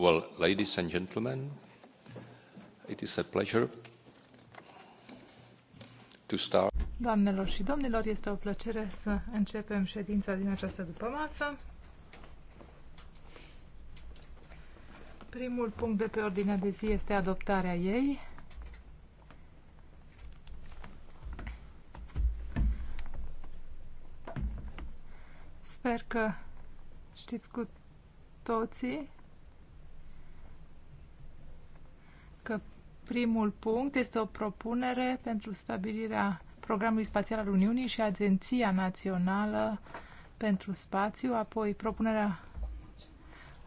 Well, ladies and gentlemen, it is a pleasure to start. Doamnelor și domnilor, este o plăcere să începem ședința din această dupămasă. Primul punct de pe ordinea de zi este adoptarea ei. Sper că știți cu toții Primul punct este o propunere pentru stabilirea programului spațial al Uniunii și Agenția Națională pentru Spațiu, apoi propunerea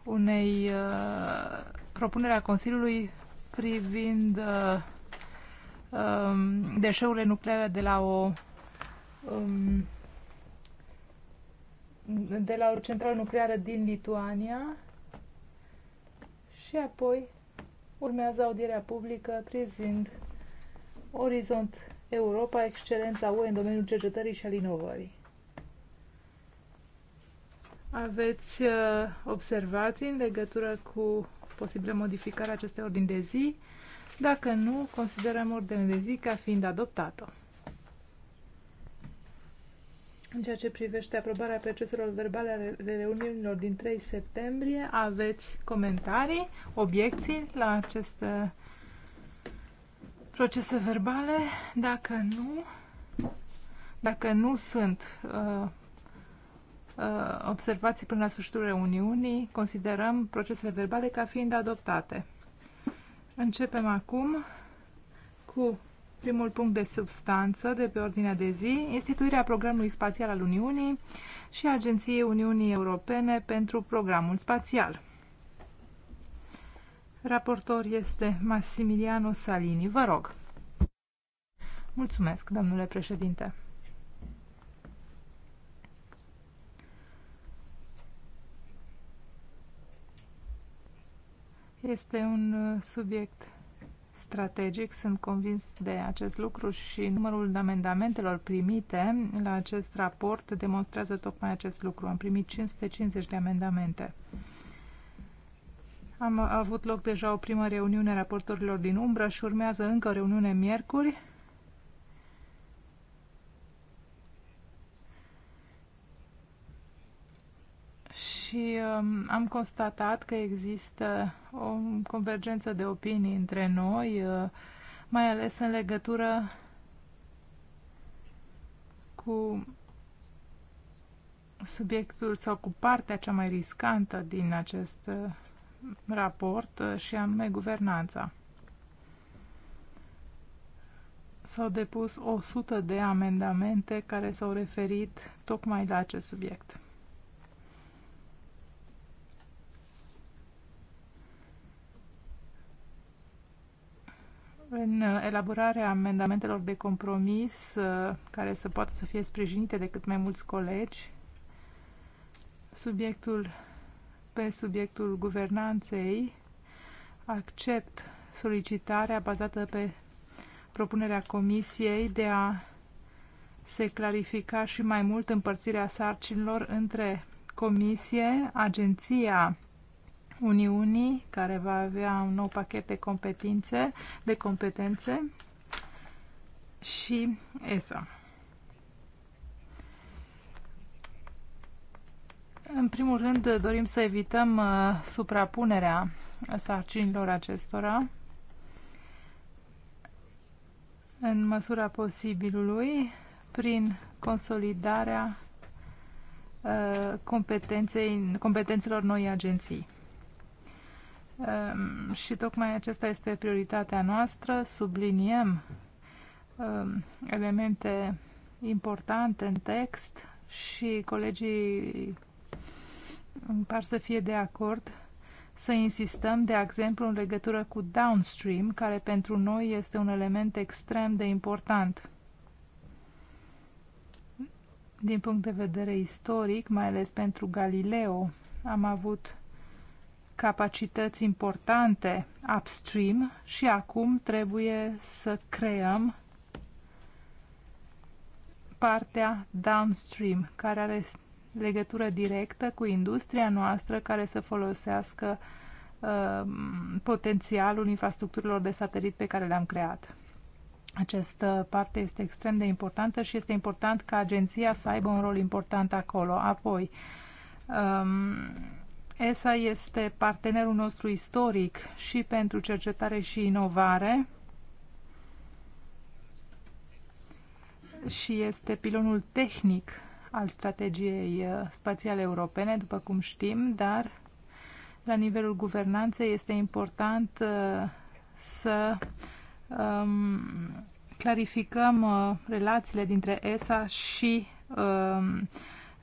unei uh, propunerea Consiliului privind uh, um, deșeurile nucleare de la o um, de la o centrală nucleară din Lituania și apoi urmează audierea publică privind Orizont Europa, excelența UE în domeniul cercetării și al inovării. Aveți uh, observații în legătură cu modificare a acestei ordini de zi? Dacă nu, considerăm ordinea de zi ca fiind adoptată. În ceea ce privește aprobarea proceselor verbale ale reuniunilor din 3 septembrie, aveți comentarii, obiecții la aceste procese verbale? Dacă nu, dacă nu sunt uh, uh, observații până la sfârșitul reuniunii, considerăm procesele verbale ca fiind adoptate. Începem acum cu Primul punct de substanță de pe ordinea de zi, instituirea programului spațial al Uniunii și Agenției Uniunii Europene pentru programul spațial. Raportor este Massimiliano Salini. Vă rog. Mulțumesc, domnule președinte. Este un subiect strategic, sunt convins de acest lucru și numărul de amendamentelor primite la acest raport demonstrează tocmai acest lucru. Am primit 550 de amendamente. Am avut loc deja o primă reuniune a raportorilor din umbră și urmează încă o reuniune miercuri și um, am constatat că există o convergență de opinii între noi, uh, mai ales în legătură cu subiectul sau cu partea cea mai riscantă din acest uh, raport uh, și anume guvernanța. S-au depus 100 de amendamente care s-au referit tocmai la acest subiect. În elaborarea amendamentelor de compromis, uh, care să poată să fie sprijinite de cât mai mulți colegi, subiectul, pe subiectul guvernanței, accept solicitarea bazată pe propunerea Comisiei de a se clarifica și mai mult împărțirea sarcinilor între Comisie, Agenția Uniunii, care va avea un nou pachet de competințe, de competențe și ESA. În primul rând, dorim să evităm uh, suprapunerea sarcinilor acestora în măsura posibilului prin consolidarea uh, competenței, competențelor noi agenții. Ehm, și tocmai acesta este prioritatea noastră. Subliniem ehm, elemente importante în text și colegii par să fie de acord să insistăm, de exemplu, în legătură cu downstream, care pentru noi este un element extrem de important. Din punct de vedere istoric, mai ales pentru Galileo, am avut capacități importante upstream și acum trebuie să creăm partea downstream, care are legătură directă cu industria noastră care să folosească uh, potențialul infrastructurilor de satelit pe care le-am creat. Această parte este extrem de importantă și este important ca agenția să aibă un rol important acolo. Apoi, um, ESA este partenerul nostru istoric și pentru cercetare și inovare și este pilonul tehnic al strategiei uh, spațiale europene, după cum știm, dar la nivelul guvernanței este important uh, să um, clarificăm uh, relațiile dintre ESA și uh,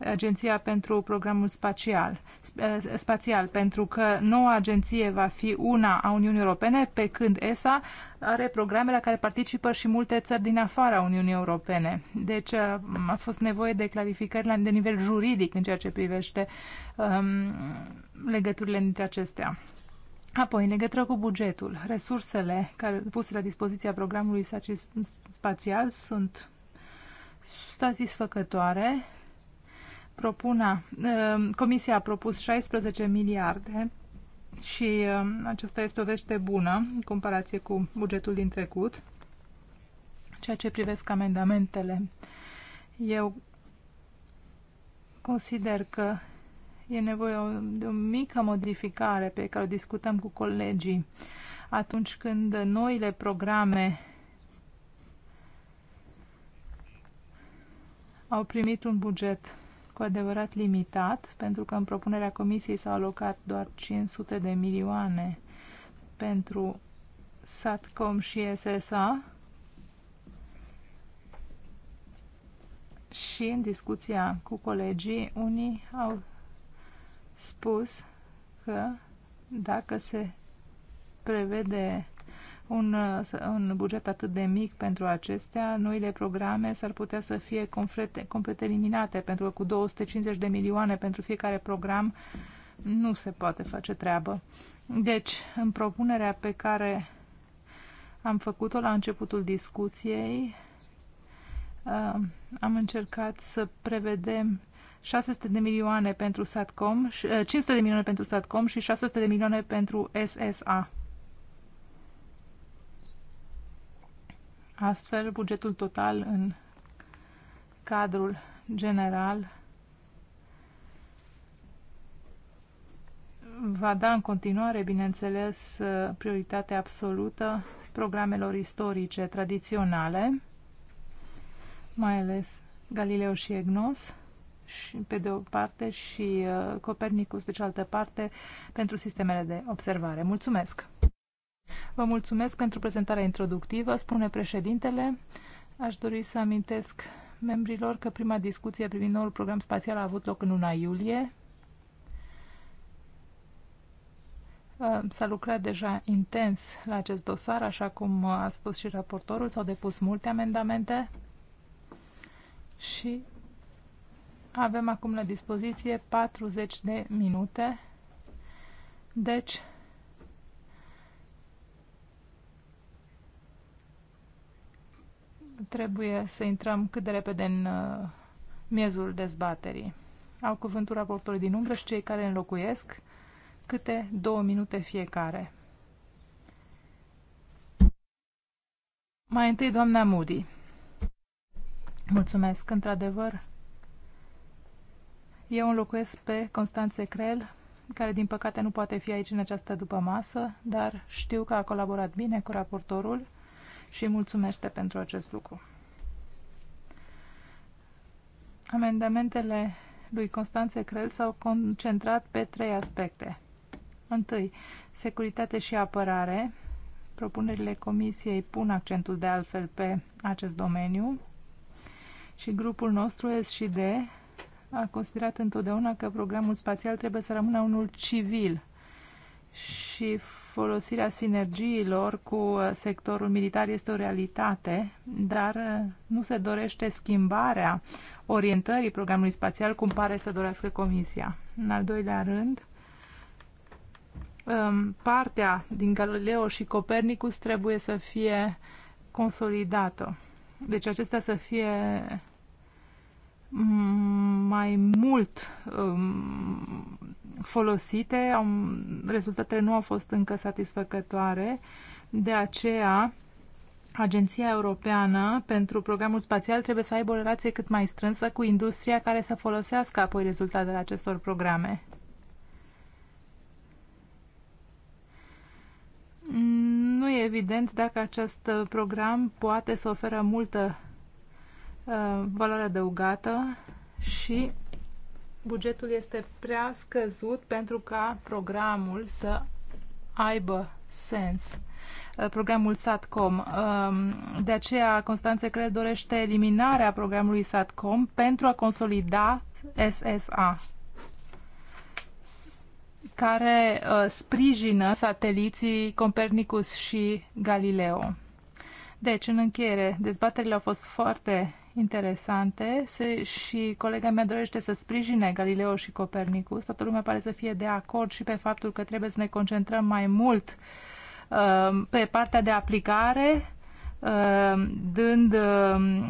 Agenția pentru Programul Spațial, eh, spațial pentru că noua agenție va fi una a Uniunii Europene, pe când ESA are programe la care participă și multe țări din afara Uniunii Europene. Deci eh, a fost nevoie de clarificări la de nivel juridic în ceea ce privește um, legăturile dintre acestea. Apoi, în legătură cu bugetul, resursele care puse la dispoziția programului spațial sunt satisfăcătoare propuna, uh, Comisia a propus 16 miliarde și uh, aceasta este o veste bună în comparație cu bugetul din trecut. Ceea ce privesc amendamentele, eu consider că e nevoie de o mică modificare pe care o discutăm cu colegii atunci când noile programe au primit un buget cu adevărat limitat, pentru că în propunerea comisiei s-au alocat doar 500 de milioane pentru SATCOM și SSA și în discuția cu colegii, unii au spus că dacă se prevede un, un buget atât de mic pentru acestea, noile programe s-ar putea să fie complet, complet eliminate, pentru că cu 250 de milioane pentru fiecare program nu se poate face treabă. Deci, în propunerea pe care am făcut-o la începutul discuției, uh, am încercat să prevedem 600 de milioane pentru SATCOM, 500 de milioane pentru SATCOM și 600 uh, de milioane pentru SSA. Astfel, bugetul total în cadrul general va da în continuare, bineînțeles, prioritate absolută programelor istorice tradiționale, mai ales Galileo și Egnos, și, pe de o parte, și uh, Copernicus, de cealaltă parte, pentru sistemele de observare. Mulțumesc! Vă mulțumesc pentru prezentarea introductivă, spune președintele. Aș dori să amintesc membrilor că prima discuție privind noul program spațial a avut loc în luna iulie. S-a lucrat deja intens la acest dosar, așa cum a spus și raportorul, s-au depus multe amendamente și avem acum la dispoziție 40 de minute. Deci, Trebuie să intrăm cât de repede în uh, miezul dezbaterii. Au cuvântul raportorii din umbră și cei care înlocuiesc câte două minute fiecare. Mai întâi, doamna Moody. Mulțumesc, într-adevăr. Eu înlocuiesc pe Constanțe Crel, care din păcate nu poate fi aici în această dupămasă, dar știu că a colaborat bine cu raportorul și mulțumește pentru acest lucru. Amendamentele lui Constanțe Crel s-au concentrat pe trei aspecte. Întâi, securitate și apărare. Propunerile Comisiei pun accentul de altfel pe acest domeniu și grupul nostru S și D a considerat întotdeauna că programul spațial trebuie să rămână unul civil și folosirea sinergiilor cu uh, sectorul militar este o realitate, dar uh, nu se dorește schimbarea orientării programului spațial, cum pare să dorească Comisia. În al doilea rând, um, partea din Galileo și Copernicus trebuie să fie consolidată. Deci acestea să fie mm, mai mult um, folosite, au, rezultatele nu au fost încă satisfăcătoare, de aceea Agenția Europeană pentru Programul Spațial trebuie să aibă o relație cât mai strânsă cu industria care să folosească apoi rezultatele acestor programe. Nu e evident dacă acest program poate să oferă multă uh, valoare adăugată și bugetul este prea scăzut pentru ca programul să aibă sens uh, programul SATCOM. Um, de aceea, Constanțe Crel dorește eliminarea programului SATCOM pentru a consolida SSA, care uh, sprijină sateliții Copernicus și Galileo. Deci, în încheiere, dezbaterile au fost foarte interesante se, și colega mea dorește să sprijine Galileo și Copernicus. Toată lumea pare să fie de acord și pe faptul că trebuie să ne concentrăm mai mult uh, pe partea de aplicare, uh, dând uh,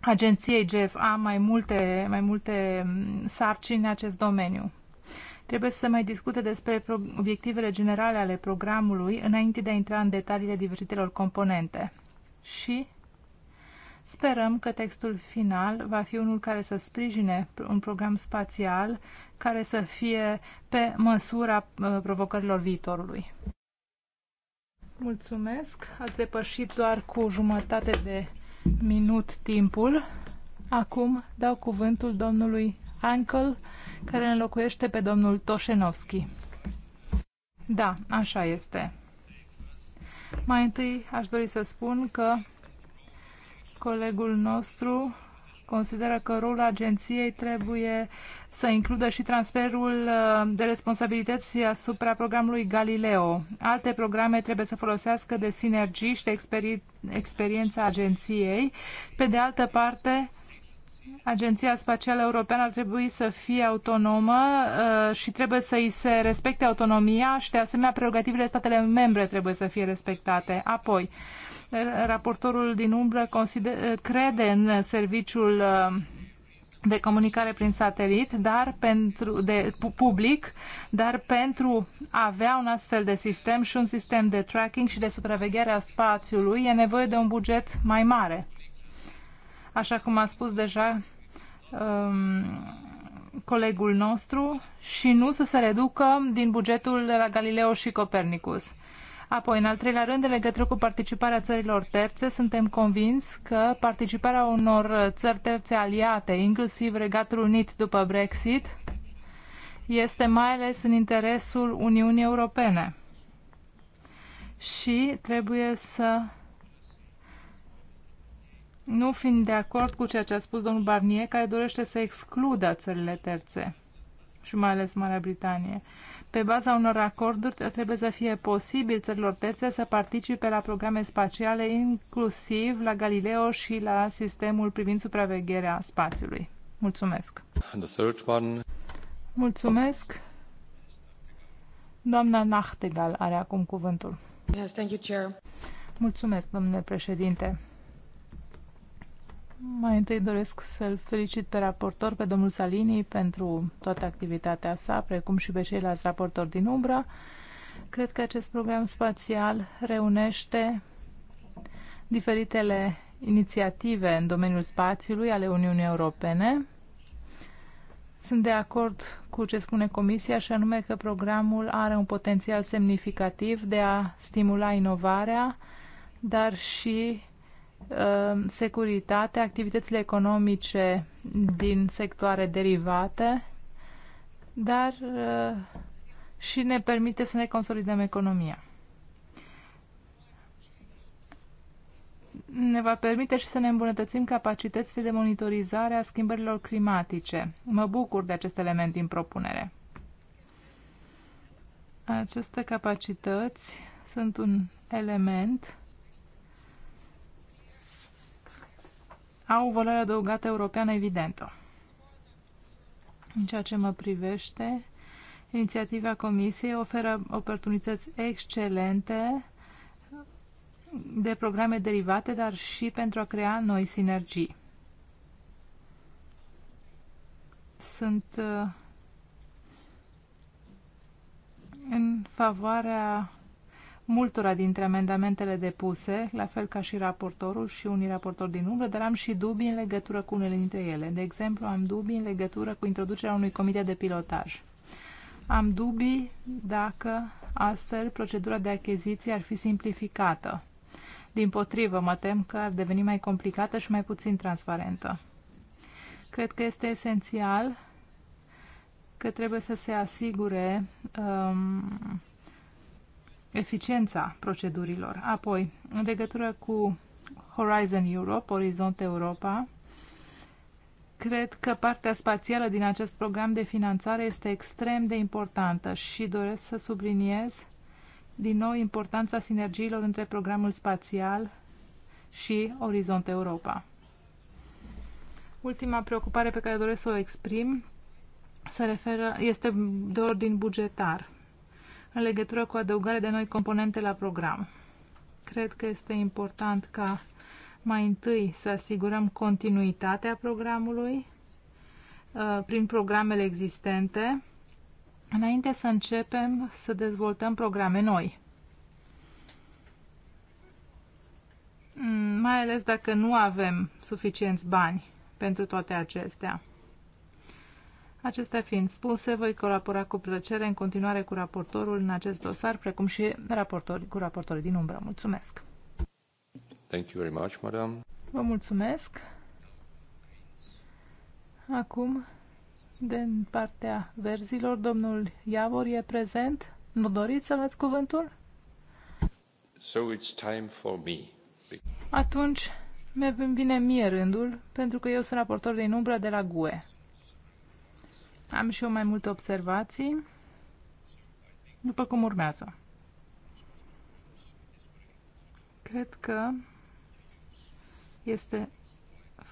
agenției GSA mai multe, mai multe um, sarcini în acest domeniu. Trebuie să mai discute despre obiectivele generale ale programului înainte de a intra în detaliile diferitelor componente. Și Sperăm că textul final va fi unul care să sprijine un program spațial care să fie pe măsura uh, provocărilor viitorului. Mulțumesc! Ați depășit doar cu jumătate de minut timpul. Acum dau cuvântul domnului Ankel, care înlocuiește pe domnul Toșenovski. Da, așa este. Mai întâi aș dori să spun că colegul nostru consideră că rolul agenției trebuie să includă și transferul uh, de responsabilități asupra programului Galileo. Alte programe trebuie să folosească de sinergii și de experi experiența agenției. Pe de altă parte, Agenția Spațială Europeană ar trebui să fie autonomă uh, și trebuie să îi se respecte autonomia și, de asemenea, prerogativele statele membre trebuie să fie respectate. Apoi, uh, Raportorul din umbră consider, crede în serviciul um, de comunicare prin satelit, dar pentru de public, dar pentru a avea un astfel de sistem și un sistem de tracking și de supraveghere a spațiului, e nevoie de un buget mai mare. Așa cum a spus deja um, colegul nostru și nu să se reducă din bugetul de la Galileo și Copernicus. Apoi, în al treilea rând, în legătură cu participarea țărilor terțe, suntem convins că participarea unor țări terțe aliate, inclusiv Regatul Unit după Brexit, este mai ales în interesul Uniunii Europene. Și trebuie să nu fim de acord cu ceea ce a spus domnul Barnier, care dorește să excludă țările terțe și mai ales Marea Britanie. Pe baza unor acorduri trebuie să fie posibil țărilor terțe să participe la programe spațiale, inclusiv la Galileo și la sistemul privind supravegherea spațiului. Mulțumesc! Mulțumesc! Doamna Nachtegal are acum cuvântul. Yes, thank you, Chair. Mulțumesc, domnule președinte. Mai întâi doresc să-l felicit pe raportor, pe domnul Salini, pentru toată activitatea sa, precum și pe ceilalți raportori din umbră. Cred că acest program spațial reunește diferitele inițiative în domeniul spațiului ale Uniunii Europene. Sunt de acord cu ce spune Comisia și anume că programul are un potențial semnificativ de a stimula inovarea, dar și Uh, securitate, activitățile economice din sectoare derivate, dar uh, și ne permite să ne consolidăm economia. Ne va permite și să ne îmbunătățim capacitățile de monitorizare a schimbărilor climatice. Mă bucur de acest element din propunere. Aceste capacități sunt un element au o valoare adăugată europeană evidentă. În ceea ce mă privește, inițiativa Comisiei oferă oportunități excelente de programe derivate, dar și pentru a crea noi sinergii. Sunt uh, în favoarea multora dintre amendamentele depuse, la fel ca și raportorul și unii raportori din umbră, dar am și dubii în legătură cu unele dintre ele. De exemplu, am dubii în legătură cu introducerea unui comitet de pilotaj. Am dubii dacă astfel procedura de achiziție ar fi simplificată. Din potrivă, mă tem că ar deveni mai complicată și mai puțin transparentă. Cred că este esențial că trebuie să se asigure um, eficiența procedurilor. Apoi, în legătură cu Horizon Europe, Orizont Europa, cred că partea spațială din acest program de finanțare este extrem de importantă și doresc să subliniez din nou importanța sinergiilor între programul spațial și Orizont Europa. Ultima preocupare pe care doresc să o exprim se referă, este de ordin bugetar în legătură cu adăugarea de noi componente la program. Cred că este important ca mai întâi să asigurăm continuitatea programului uh, prin programele existente, înainte să începem să dezvoltăm programe noi. Mm, mai ales dacă nu avem suficienți bani pentru toate acestea. Acestea fiind spuse, voi colabora cu plăcere în continuare cu raportorul în acest dosar, precum și raportori, cu raportorii din umbră. Mulțumesc! Thank you very much, madam. Vă mulțumesc! Acum, din partea verzilor, domnul Iavor e prezent. Nu doriți să luați cuvântul? So it's time for me. Atunci, mi vine mie rândul, pentru că eu sunt raportor din umbră de la GUE. Am și eu mai multe observații, după cum urmează. Cred că este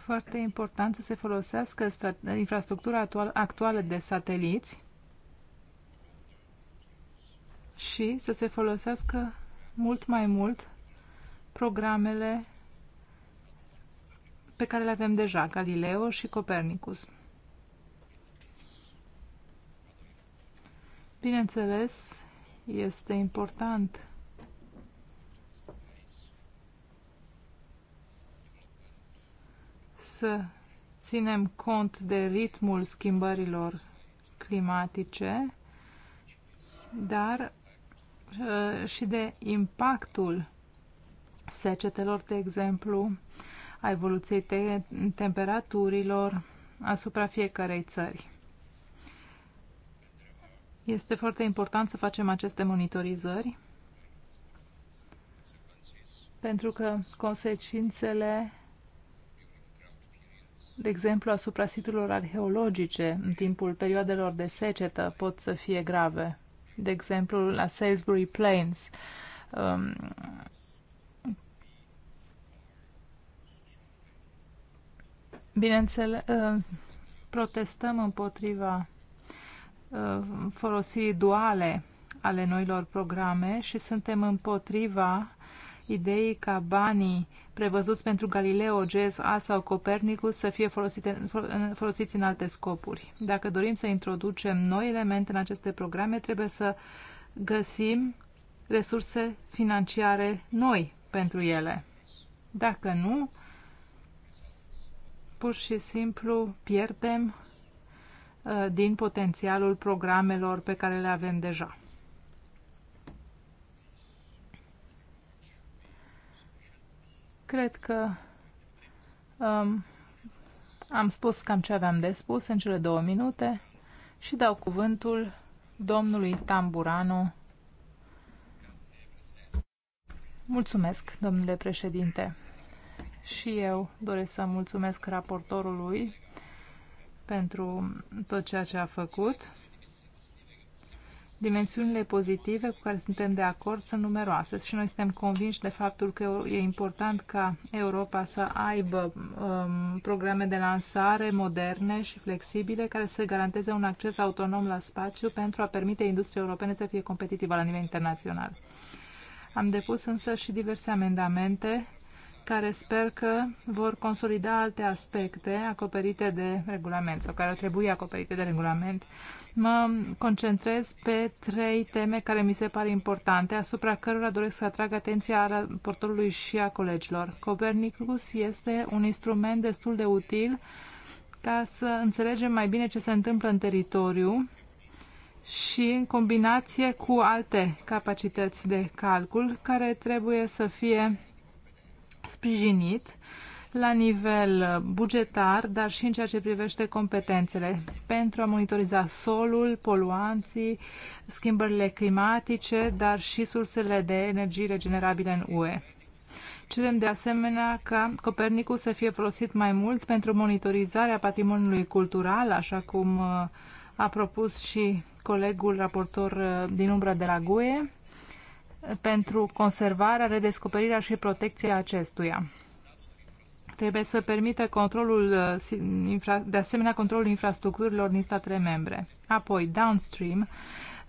foarte important să se folosească infrastructura actuală de sateliți și să se folosească mult mai mult programele pe care le avem deja, Galileo și Copernicus. Bineînțeles, este important să ținem cont de ritmul schimbărilor climatice, dar uh, și de impactul secetelor, de exemplu, a evoluției te temperaturilor asupra fiecarei țări. Este foarte important să facem aceste monitorizări pentru că consecințele, de exemplu, asupra siturilor arheologice în timpul perioadelor de secetă pot să fie grave. De exemplu, la Salisbury Plains, um, Bineînțeles, uh, protestăm împotriva Uh, folosirii duale ale noilor programe și suntem împotriva ideii ca banii prevăzuți pentru Galileo, GSA sau Copernicus să fie folosite, folosiți în alte scopuri. Dacă dorim să introducem noi elemente în aceste programe, trebuie să găsim resurse financiare noi pentru ele. Dacă nu, pur și simplu pierdem Uh, din potențialul programelor pe care le avem deja. Cred că um, am spus cam ce aveam de spus în cele două minute și dau cuvântul domnului Tamburano. Mulțumesc, domnule președinte. Și eu doresc să mulțumesc raportorului pentru tot ceea ce a făcut. Dimensiunile pozitive cu care suntem de acord sunt numeroase și noi suntem convinși de faptul că e important ca Europa să aibă um, programe de lansare moderne și flexibile care să garanteze un acces autonom la spațiu pentru a permite industriei europene să fie competitivă la nivel internațional. Am depus însă și diverse amendamente care sper că vor consolida alte aspecte acoperite de regulament sau care trebuie acoperite de regulament. Mă concentrez pe trei teme care mi se par importante, asupra cărora doresc să atrag atenția a raportorului și a colegilor. Copernicus este un instrument destul de util ca să înțelegem mai bine ce se întâmplă în teritoriu și în combinație cu alte capacități de calcul care trebuie să fie sprijinit la nivel bugetar, dar și în ceea ce privește competențele pentru a monitoriza solul, poluanții, schimbările climatice, dar și sursele de energie regenerabile în UE. Cerem de asemenea ca Copernicus să fie folosit mai mult pentru monitorizarea patrimoniului cultural, așa cum uh, a propus și colegul raportor uh, din umbră de la GUE, pentru conservarea, redescoperirea și protecția acestuia. Trebuie să permită controlul, uh, de asemenea controlul infrastructurilor din statele membre. Apoi, downstream,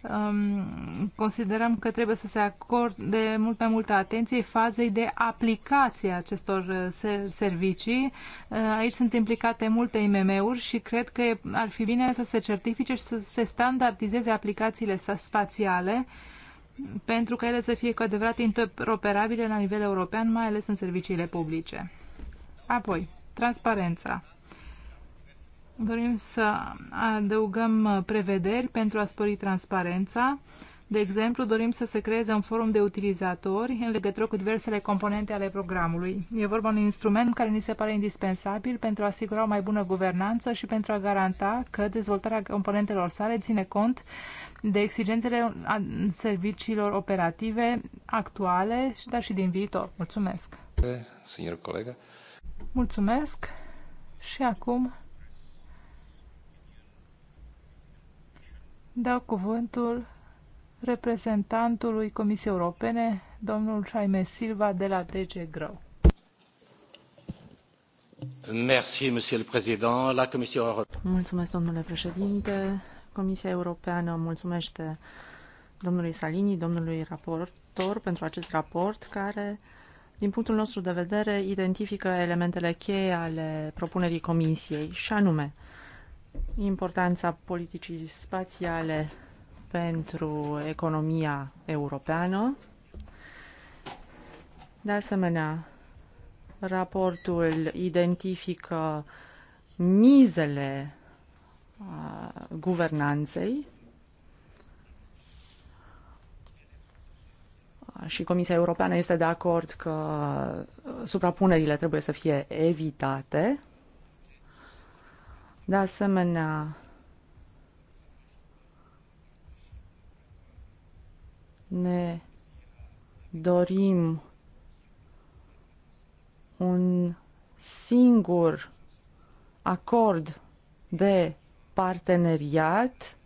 um, considerăm că trebuie să se acorde mult mai multă atenție fazei de aplicație a acestor uh, servicii. Uh, aici sunt implicate multe IMM-uri și cred că ar fi bine să se certifice și să se standardizeze aplicațiile spațiale uh, pentru ca ele să fie cu adevărat interoperabile la nivel european, mai ales în serviciile publice. Apoi, transparența. Dorim să adăugăm prevederi pentru a spori transparența de exemplu, dorim să se creeze un forum de utilizatori în legătură cu diversele componente ale programului. E vorba un instrument care ni se pare indispensabil pentru a asigura o mai bună guvernanță și pentru a garanta că dezvoltarea componentelor sale ține cont de exigențele serviciilor operative actuale, dar și din viitor. Mulțumesc! Signor colega. Mulțumesc și acum dau cuvântul reprezentantului Comisiei Europene, domnul Jaime Silva de la DG Grow. Mulțumesc, domnule președinte. Comisia Europeană mulțumește domnului Salini, domnului raportor, pentru acest raport care, din punctul nostru de vedere, identifică elementele cheie ale propunerii Comisiei, și anume importanța politicii spațiale pentru economia europeană. De asemenea, raportul identifică mizele guvernanței și Comisia Europeană este de acord că suprapunerile trebuie să fie evitate. De asemenea, ne dorim un singur acord de parteneriat,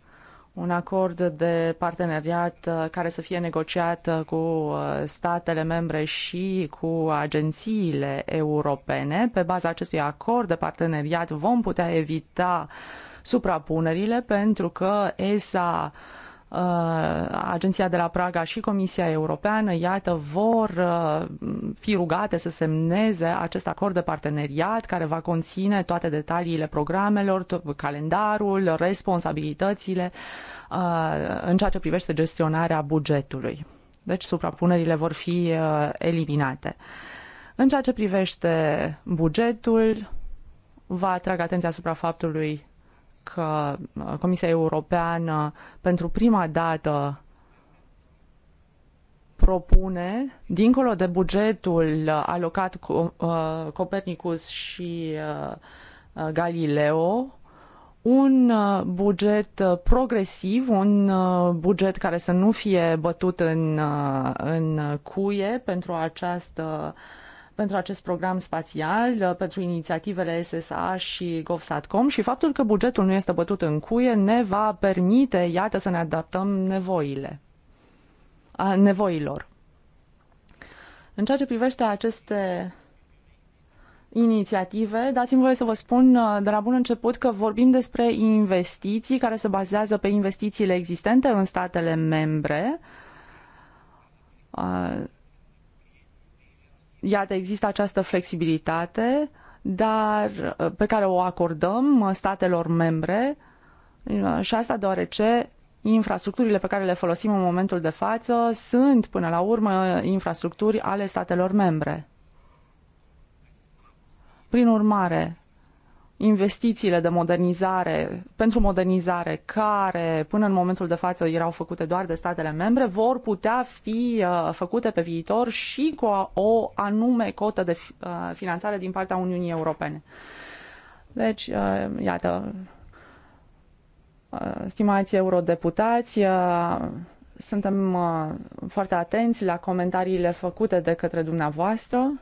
un acord de parteneriat uh, care să fie negociat uh, cu uh, statele membre și cu agențiile europene. Pe baza acestui acord de parteneriat vom putea evita suprapunerile pentru că ESA uh, Uh, Agenția de la Praga și Comisia Europeană, iată, vor uh, fi rugate să semneze acest acord de parteneriat care va conține toate detaliile programelor, calendarul, responsabilitățile uh, în ceea ce privește gestionarea bugetului. Deci suprapunerile vor fi eliminate. În ceea ce privește bugetul, vă atrag atenția asupra faptului că uh, Comisia Europeană pentru prima dată propune, dincolo de bugetul uh, alocat uh, Copernicus și Galileo, un buget progresiv, un buget care să nu fie bătut în, în cuie pentru această uh, pentru acest program spațial, uh, pentru inițiativele SSA și GovSatcom și faptul că bugetul nu este bătut în cuie ne va permite, iată, să ne adaptăm nevoile, a, nevoilor. În ceea ce privește aceste inițiative, dați-mi voie să vă spun uh, de la bun început că vorbim despre investiții care se bazează pe investițiile existente în statele membre, uh, Iată, există această flexibilitate dar uh, pe care o acordăm uh, statelor membre uh, și asta deoarece infrastructurile pe care le folosim în momentul de față sunt până la urmă infrastructuri ale statelor membre. Prin urmare, investițiile de modernizare, pentru modernizare, care până în momentul de față erau făcute doar de statele membre, vor putea fi uh, făcute pe viitor și cu o anume cotă de uh, finanțare din partea Uniunii Europene. Deci, uh, iată, stimați eurodeputați, suntem foarte atenți la comentariile făcute de către dumneavoastră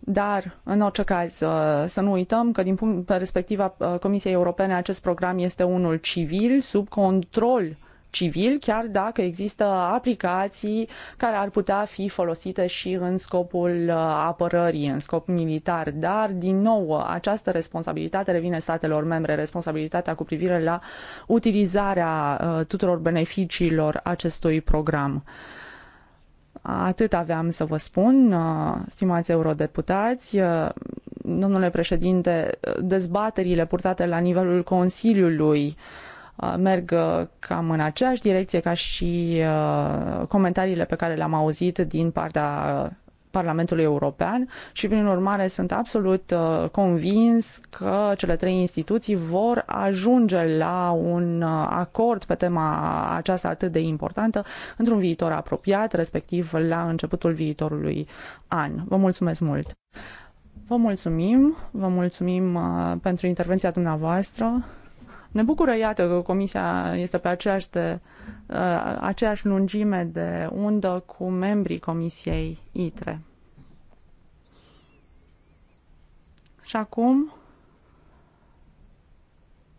dar, în orice caz, uh, să nu uităm că, din perspectiva uh, Comisiei Europene, acest program este unul civil, sub control civil, chiar dacă există aplicații care ar putea fi folosite și în scopul uh, apărării, în scop militar. Dar, din nou, această responsabilitate revine statelor membre, responsabilitatea cu privire la utilizarea tuturor beneficiilor acestui program. Atât aveam să vă spun, uh, stimați eurodeputați. Uh, domnule președinte, dezbaterile purtate la nivelul Consiliului uh, merg cam în aceeași direcție ca și comentariile pe care le-am auzit din partea Parlamentului European și, prin urmare, sunt absolut uh, convins că cele trei instituții vor ajunge la un uh, acord pe tema aceasta atât de importantă într-un viitor apropiat, respectiv la începutul viitorului an. Vă mulțumesc mult! Vă mulțumim, vă mulțumim uh, pentru intervenția dumneavoastră. Ne bucură, iată, că Comisia este pe aceeași de Uh, aceeași lungime de undă cu membrii Comisiei ITRE. Și acum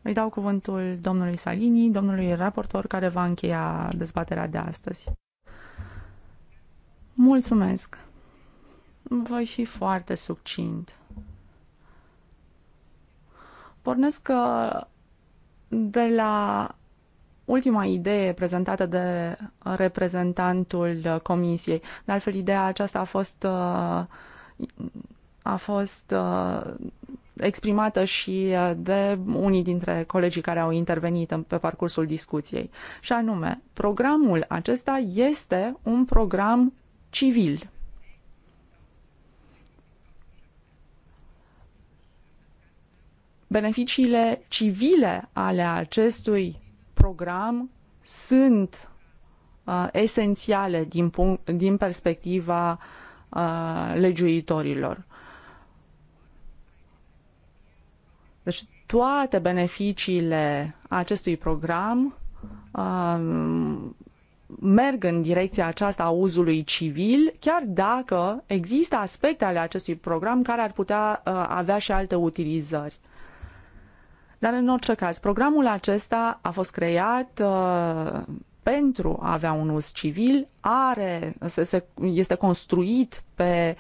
îi dau cuvântul domnului Salini, domnului raportor care va încheia dezbaterea de astăzi. Mulțumesc! Voi fi foarte succint. Pornesc uh, de la Ultima idee prezentată de reprezentantul Comisiei, de altfel ideea aceasta a fost, uh, a fost uh, exprimată și de unii dintre colegii care au intervenit pe parcursul discuției. Și anume, programul acesta este un program civil. Beneficiile civile ale acestui program sunt uh, esențiale din, punct, din perspectiva uh, legiuitorilor. Deci toate beneficiile acestui program uh, merg în direcția aceasta a uzului civil, chiar dacă există aspecte ale acestui program care ar putea uh, avea și alte utilizări. Dar în orice caz, programul acesta a fost creat uh, pentru a avea un uz civil, are, se, se, este construit pe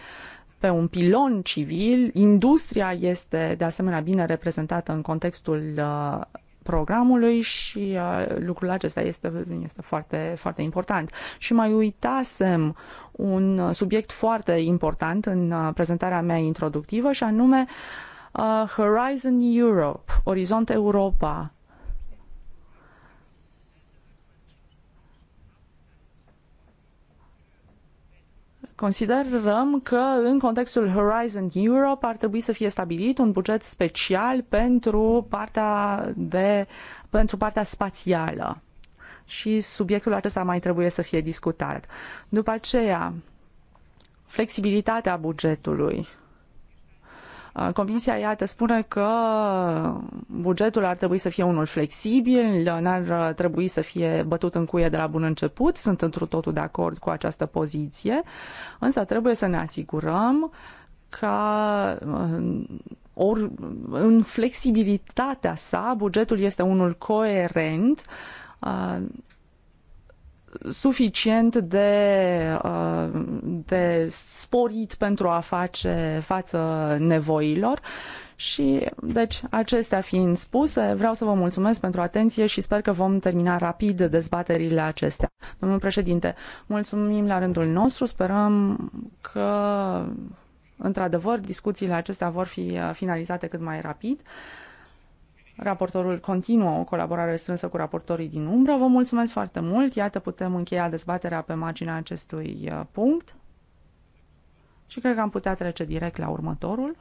pe un pilon civil, industria este de asemenea bine reprezentată în contextul uh, programului și uh, lucrul acesta este, este foarte, foarte important. Și mai uitasem un subiect foarte important în uh, prezentarea mea introductivă și anume uh, uh, Horizon Europe, Orizont Europa. Considerăm că în contextul Horizon Europe ar trebui să fie stabilit un buget special pentru partea, de, pentru partea spațială și subiectul acesta mai trebuie să fie discutat. După aceea, flexibilitatea bugetului. Uh, comisia, iată, spune că bugetul ar trebui să fie unul flexibil, n-ar uh, trebui să fie bătut în cuie de la bun început, sunt întru totul de acord cu această poziție, însă trebuie să ne asigurăm ca uh, or, în flexibilitatea sa, bugetul este unul coerent suficient de, uh, de sporit pentru a face față nevoilor și, deci, acestea fiind spuse, vreau să vă mulțumesc pentru atenție și sper că vom termina rapid dezbaterile acestea. Domnul președinte, mulțumim la rândul nostru, sperăm că, într-adevăr, discuțiile acestea vor fi uh, finalizate cât mai rapid. Raportorul continuă o colaborare strânsă cu raportorii din umbră. Vă mulțumesc foarte mult. Iată, putem încheia dezbaterea pe marginea acestui uh, punct. Și cred că am putea trece direct la următorul.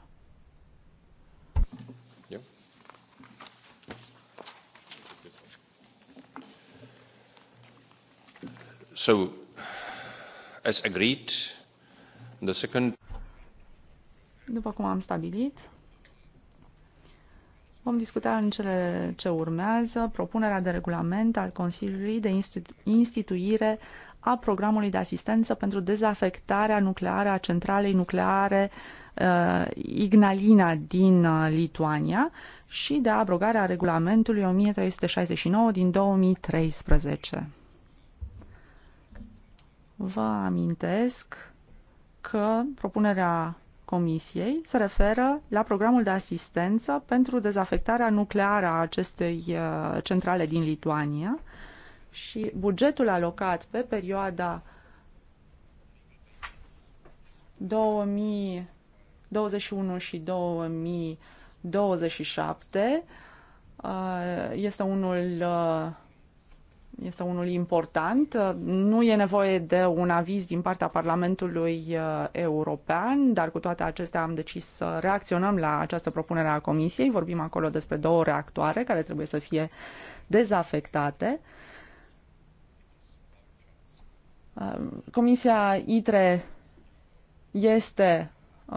So, as agreed, the second... După cum am stabilit, Vom discuta în cele ce urmează propunerea de regulament al Consiliului de instituire a programului de asistență pentru dezafectarea nucleară a centralei nucleare uh, Ignalina din uh, Lituania și de abrogarea regulamentului 1369 din 2013. Vă amintesc că propunerea Comisiei se referă la programul de asistență pentru dezafectarea nucleară a acestei uh, centrale din Lituania și bugetul alocat pe perioada 2021 și 2027 uh, este unul uh, este unul important. Nu e nevoie de un aviz din partea Parlamentului uh, European, dar cu toate acestea am decis să reacționăm la această propunere a Comisiei. Vorbim acolo despre două reactoare care trebuie să fie dezafectate. Uh, Comisia ITRE este, uh,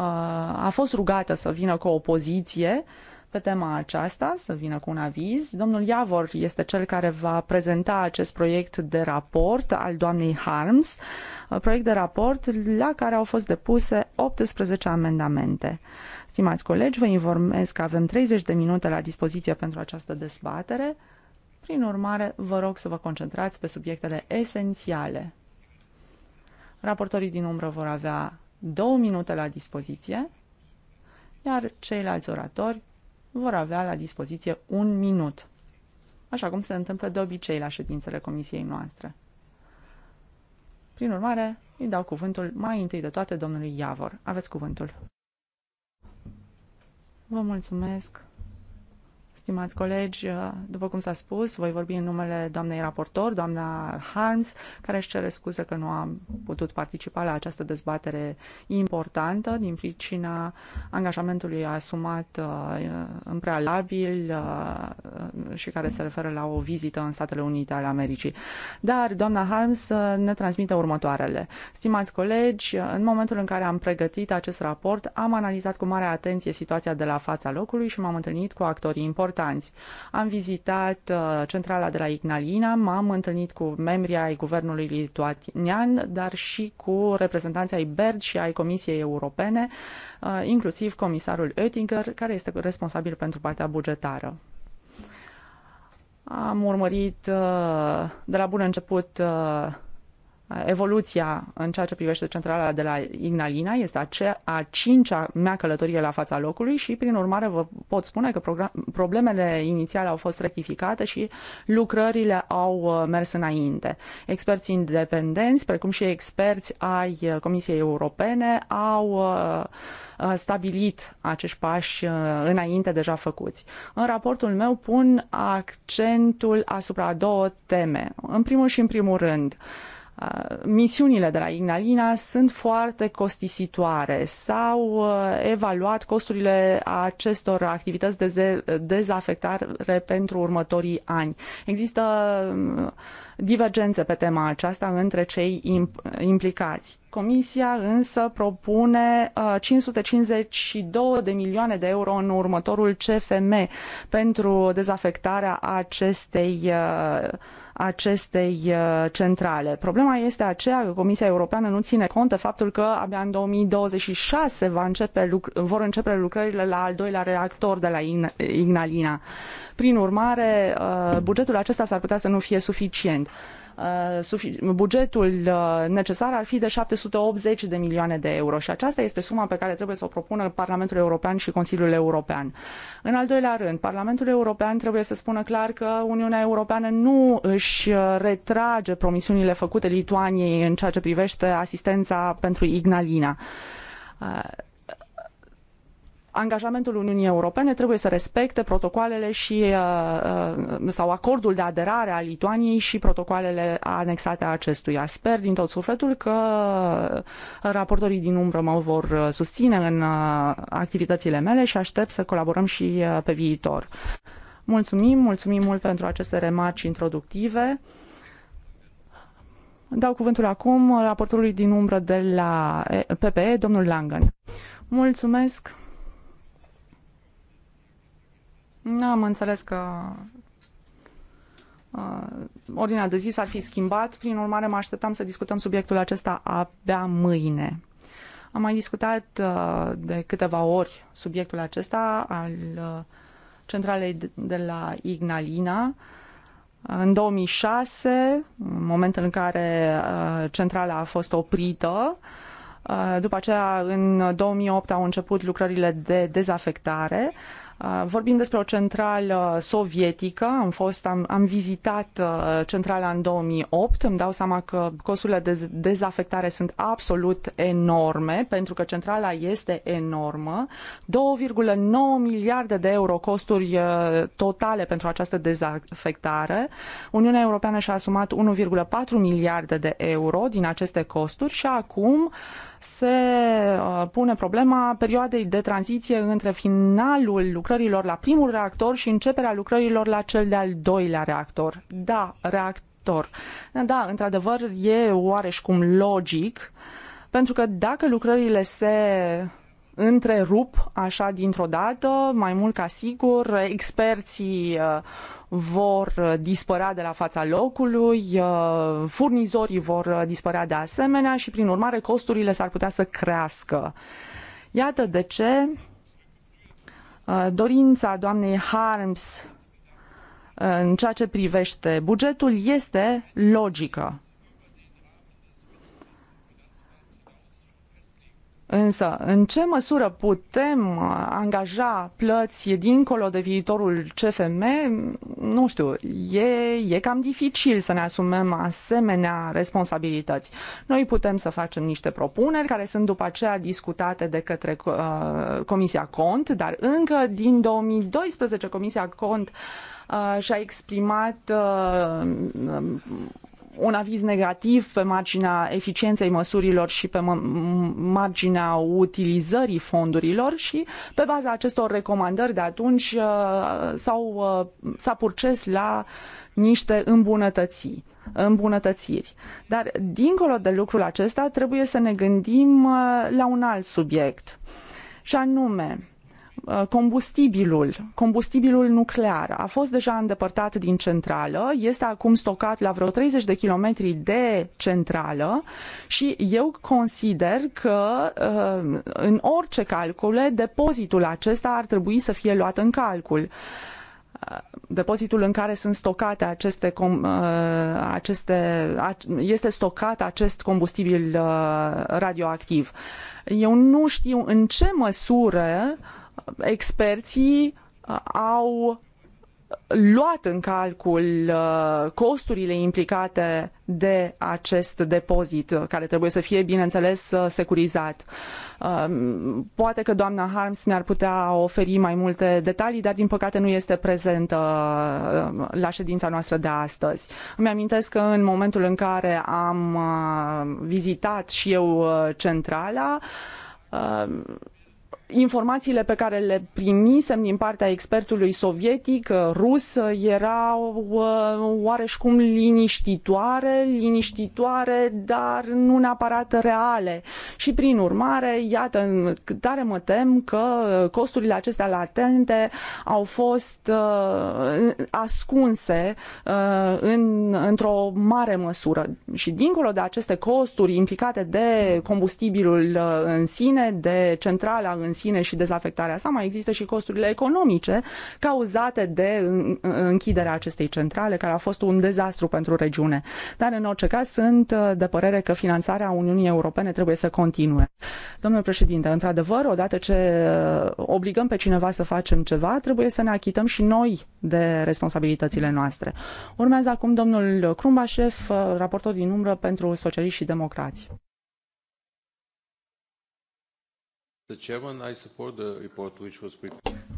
a fost rugată să vină cu o poziție uh, pe tema aceasta, să vină cu un aviz. Domnul Iavor este cel care va prezenta acest proiect de raport al doamnei Harms, uh, proiect de raport la care au fost depuse 18 amendamente. Stimați colegi, vă informez că avem 30 de minute la dispoziție pentru această dezbatere. Prin urmare, vă rog să vă concentrați pe subiectele esențiale. Raportorii din umbră vor avea două minute la dispoziție, iar ceilalți oratori vor avea la dispoziție un minut, așa cum se întâmplă de obicei la ședințele comisiei noastre. Prin urmare, îi dau cuvântul mai întâi de toate domnului Iavor. Aveți cuvântul. Vă mulțumesc, Stimați colegi, uh, după cum s-a spus, voi vorbi în numele doamnei raportor, doamna Harms, care își cere scuze că nu am putut participa la această dezbatere importantă din pricina angajamentului asumat uh, în prealabil uh, și care se referă la o vizită în Statele Unite ale Americii. Dar doamna Harms ne transmite următoarele. Stimați colegi, în momentul în care am pregătit acest raport, am analizat cu mare atenție situația de la fața locului și m-am întâlnit cu actorii importanti importanți. Am vizitat uh, centrala de la Ignalina, m-am întâlnit cu membrii ai guvernului lituanian, dar și cu reprezentanții ai BERD și ai Comisiei Europene, uh, inclusiv comisarul Oettinger, care este responsabil pentru partea bugetară. Am urmărit uh, de la bun început evoluția în ceea ce privește centrala de la Ignalina este acea, a cincea mea călătorie la fața locului și, prin urmare, vă pot spune că problemele inițiale au fost rectificate și lucrările au uh, mers înainte. Experții independenți, precum și experți ai Comisiei Europene, au uh, uh, stabilit acești pași înainte deja făcuți. În raportul meu pun accentul asupra două teme. În primul și în primul rând, uh, misiunile de la Ignalina sunt foarte costisitoare. S-au uh, evaluat costurile acestor activități de dezafectare pentru următorii ani. Există mm, divergențe pe tema aceasta între cei implicați. Comisia însă propune 552 uh, de milioane de euro în următorul CFM pentru dezafectarea acestei uh, acestei uh, centrale. Problema este aceea că Comisia Europeană nu ține cont de faptul că abia în 2026 va începe, vor începe lucrările la al doilea reactor de la Ignalina. Prin urmare, uh, bugetul acesta s-ar putea să nu fie suficient. Uh, bugetul uh, necesar ar fi de 780 de milioane de euro și aceasta este suma pe care trebuie să o propună Parlamentul European și Consiliul European. În al doilea rând, Parlamentul European trebuie să spună clar că Uniunea Europeană nu își uh, retrage promisiunile făcute Lituaniei în ceea ce privește asistența pentru Ignalina angajamentul Uniunii Europene trebuie să respecte protocoalele și uh, uh, sau acordul de aderare a Lituaniei și protocoalele anexate a acestuia. Sper din tot sufletul că raportorii din umbră mă vor uh, susține în activitățile mele și aștept să colaborăm și pe viitor. Mulțumim, mulțumim mult pentru aceste remarci introductive. Dau cuvântul acum raportorului din umbră de la eh, PPE, domnul Langen. Mulțumesc! Nu, da, Am înțeles că uh, ordinea de zi s-ar fi schimbat, prin urmare mă așteptam să discutăm subiectul acesta abia mâine. Am mai discutat uh, de câteva ori subiectul acesta al uh, centralei de la Ignalina. În 2006, în momentul în care uh, centrala a fost oprită, uh, după aceea, în 2008 au început lucrările de dezafectare. Vorbim despre o centrală sovietică, am, fost, am, am vizitat centrala în 2008, îmi dau seama că costurile de dezafectare sunt absolut enorme, pentru că centrala este enormă. 2,9 miliarde de euro costuri totale pentru această dezafectare. Uniunea Europeană și-a asumat 1,4 miliarde de euro din aceste costuri și acum se uh, pune problema perioadei de tranziție între finalul lucrărilor la primul reactor și începerea lucrărilor la cel de-al doilea reactor. Da, reactor. Da, într-adevăr, e oareși cum logic, pentru că dacă lucrările se întrerup așa dintr-o dată, mai mult ca sigur, experții uh, vor uh, dispărea de la fața locului, uh, furnizorii vor uh, dispărea de asemenea și, prin urmare, costurile s-ar putea să crească. Iată de ce dorința doamnei Harms în ceea ce privește bugetul este logică. Însă, în ce măsură putem uh, angaja plăți dincolo de viitorul CFM, nu știu, e, e cam dificil să ne asumăm asemenea responsabilități. Noi putem să facem niște propuneri care sunt după aceea discutate de către uh, Comisia Cont, dar încă din 2012 Comisia Cont uh, și-a exprimat uh, un aviz negativ pe marginea eficienței măsurilor și pe marginea utilizării fondurilor și pe baza acestor recomandări de atunci uh, s uh, a purces la niște îmbunătățiri îmbunătățiri. Dar, dincolo de lucrul acesta, trebuie să ne gândim uh, la un alt subiect. Și anume, Uh, combustibilul, combustibilul nuclear a fost deja îndepărtat din centrală, este acum stocat la vreo 30 de kilometri de centrală și eu consider că uh, în orice calcule depozitul acesta ar trebui să fie luat în calcul uh, depozitul în care sunt stocate aceste, aceste este stocat acest combustibil radioactiv. Eu nu știu în ce măsură uh, experții uh, au luat în calcul uh, costurile implicate de acest depozit, uh, care trebuie să fie, bineînțeles, securizat. Um, poate că doamna Harms ne-ar putea oferi mai multe detalii, dar din păcate nu este prezentă la ședința noastră de astăzi. Îmi amintesc că în momentul în care am vizitat și eu centrala, informațiile pe care le primisem din partea expertului sovietic, uh, rus, uh, erau uh, oareșcum liniștitoare, liniștitoare, dar nu neapărat reale. Și prin urmare, iată, tare mă tem că costurile acestea latente au fost ascunse în, într-o mare măsură. Și dincolo de aceste costuri implicate de combustibilul în sine, de centrala în sine, sine și dezafectarea sa, mai există și costurile economice cauzate de închiderea acestei centrale, care a fost un dezastru pentru regiune. Dar, în orice caz, sunt uh, de părere că finanțarea Uniunii Europene trebuie să continue. Domnule președinte, într-adevăr, odată ce uh, obligăm pe cineva să facem ceva, trebuie să ne achităm și noi de responsabilitățile noastre. Urmează acum domnul Crumbașef, uh, raportor din umbră pentru socialiști și democrați.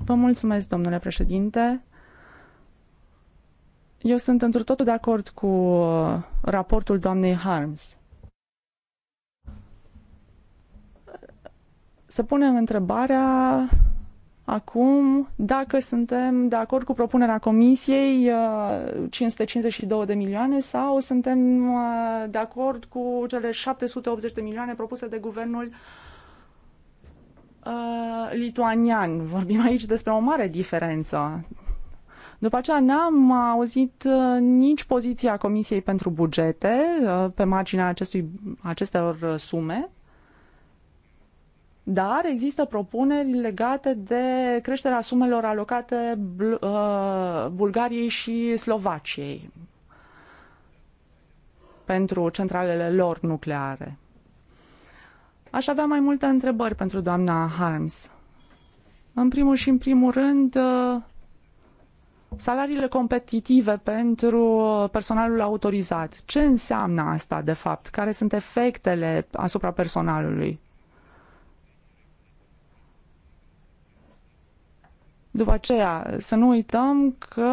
Vă mulțumesc, domnule președinte. Eu sunt într totul de acord cu uh, raportul doamnei Harms. Se pune întrebarea acum dacă suntem de acord cu propunerea comisiei 552 uh, de milioane sau suntem uh, de acord cu cele 780 de milioane propuse de guvernul uh, uh, lituanian. Vorbim aici despre o mare diferență. După aceea n-am auzit uh, nici poziția Comisiei pentru bugete uh, pe marginea acestui, acestor uh, sume, dar există propuneri legate de creșterea sumelor alocate Bulgariei și Slovaciei pentru centralele lor nucleare. Aș avea mai multe întrebări pentru doamna Harms. În primul și în primul rând, uh, salariile competitive pentru uh, personalul autorizat. Ce înseamnă asta, de fapt? Care sunt efectele asupra personalului? După aceea, să nu uităm că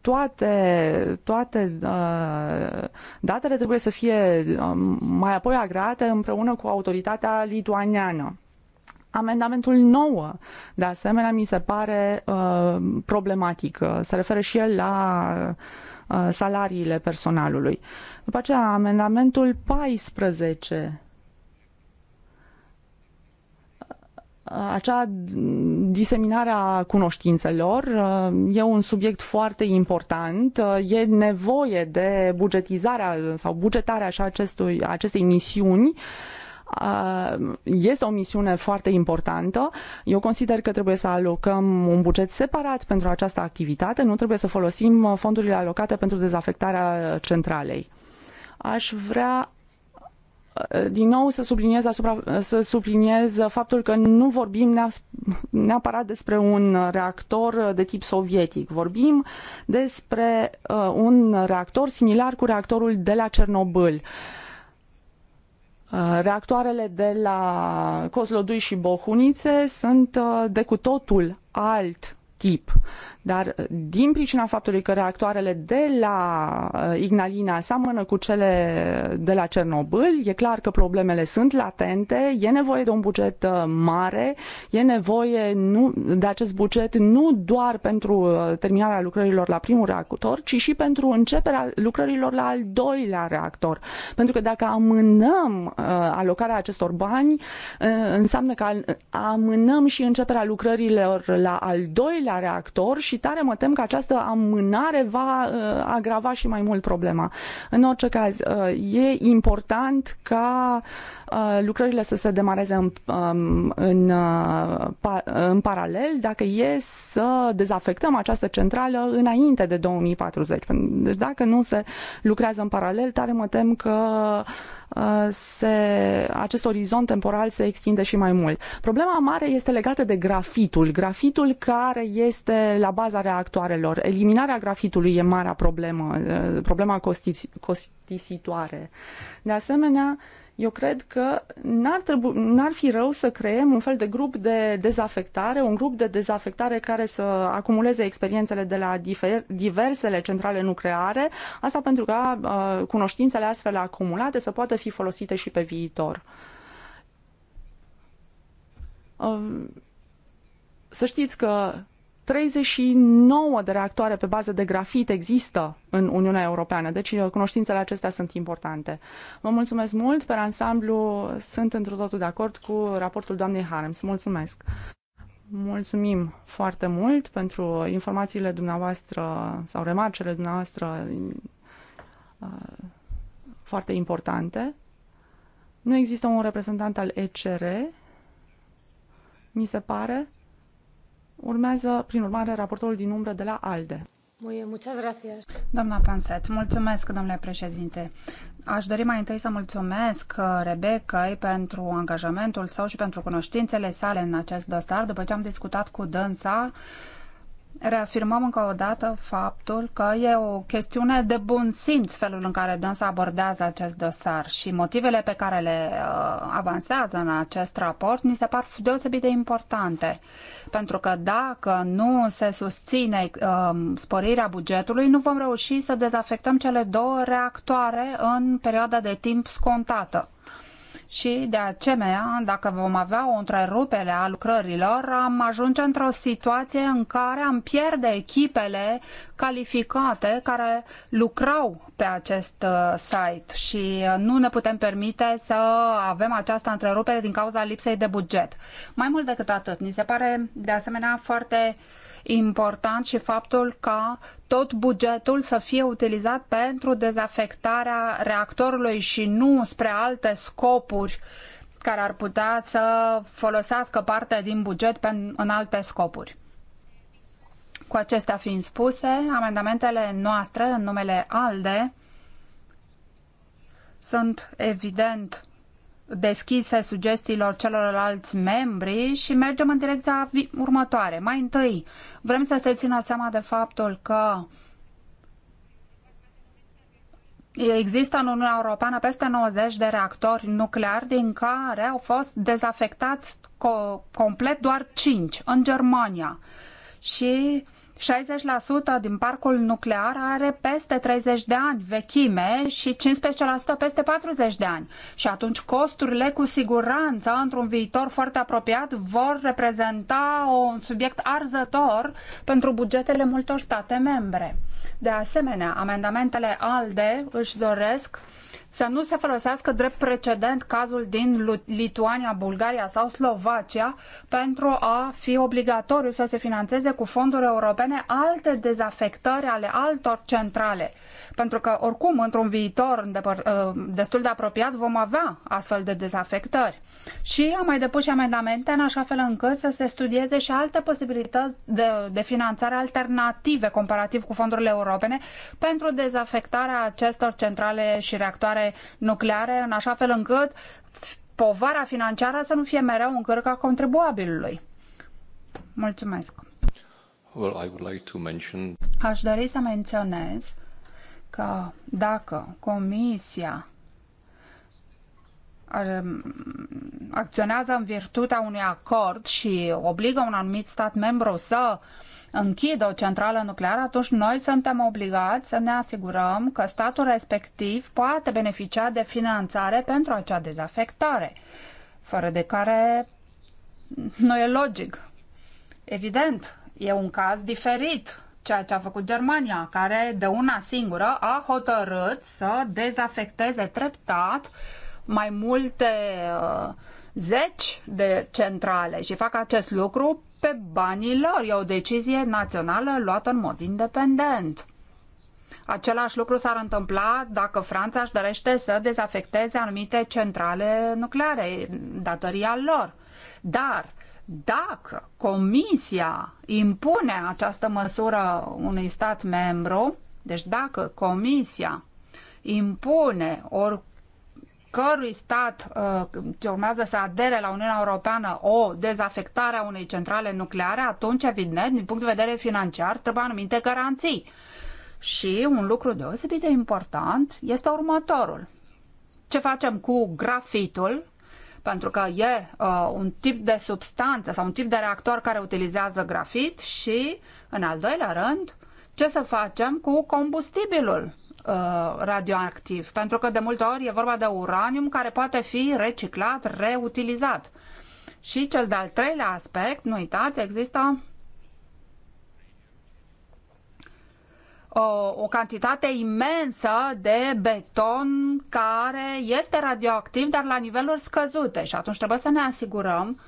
toate, toate uh, datele trebuie să fie uh, mai apoi agrate împreună cu autoritatea lituaniană. Amendamentul 9, de asemenea, mi se pare uh, problematic. Se referă și el la uh, salariile personalului. După aceea, amendamentul 14 acea diseminare a cunoștințelor e un subiect foarte important. E nevoie de bugetizarea sau bugetarea și acestui, acestei misiuni uh, este o misiune foarte importantă. Eu consider că trebuie să alocăm un buget separat pentru această activitate, nu trebuie să folosim fondurile alocate pentru dezafectarea centralei. Aș vrea din nou să subliniez, asupra, să subliniez faptul că nu vorbim neapărat despre un reactor de tip sovietic. Vorbim despre uh, un reactor similar cu reactorul de la Cernobâl. Uh, reactoarele de la Kozlodui și Bohunițe sunt uh, de cu totul alt tip. Dar uh, din pricina faptului că reactoarele de la uh, Ignalina seamănă cu cele de la Cernobâl, e clar că problemele sunt latente, e nevoie de un buget uh, mare, e nevoie nu, de acest buget nu doar pentru terminarea lucrărilor la primul reactor, ci și pentru începerea lucrărilor la al doilea reactor. Pentru că dacă amânăm alocarea acestor bani, înseamnă că amânăm și începerea lucrărilor la al doilea doilea reactor și tare mă tem că această amânare va uh, agrava și mai mult problema. În orice caz, uh, e important ca uh, lucrările să se demareze în, um, în, în paralel dacă e să dezafectăm această centrală înainte de 2040. Deci dacă nu se lucrează în paralel, tare mă tem că Uh, se, acest orizont temporal se extinde și mai mult. Problema mare este legată de grafitul, grafitul care este la baza reactoarelor. Eliminarea grafitului e marea problemă, uh, problema costisitoare. De asemenea, eu cred că n-ar, trebu- n-ar fi rău să creăm un fel de grup de dezafectare, un grup de dezafectare care să acumuleze experiențele de la difer- diversele centrale nucleare, asta pentru ca uh, cunoștințele astfel acumulate să poată fi folosite și pe viitor. Uh, să știți că 39 de reactoare pe bază de grafit există în Uniunea Europeană, deci uh, cunoștințele acestea sunt importante. Vă mulțumesc mult, pe ansamblu sunt într totul de acord cu raportul doamnei Harms. Mulțumesc! Mulțumim foarte mult pentru informațiile dumneavoastră sau remarcele dumneavoastră uh, foarte importante. Nu există un reprezentant al ECR, mi se pare. Urmează, prin urmare, raportorul din umbră de la ALDE. Doamna Panset, mulțumesc, domnule președinte. Aș dori mai întâi să mulțumesc uh, Rebecăi pentru angajamentul său și pentru cunoștințele sale în acest dosar. După ce am discutat cu dânsa, reafirmăm încă o dată faptul că e o chestiune de bun simț felul în care dânsa abordează acest dosar și motivele pe care le uh, avansează în acest raport ni se par deosebit de importante. Pentru că dacă nu se susține um, sporirea bugetului, nu vom reuși să dezafectăm cele două reactoare în perioada de timp scontată și de aceea, dacă vom avea o întrerupere a lucrărilor, am ajunge într-o situație în care am pierde echipele calificate care lucrau pe acest uh, site și uh, nu ne putem permite să avem această întrerupere din cauza lipsei de buget. Mai mult decât atât, ni se pare de asemenea foarte uh, important și faptul ca tot bugetul să fie utilizat pentru dezafectarea reactorului și nu spre alte scopuri care ar putea să folosească partea din buget în alte scopuri. Cu acestea fiind spuse, amendamentele noastre în numele ALDE sunt evident deschise sugestiilor celorlalți membri și mergem în direcția următoare. Mai întâi, vrem să se țină seama de faptul că Există în Uniunea Europeană peste 90 de reactori nucleari, din care au fost dezafectați co complet doar 5 în Germania. Și 60% din parcul nuclear are peste 30 de ani vechime și 15% peste 40 de ani. Și atunci costurile cu siguranță într-un viitor foarte apropiat vor reprezenta un subiect arzător pentru bugetele multor state membre. De asemenea, amendamentele ALDE își doresc să nu se folosească drept precedent cazul din Lituania, Bulgaria sau Slovacia pentru a fi obligatoriu să se financeze cu fonduri europene alte dezafectări ale altor centrale pentru că oricum într-un viitor ă, destul de apropiat vom avea astfel de dezafectări. Și am mai depus și amendamente în așa fel încât să se studieze și alte posibilități de, de finanțare alternative comparativ cu fondurile europene pentru dezafectarea acestor centrale și reactoare nucleare în așa fel încât povara financiară să nu fie mereu în cărca contribuabilului. Mulțumesc! Well, I would like to mention... Aș dori să menționez că dacă Comisia acționează în virtutea unui acord și obligă un anumit stat membru să închidă o centrală nucleară, atunci noi suntem obligați să ne asigurăm că statul respectiv poate beneficia de finanțare pentru acea dezafectare, fără de care nu e logic. Evident, e un caz diferit ceea ce a făcut Germania, care de una singură a hotărât să dezafecteze treptat mai multe uh, zeci de centrale și fac acest lucru pe banii lor. E o decizie națională luată în mod independent. Același lucru s-ar întâmpla dacă Franța își dorește să dezafecteze anumite centrale nucleare, datoria lor. Dar dacă Comisia impune această măsură unui stat membru, deci dacă Comisia impune or cărui stat uh, ce urmează să adere la Uniunea Europeană o dezafectare a unei centrale nucleare, atunci, evident, din punct de vedere financiar, trebuie anumite garanții. Și un lucru deosebit de important este următorul. Ce facem cu grafitul pentru că e uh, un tip de substanță sau un tip de reactor care utilizează grafit și, în al doilea rând, ce să facem cu combustibilul uh, radioactiv, pentru că de multe ori e vorba de uranium care poate fi reciclat, reutilizat. Și cel de-al treilea aspect, nu uitați, există o, cantitate imensă de beton care este radioactiv, dar la niveluri scăzute. Și atunci trebuie să ne asigurăm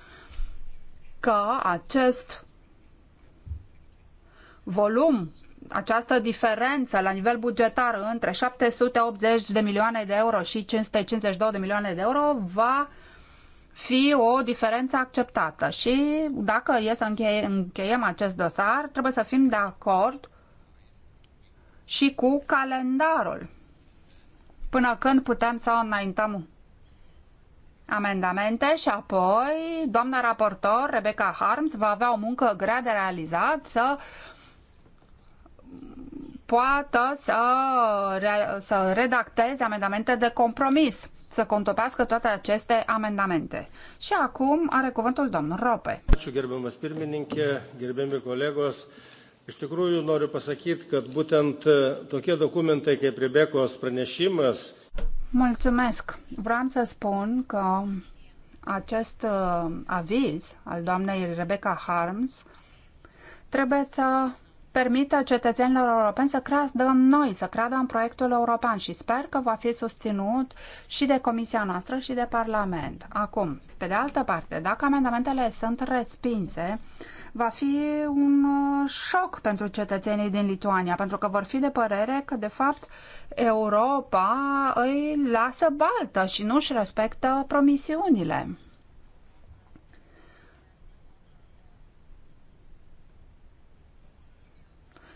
că acest volum această diferență la nivel bugetar între 780 de milioane de euro și 552 de milioane de euro va fi o diferență acceptată. Și dacă e să încheie, încheiem acest dosar, trebuie să fim de acord și cu calendarul. Până când putem să o înaintăm amendamente și apoi doamna raportor Rebecca Harms va avea o muncă grea de realizat să poată să, re, să redacteze amendamente de compromis, să contopească toate aceste amendamente. Și acum are cuvântul domnul Rope. Mulțumesc gerbiamas pirmininkė, gerbiami kolegos. Iš tikrųjų noriu pasakyti, kad būtent tokie dokumentai kaip Rebekos pranešimas. Mulțumesc! Vreau să spun că acest aviz al doamnei Rebecca Harms trebuie să permită cetățenilor europeni să creadă în noi, să creadă în proiectul european și sper că va fi susținut și de Comisia noastră și de Parlament. Acum, pe de altă parte, dacă amendamentele sunt respinse, va fi un uh, șoc pentru cetățenii din Lituania, pentru că vor fi de părere că, de fapt, Europa îi lasă baltă și nu își respectă promisiunile.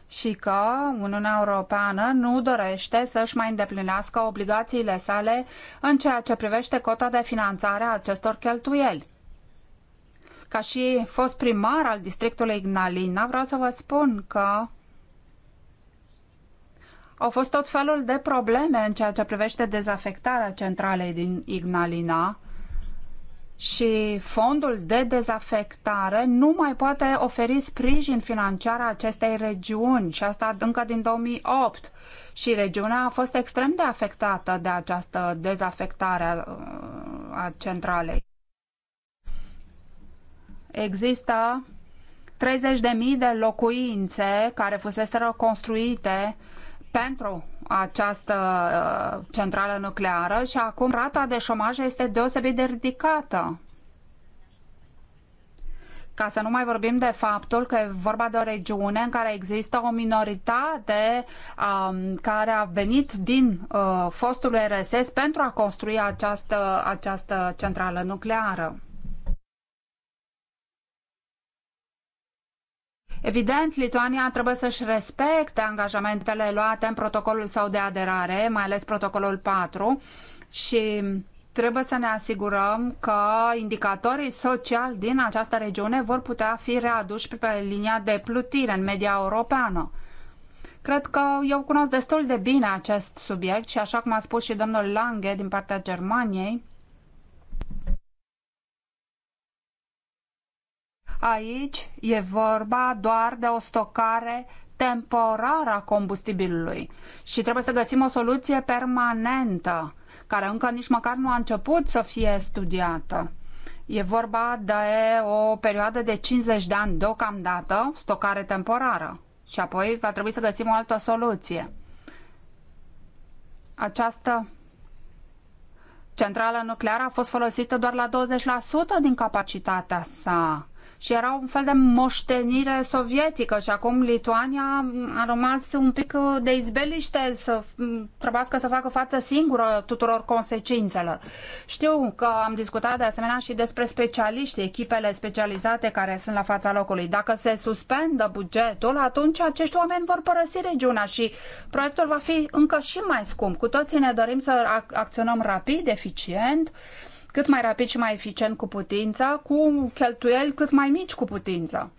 și că Uniunea Europeană nu dorește să-și mai îndeplinească obligațiile sale în ceea ce privește cota de finanțare a acestor cheltuieli. Ca și fost primar al districtului Ignalina, vreau să vă spun că au fost tot felul de probleme în ceea ce privește dezafectarea centralei din Ignalina și fondul de dezafectare nu mai poate oferi sprijin financiar acestei regiuni și asta încă din 2008 și regiunea a fost extrem de afectată de această dezafectare uh, a centralei există 30.000 de locuințe care fusese construite pentru această uh, centrală nucleară și acum rata de șomaj este deosebit de ridicată. Ca să nu mai vorbim de faptul că e vorba de o regiune în care există o minoritate um, care a venit din uh, fostul RSS pentru a construi această, această centrală nucleară. Evident, Lituania trebuie să-și respecte angajamentele luate în protocolul său de aderare, mai ales protocolul 4 și trebuie să ne asigurăm că indicatorii sociali din această regiune vor putea fi readuși pe linia de plutire în media europeană. Cred că eu cunosc destul de bine acest subiect și așa cum a spus și domnul Lange din partea Germaniei, Aici e vorba doar de o stocare temporară a combustibilului și trebuie să găsim o soluție permanentă, care încă nici măcar nu a început să fie studiată. E vorba de o perioadă de 50 de ani deocamdată, stocare temporară. Și apoi va trebui să găsim o altă soluție. Această centrală nucleară a fost folosită doar la 20% din capacitatea sa și era un fel de moștenire sovietică și acum Lituania a rămas un pic uh, de izbeliște să trebuiască să facă față singură tuturor consecințelor. Știu că am discutat de asemenea și despre specialiști, echipele specializate care sunt la fața locului. Dacă se suspendă bugetul, atunci acești oameni vor părăsi regiunea și proiectul va fi încă și mai scump. Cu toții ne dorim să acționăm rapid, eficient, cât mai rapid și mai eficient cu putință, cu cheltuieli cât mai mici cu putință.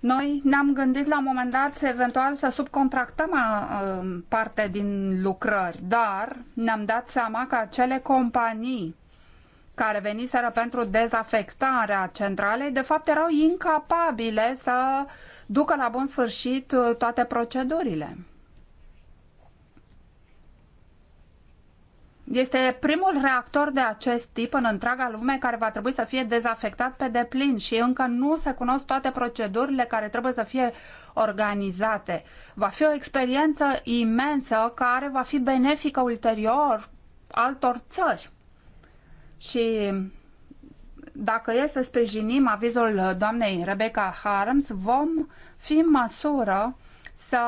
Noi ne-am gândit la un moment dat eventual să subcontractăm uh, um, parte din lucrări, dar ne-am dat seama că acele companii care veniseră pentru dezafectarea centralei, de fapt erau incapabile să ducă la bun sfârșit uh, toate procedurile. Este primul reactor de acest tip în întreaga lume care va trebui să fie dezafectat pe deplin și încă nu se cunosc toate procedurile care trebuie să fie organizate. Va fi o experiență imensă care va fi benefică ulterior altor țări. Și dacă e să sprijinim avizul doamnei Rebecca Harms, vom fi în măsură să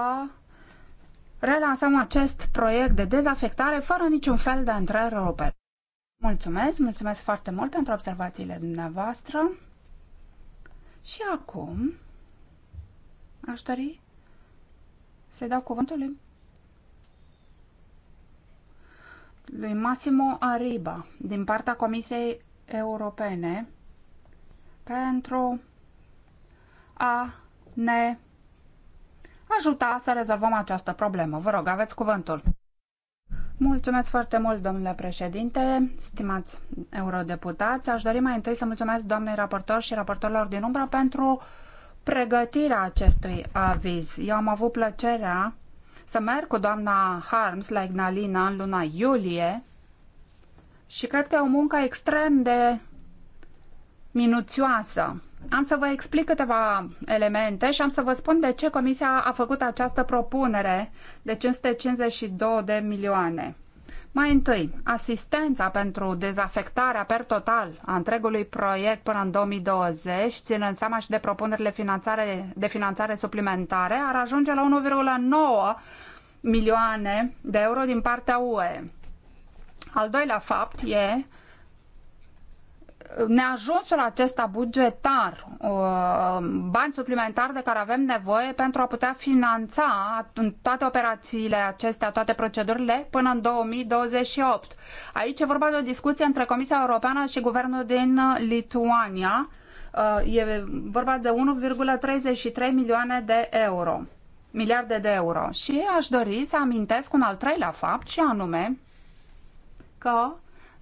relansăm acest proiect de dezafectare fără niciun fel de întrerupere. Mulțumesc, mulțumesc foarte mult pentru observațiile dumneavoastră. Și acum aș dori să dau cuvântul lui, lui Massimo Ariba din partea Comisiei Europene pentru a ne ajuta să rezolvăm această problemă. Vă rog, aveți cuvântul. Mulțumesc foarte mult, domnule președinte, stimați eurodeputați. Aș dori mai întâi să mulțumesc doamnei raportor și raportorilor din umbră pentru pregătirea acestui aviz. Eu am avut plăcerea să merg cu doamna Harms la Ignalina în luna iulie și cred că e o muncă extrem de minuțioasă am să vă explic câteva elemente și am să vă spun de ce Comisia a făcut această propunere de 552 de milioane. Mai întâi, asistența pentru dezafectarea per total a întregului proiect până în 2020, ținând seama și de propunerile finanțare, de finanțare suplimentare, ar ajunge la 1,9 milioane de euro din partea UE. Al doilea fapt e neajunsul acesta bugetar, uh, bani suplimentari de care avem nevoie pentru a putea finanța toate operațiile acestea, toate procedurile până în 2028. Aici e vorba de o discuție între Comisia Europeană și guvernul din uh, Lituania. Uh, e vorba de 1,33 milioane de euro, miliarde de euro. Și aș dori să amintesc un al treilea fapt și anume că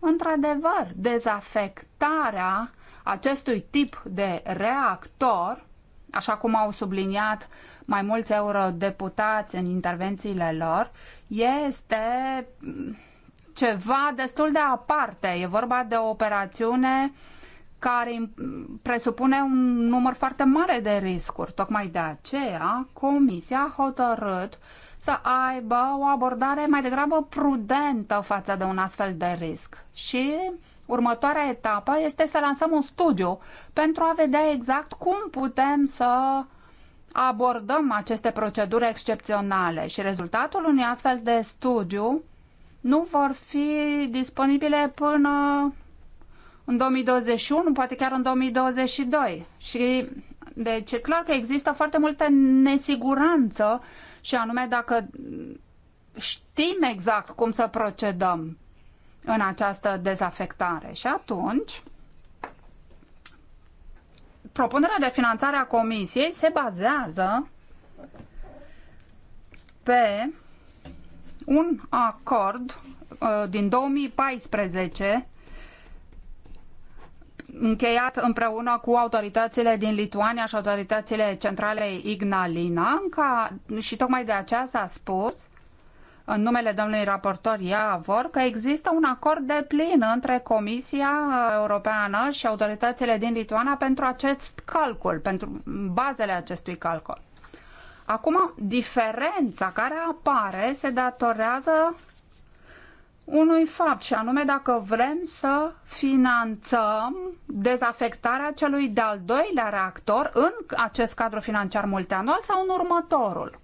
într-adevăr, dezafectarea acestui tip de reactor, așa cum au subliniat mai mulți eurodeputați în intervențiile lor, este ceva destul de aparte. E vorba de o operațiune care presupune un număr foarte mare de riscuri. Tocmai de aceea, Comisia a hotărât să aibă o abordare mai degrabă prudentă față de un astfel de risc. Și următoarea etapă este să lansăm un studiu pentru a vedea exact cum putem să abordăm aceste proceduri excepționale și rezultatul unui astfel de studiu nu vor fi disponibile până în 2021, poate chiar în 2022. Și deci e clar că există foarte multă nesiguranță și anume dacă știm exact cum să procedăm în această dezafectare. Și atunci, propunerea de finanțare a comisiei se bazează pe un acord uh, din 2014 încheiat împreună cu autoritățile din Lituania și autoritățile centrale Ignalina ca, și tocmai de aceasta a spus în numele domnului raportor Iavor că există un acord de plin între Comisia Europeană și autoritățile din Lituania pentru acest calcul, pentru bazele acestui calcul. Acum, diferența care apare se datorează unui fapt și anume dacă vrem să finanțăm dezafectarea celui de-al doilea reactor în acest cadru financiar multianual sau în următorul.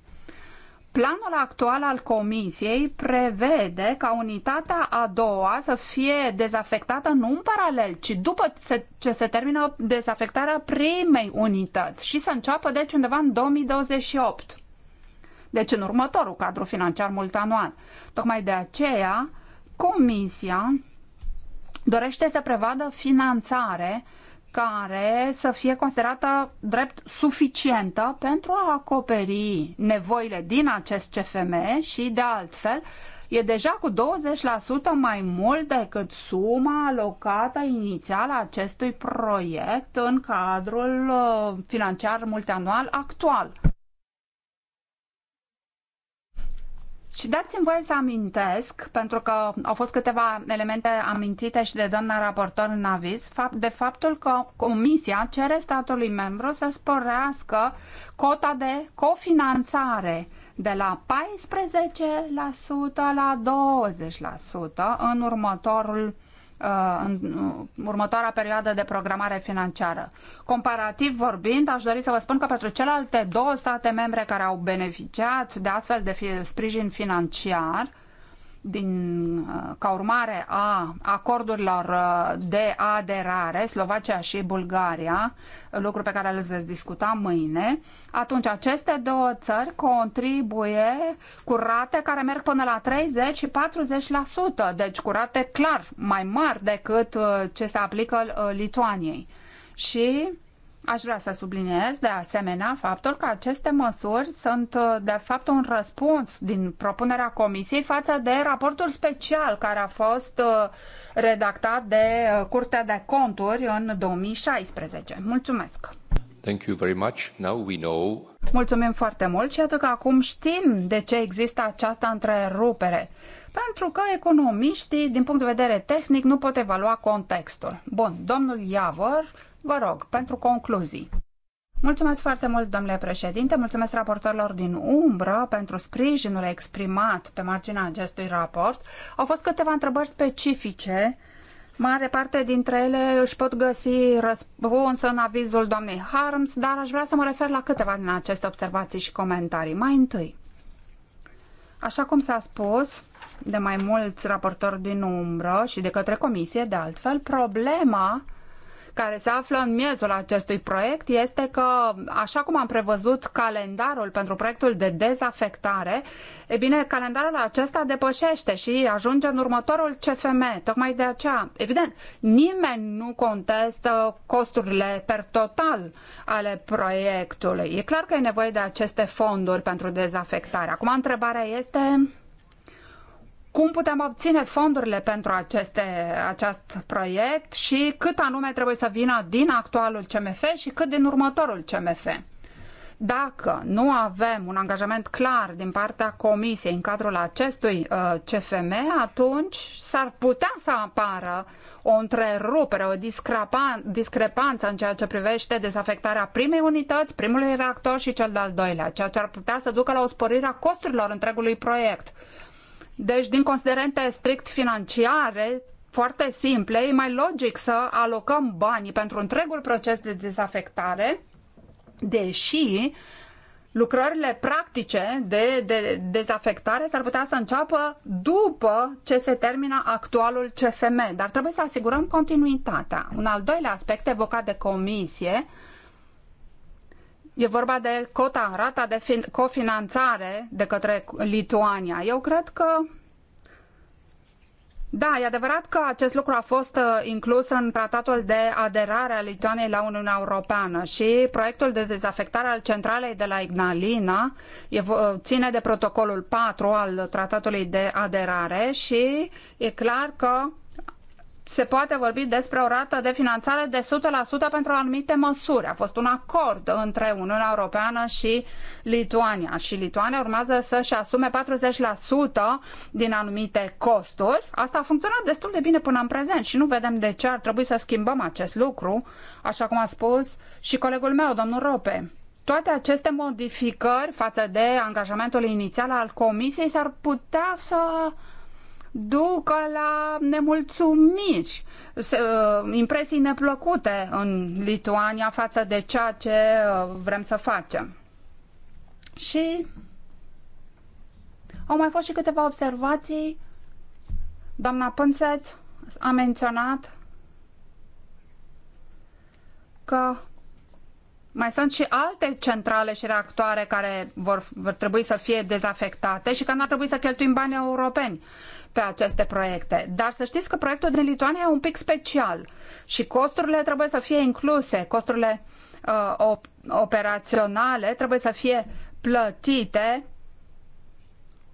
Planul actual al Comisiei prevede ca unitatea a doua să fie dezafectată nu în paralel, ci după ce se termină dezafectarea primei unități și să înceapă deci undeva în 2028. Deci în următorul cadru financiar multianual. Tocmai de aceea Comisia dorește să prevadă finanțare care să fie considerată drept suficientă pentru a acoperi nevoile din acest CFM și, de altfel, e deja cu 20% mai mult decât suma alocată inițial acestui proiect în cadrul uh, financiar multianual actual. Și dați-mi voie să amintesc, pentru că au fost câteva elemente amintite și de doamna raportor în aviz, de faptul că Comisia cere statului membru să sporească cota de cofinanțare de la 14% la 20% în următorul Uh, în uh, următoarea perioadă de programare financiară. Comparativ vorbind, aș dori să vă spun că pentru celelalte două state membre care au beneficiat de astfel de sprijin financiar, din, uh, ca urmare a acordurilor uh, de aderare, Slovacia și Bulgaria, lucru pe care le veți discuta mâine, atunci aceste două țări contribuie cu rate care merg până la 30 și 40%, deci cu rate clar mai mari decât uh, ce se aplică Lituaniei. Și Aș vrea să subliniez de asemenea faptul că aceste măsuri sunt uh, de fapt un răspuns din propunerea Comisiei față de raportul special care a fost uh, redactat de uh, Curtea de Conturi în 2016. Mulțumesc! Thank you very much. Now we know... Mulțumim foarte mult și atât că acum știm de ce există această întrerupere. Pentru că economiștii, din punct de vedere tehnic, nu pot evalua contextul. Bun, domnul Iavor, Vă rog, pentru concluzii. Mulțumesc foarte mult, domnule președinte, mulțumesc raportorilor din umbră pentru sprijinul exprimat pe marginea acestui raport. Au fost câteva întrebări specifice Mare parte dintre ele își pot găsi răspuns în avizul doamnei Harms, dar aș vrea să mă refer la câteva din aceste observații și comentarii. Mai întâi, așa cum s-a spus de mai mulți raportori din umbră și de către comisie, de altfel, problema uh, care se află în miezul acestui proiect este că, așa cum am prevăzut calendarul pentru proiectul de dezafectare, e bine, calendarul acesta depășește și ajunge în următorul CFM. Tocmai de aceea, evident, nimeni nu contestă costurile per total ale proiectului. E clar că e nevoie de aceste fonduri pentru dezafectare. Acum, întrebarea este cum putem obține fondurile pentru aceste, acest proiect și cât anume trebuie să vină din actualul CMF și cât din următorul CMF. Dacă nu avem un angajament clar din partea Comisiei în cadrul acestui uh, CFM, atunci s-ar putea să apară o întrerupere, o discrepanță în ceea ce privește dezafectarea primei unități, primului reactor și cel de-al doilea, ceea ce ar putea să ducă la o sporire a costurilor întregului proiect deci, din considerente strict financiare, foarte simple, e mai logic să alocăm banii pentru întregul proces de dezafectare, deși lucrările practice de, de dezafectare s-ar putea să înceapă după ce se termină actualul CFM, dar trebuie să asigurăm continuitatea. Un al doilea aspect evocat de comisie E vorba de cota, rata de cofinanțare de către Lituania. Eu cred că da, e adevărat că acest lucru a fost uh, inclus în tratatul de aderare a Lituaniei la Uniunea Europeană și proiectul de dezafectare al centralei de la Ignalina e, uh, ține de protocolul patru al tratatului de aderare și e clar că se poate vorbi despre o rată de finanțare de 100% pentru anumite măsuri. A fost un acord între Uniunea Europeană și Lituania și Lituania urmează să-și asume 40% din anumite costuri. Asta a funcționat destul de bine până în prezent și nu vedem de ce ar trebui să schimbăm acest lucru, așa cum a spus și colegul meu, domnul Rope. Toate aceste modificări față de angajamentul inițial al Comisiei s-ar putea să ducă la nemulțumiri, uh, impresii neplăcute în Lituania față de ceea ce uh, vrem să facem. Și au mai fost și câteva observații. Doamna Pânțet a menționat că mai sunt și alte centrale și reactoare care vor, vor trebui să fie dezafectate și că n-ar trebui să cheltuim bani europeni pe aceste proiecte. Dar să știți că proiectul din Lituania e un pic special și costurile trebuie să fie incluse, costurile uh, op- operaționale trebuie să fie plătite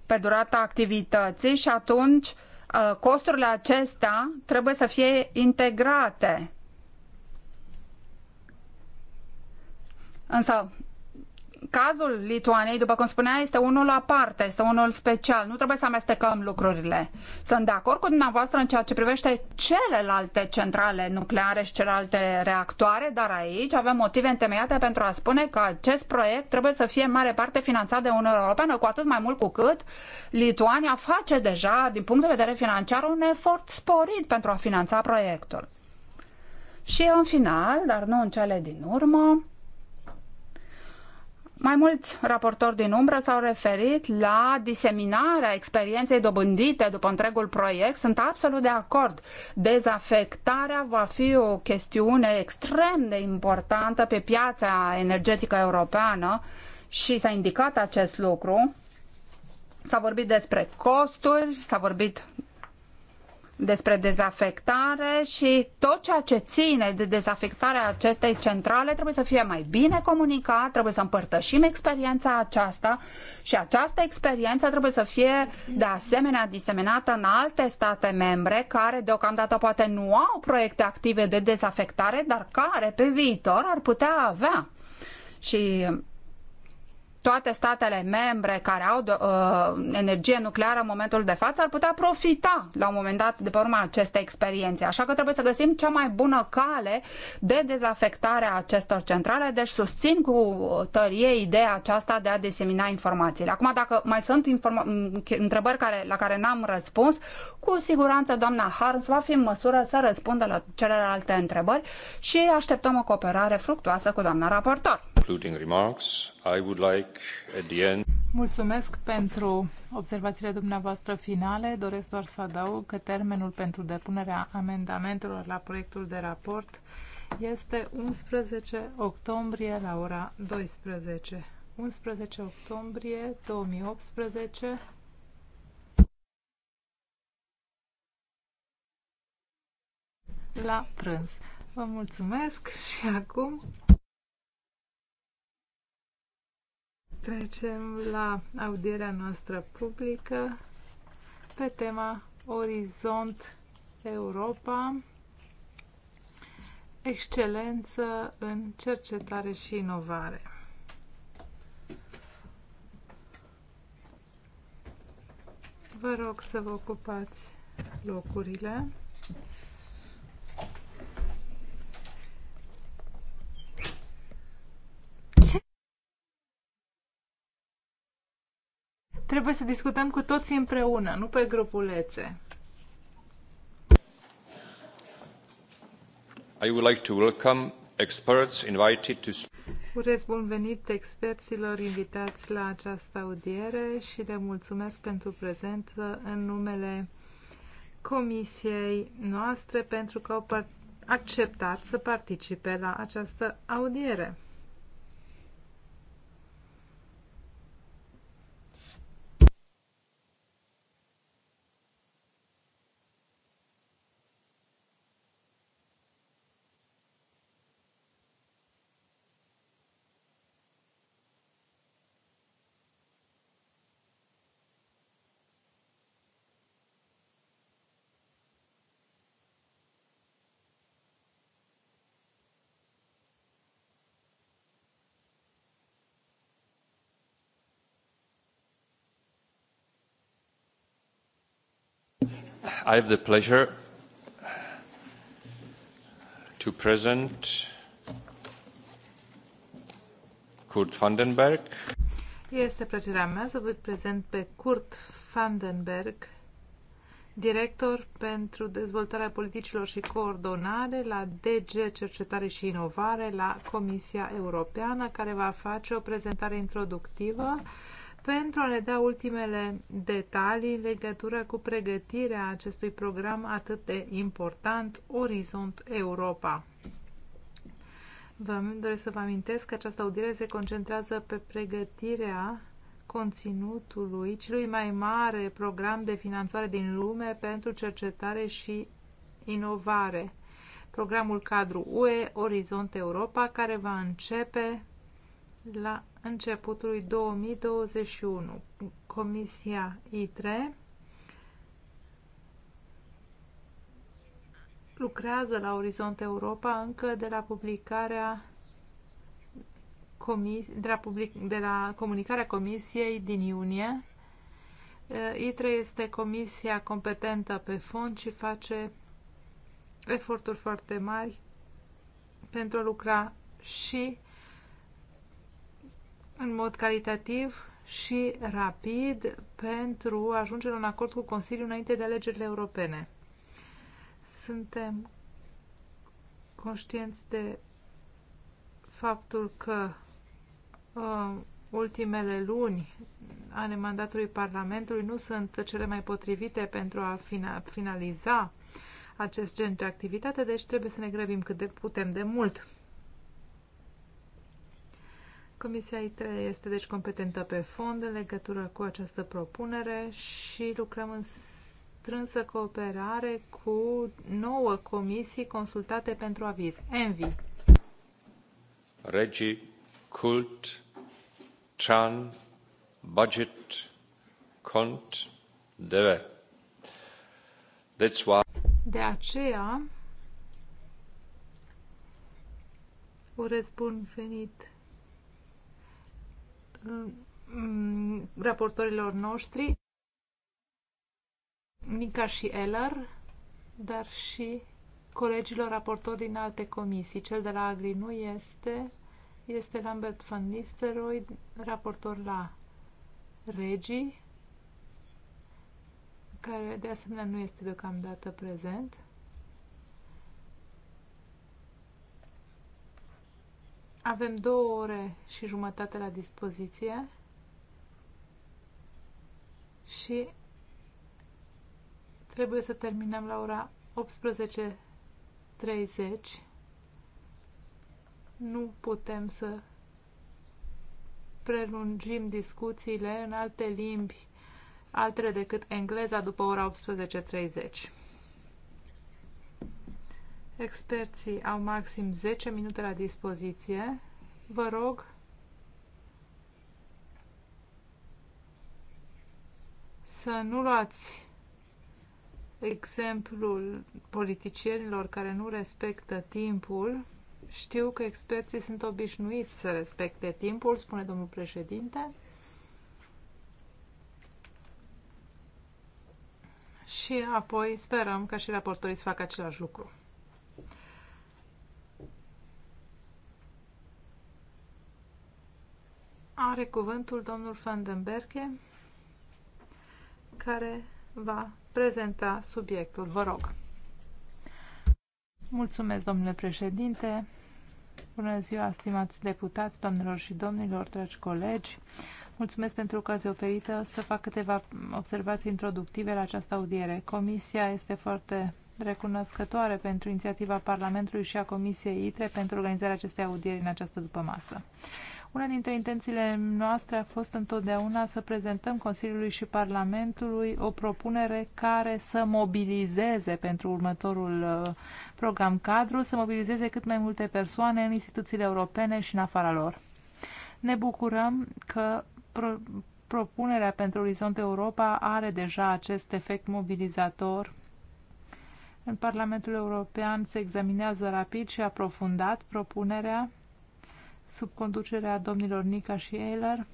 pe durata activității și atunci uh, costurile acestea trebuie să fie integrate Însă Cazul Lituaniei, după cum spunea, este unul aparte, este unul special. Nu trebuie să amestecăm lucrurile. Sunt de acord cu dumneavoastră în ceea ce privește celelalte centrale nucleare și celelalte reactoare, dar aici avem motive întemeiate pentru a spune că acest proiect trebuie să fie în mare parte finanțat de Uniunea Europeană, cu atât mai mult cu cât Lituania face deja, din punct de vedere financiar, un efort sporit pentru a finanța proiectul. Și în final, dar nu în cele din urmă, mai mulți raportori din umbră s-au referit la diseminarea experienței dobândite după întregul proiect. Sunt absolut de acord. Dezafectarea va fi o chestiune extrem de importantă pe piața energetică europeană și s-a indicat acest lucru. S-a vorbit despre costuri, s-a vorbit despre dezafectare și tot ceea ce ține de dezafectarea acestei centrale trebuie să fie mai bine comunicat, trebuie să împărtășim experiența aceasta și această experiență trebuie să fie de asemenea diseminată în alte state membre care deocamdată poate nu au proiecte active de dezafectare, dar care pe viitor ar putea avea. Și toate statele membre care au uh, energie nucleară în momentul de față ar putea profita la un moment dat de pe urma acestei experiențe. Așa că trebuie să găsim cea mai bună cale de dezafectare a acestor centrale, deci susțin cu tărie ideea aceasta de a disemina informațiile. Acum, dacă mai sunt întrebări care, la care n-am răspuns, cu siguranță doamna Harms va fi în măsură să răspundă la celelalte întrebări și așteptăm o cooperare fructuoasă cu doamna raportor concluding remarks. I would like at the end Mulțumesc pentru observațiile dumneavoastră finale. Doresc doar să adaug că termenul pentru depunerea amendamentelor la proiectul de raport este 11 octombrie la ora 12. 11 octombrie 2018. La prânz. Vă mulțumesc și acum Trecem la audierea noastră publică pe tema Orizont Europa, excelență în cercetare și inovare. Vă rog să vă ocupați locurile. Trebuie să discutăm cu toții împreună, nu pe grupulețe. I would like to welcome experts invited to Urez bun venit experților invitați la această audiere și le mulțumesc pentru prezență în numele comisiei noastre pentru că au acceptat să participe la această audiere. I have the pleasure to present Kurt Vandenberg. Este plăcerea mea să vă prezent pe Kurt Vandenberg, director pentru dezvoltarea politicilor și coordonare la DG Cercetare și Inovare la Comisia Europeană, care va face o prezentare introductivă uh, pentru a ne da ultimele detalii în legătură cu pregătirea acestui program atât de important, Orizont Europa. Vă doresc să vă amintesc că această audiere se concentrează pe pregătirea conținutului celui mai mare program de finanțare din lume pentru cercetare și inovare, programul cadru UE Orizont Europa, care va începe la începutului 2021. Comisia ITRE lucrează la Orizont Europa încă de la publicarea de, la public, de la comunicarea Comisiei din iunie. Uh, ITRE este comisia competentă pe fond și face eforturi foarte mari pentru a lucra și în mod calitativ și rapid pentru a ajunge la un acord cu Consiliul înainte de alegerile europene. Suntem conștienți de faptul că uh, ultimele luni ale mandatului Parlamentului nu sunt cele mai potrivite pentru a finaliza acest gen de activitate, deci trebuie să ne grăbim cât de putem de mult. Comisia ITRE este deci competentă pe fond în legătură cu această propunere și lucrăm în strânsă cooperare cu nouă comisii consultate pentru aviz. Envi. Regi, Cult, Chan, Budget, Cont, DV. That's why... De aceea, urez bun venit raportorilor noștri, Nica și Elar, dar și colegilor raportori din alte comisii. Cel de la Agri nu este, este Lambert van Nistelrooy, raportor la Regii, care de asemenea nu este deocamdată prezent. Avem două ore și jumătate la dispoziție și trebuie să terminăm la ora 18.30. Nu putem să prelungim discuțiile în alte limbi, altele decât engleza, după ora 18.30. Experții au maxim 10 minute la dispoziție. Vă rog să nu luați exemplul politicienilor care nu respectă timpul. Știu că experții sunt obișnuiți să respecte timpul, spune domnul președinte. Și apoi sperăm ca și raportorii să facă același lucru. Are cuvântul domnul Van den Berke, care va prezenta subiectul. Vă rog. Mulțumesc, domnule președinte. Bună ziua, stimați deputați, domnilor și domnilor, dragi colegi. Mulțumesc pentru ocazia oferită să fac câteva observații introductive la această audiere. Comisia este foarte recunoscătoare pentru inițiativa Parlamentului și a Comisiei ITRE pentru organizarea acestei audieri în această dupămasă. Una dintre intențiile noastre a fost întotdeauna să prezentăm Consiliului și Parlamentului o propunere care să mobilizeze pentru următorul uh, program cadru, să mobilizeze cât mai multe persoane în instituțiile europene și în afara lor. Ne bucurăm că pro propunerea pentru Orizont Europa are deja acest efect mobilizator în Parlamentul European se examinează rapid și aprofundat propunerea sub conducerea domnilor Nica și Eiler,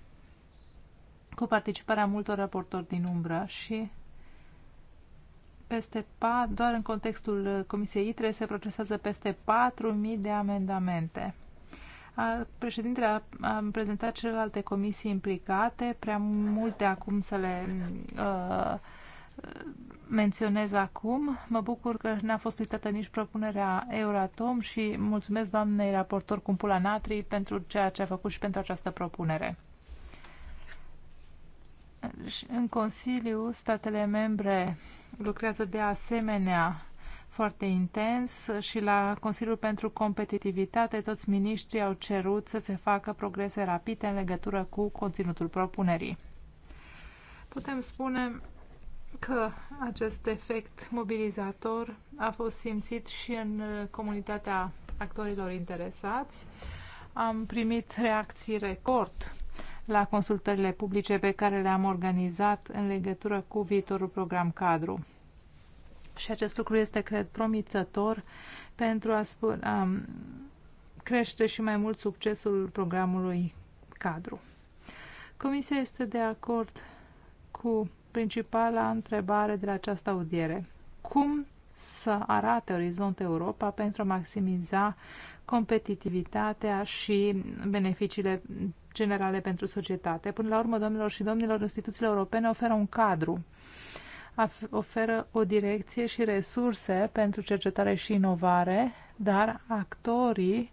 cu participarea multor raportori din umbră și peste pa, doar în contextul Comisiei ITRE se procesează peste 4.000 de amendamente. A, președintele a, a prezentat celelalte comisii implicate, prea multe acum să le uh, menționez acum. Mă bucur că n-a fost uitată nici propunerea Euratom și mulțumesc doamnei raportor Cumpula Natri pentru ceea ce a făcut și pentru această propunere. În Consiliu, statele membre lucrează de asemenea foarte intens și la Consiliul pentru Competitivitate toți miniștrii au cerut să se facă progrese rapide în legătură cu conținutul propunerii. Putem spune că acest efect mobilizator a fost simțit și în uh, comunitatea actorilor interesați. Am primit reacții record la consultările publice pe care le-am organizat în legătură cu viitorul program cadru. Și acest lucru este, cred, promițător pentru a, spune, a crește și mai mult succesul programului cadru. Comisia este de acord cu principala întrebare de la această audiere. Cum să arate Orizont Europa pentru a maximiza competitivitatea și beneficiile generale pentru societate. Până la urmă, domnilor și domnilor, instituțiile europene oferă un cadru, oferă o direcție și resurse pentru cercetare și inovare, dar actorii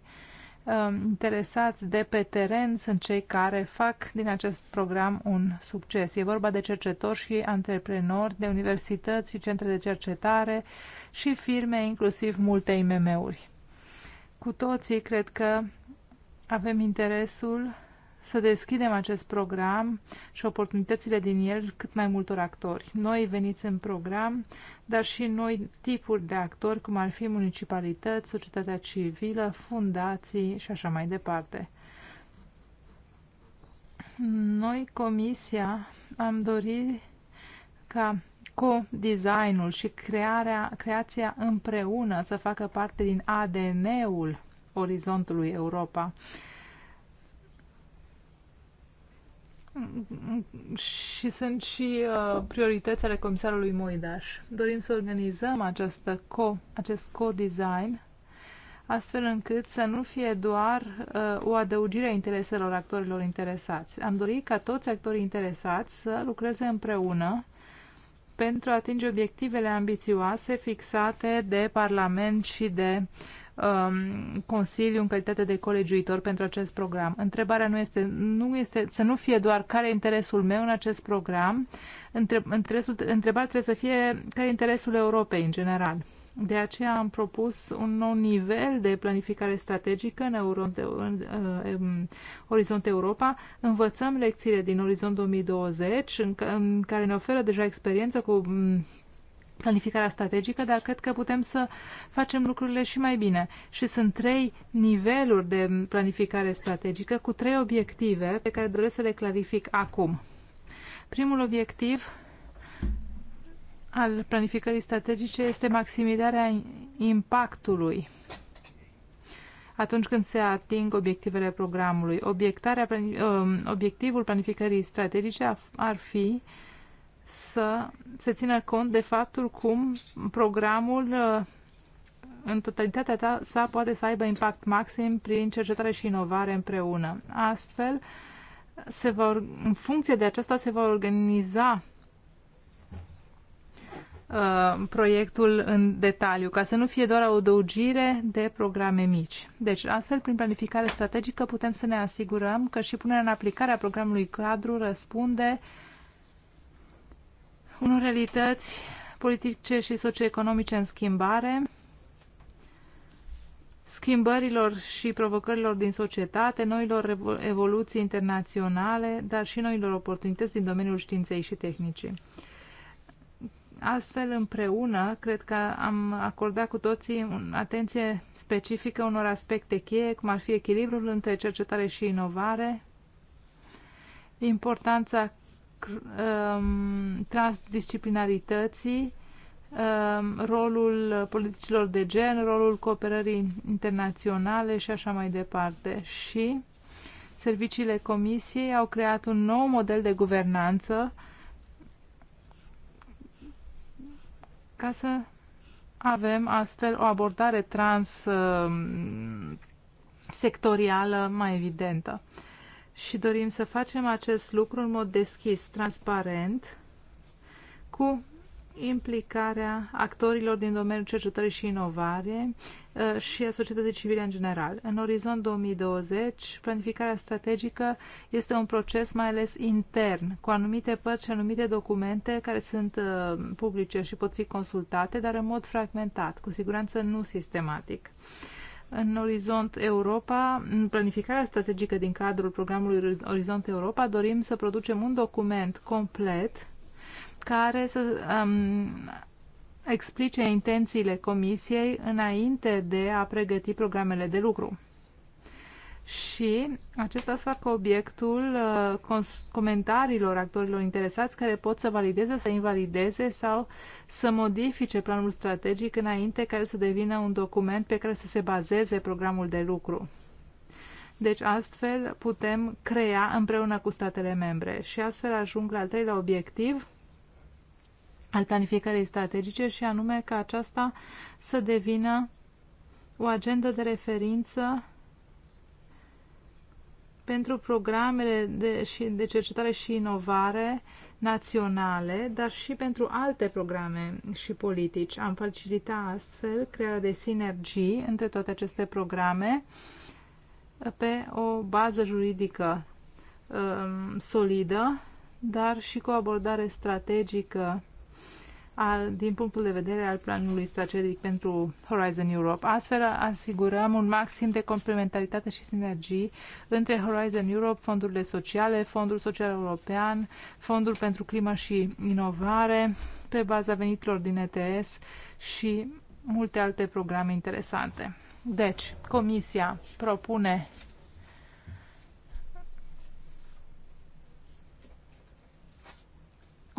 Um, interesați de pe teren sunt cei care fac din acest program un succes. E vorba de cercetori și antreprenori, de universități și centre de cercetare și firme, inclusiv multe IMM-uri. Cu toții cred că avem interesul să deschidem acest program și oportunitățile din el cât mai multor actori. Noi veniți în program, dar și noi tipuri de actori, cum ar fi municipalități, societatea civilă, fundații și așa mai departe. Noi, Comisia, am dorit ca co-designul și crearea, creația împreună să facă parte din ADN-ul orizontului Europa și sunt și uh, priorități comisarului Moidaș. Dorim să organizăm această co, acest co-design astfel încât să nu fie doar uh, o adăugire a intereselor actorilor interesați. Am dorit ca toți actorii interesați să lucreze împreună pentru a atinge obiectivele ambițioase fixate de Parlament și de uh, um, Consiliu în calitate de colegiuitor pentru acest program. Întrebarea nu este, nu este să nu fie doar care e interesul meu în acest program, între, întrebarea trebuie să fie care e interesul Europei în general. De aceea am propus un nou nivel de planificare strategică în, Euro, în, în, uh, în um, Orizont Europa. Învățăm lecțiile din Orizont 2020, în, în care ne oferă deja experiență cu mm, planificarea strategică, dar cred că putem să facem lucrurile și mai bine. Și sunt trei niveluri de planificare strategică cu trei obiective pe care doresc să le clarific acum. Primul obiectiv al planificării strategice este maximizarea impactului atunci când se ating obiectivele programului. Obiectarea, ă, obiectivul planificării strategice ar fi uh, să se țină cont de faptul cum programul uh, în totalitatea ta sa poate să aibă impact maxim prin cercetare și inovare împreună. Astfel, se vor, în funcție de aceasta se va organiza uh, proiectul în detaliu, ca să nu fie doar o adăugire de programe mici. Deci, astfel, prin planificare strategică, putem să ne asigurăm că și punerea în aplicare a programului cadru răspunde uh, unor realități politice și socioeconomice în schimbare, schimbărilor și provocărilor din societate, noilor evoluții internaționale, dar și noilor oportunități din domeniul științei și tehnicii. Astfel, împreună, cred că am acordat cu toții atenție specifică unor aspecte cheie, cum ar fi echilibrul între cercetare și inovare, importanța Um, transdisciplinarității, um, rolul politicilor de gen, rolul cooperării internaționale și așa mai departe. Și serviciile Comisiei au creat un nou model de guvernanță ca să avem astfel o abordare trans um, sectorială mai evidentă și dorim să facem acest lucru în mod deschis, transparent, cu implicarea actorilor din domeniul cercetării și inovare uh, și a societății civile în general. În orizont 2020, planificarea strategică este un proces mai ales intern, cu anumite părți și anumite documente care sunt uh, publice și pot fi consultate, dar în mod fragmentat, cu siguranță nu sistematic. În Orizont Europa, în planificarea strategică din cadrul programului Orizont Europa, dorim să producem un document complet care să um, explice intențiile Comisiei înainte de a pregăti programele de lucru și acesta să facă obiectul uh, comentariilor actorilor interesați care pot să valideze, să invalideze sau să modifice planul strategic înainte care să devină un document pe care să se bazeze programul de lucru. Deci astfel putem crea împreună cu statele membre și astfel ajung la al treilea obiectiv al planificării strategice și anume ca aceasta să devină o agendă de referință pentru programele de, și, de cercetare și inovare naționale, dar și pentru alte programe și politici. Am facilitat astfel crearea de sinergii între toate aceste programe pe o bază juridică um, solidă, dar și cu o abordare strategică al, din punctul de vedere al planului strategic pentru Horizon Europe. Astfel asigurăm un maxim de complementaritate și sinergii între Horizon Europe, fondurile sociale, Fondul Social European, Fondul pentru Climă și Inovare, pe baza venitelor din ETS și multe alte programe interesante. Deci, Comisia propune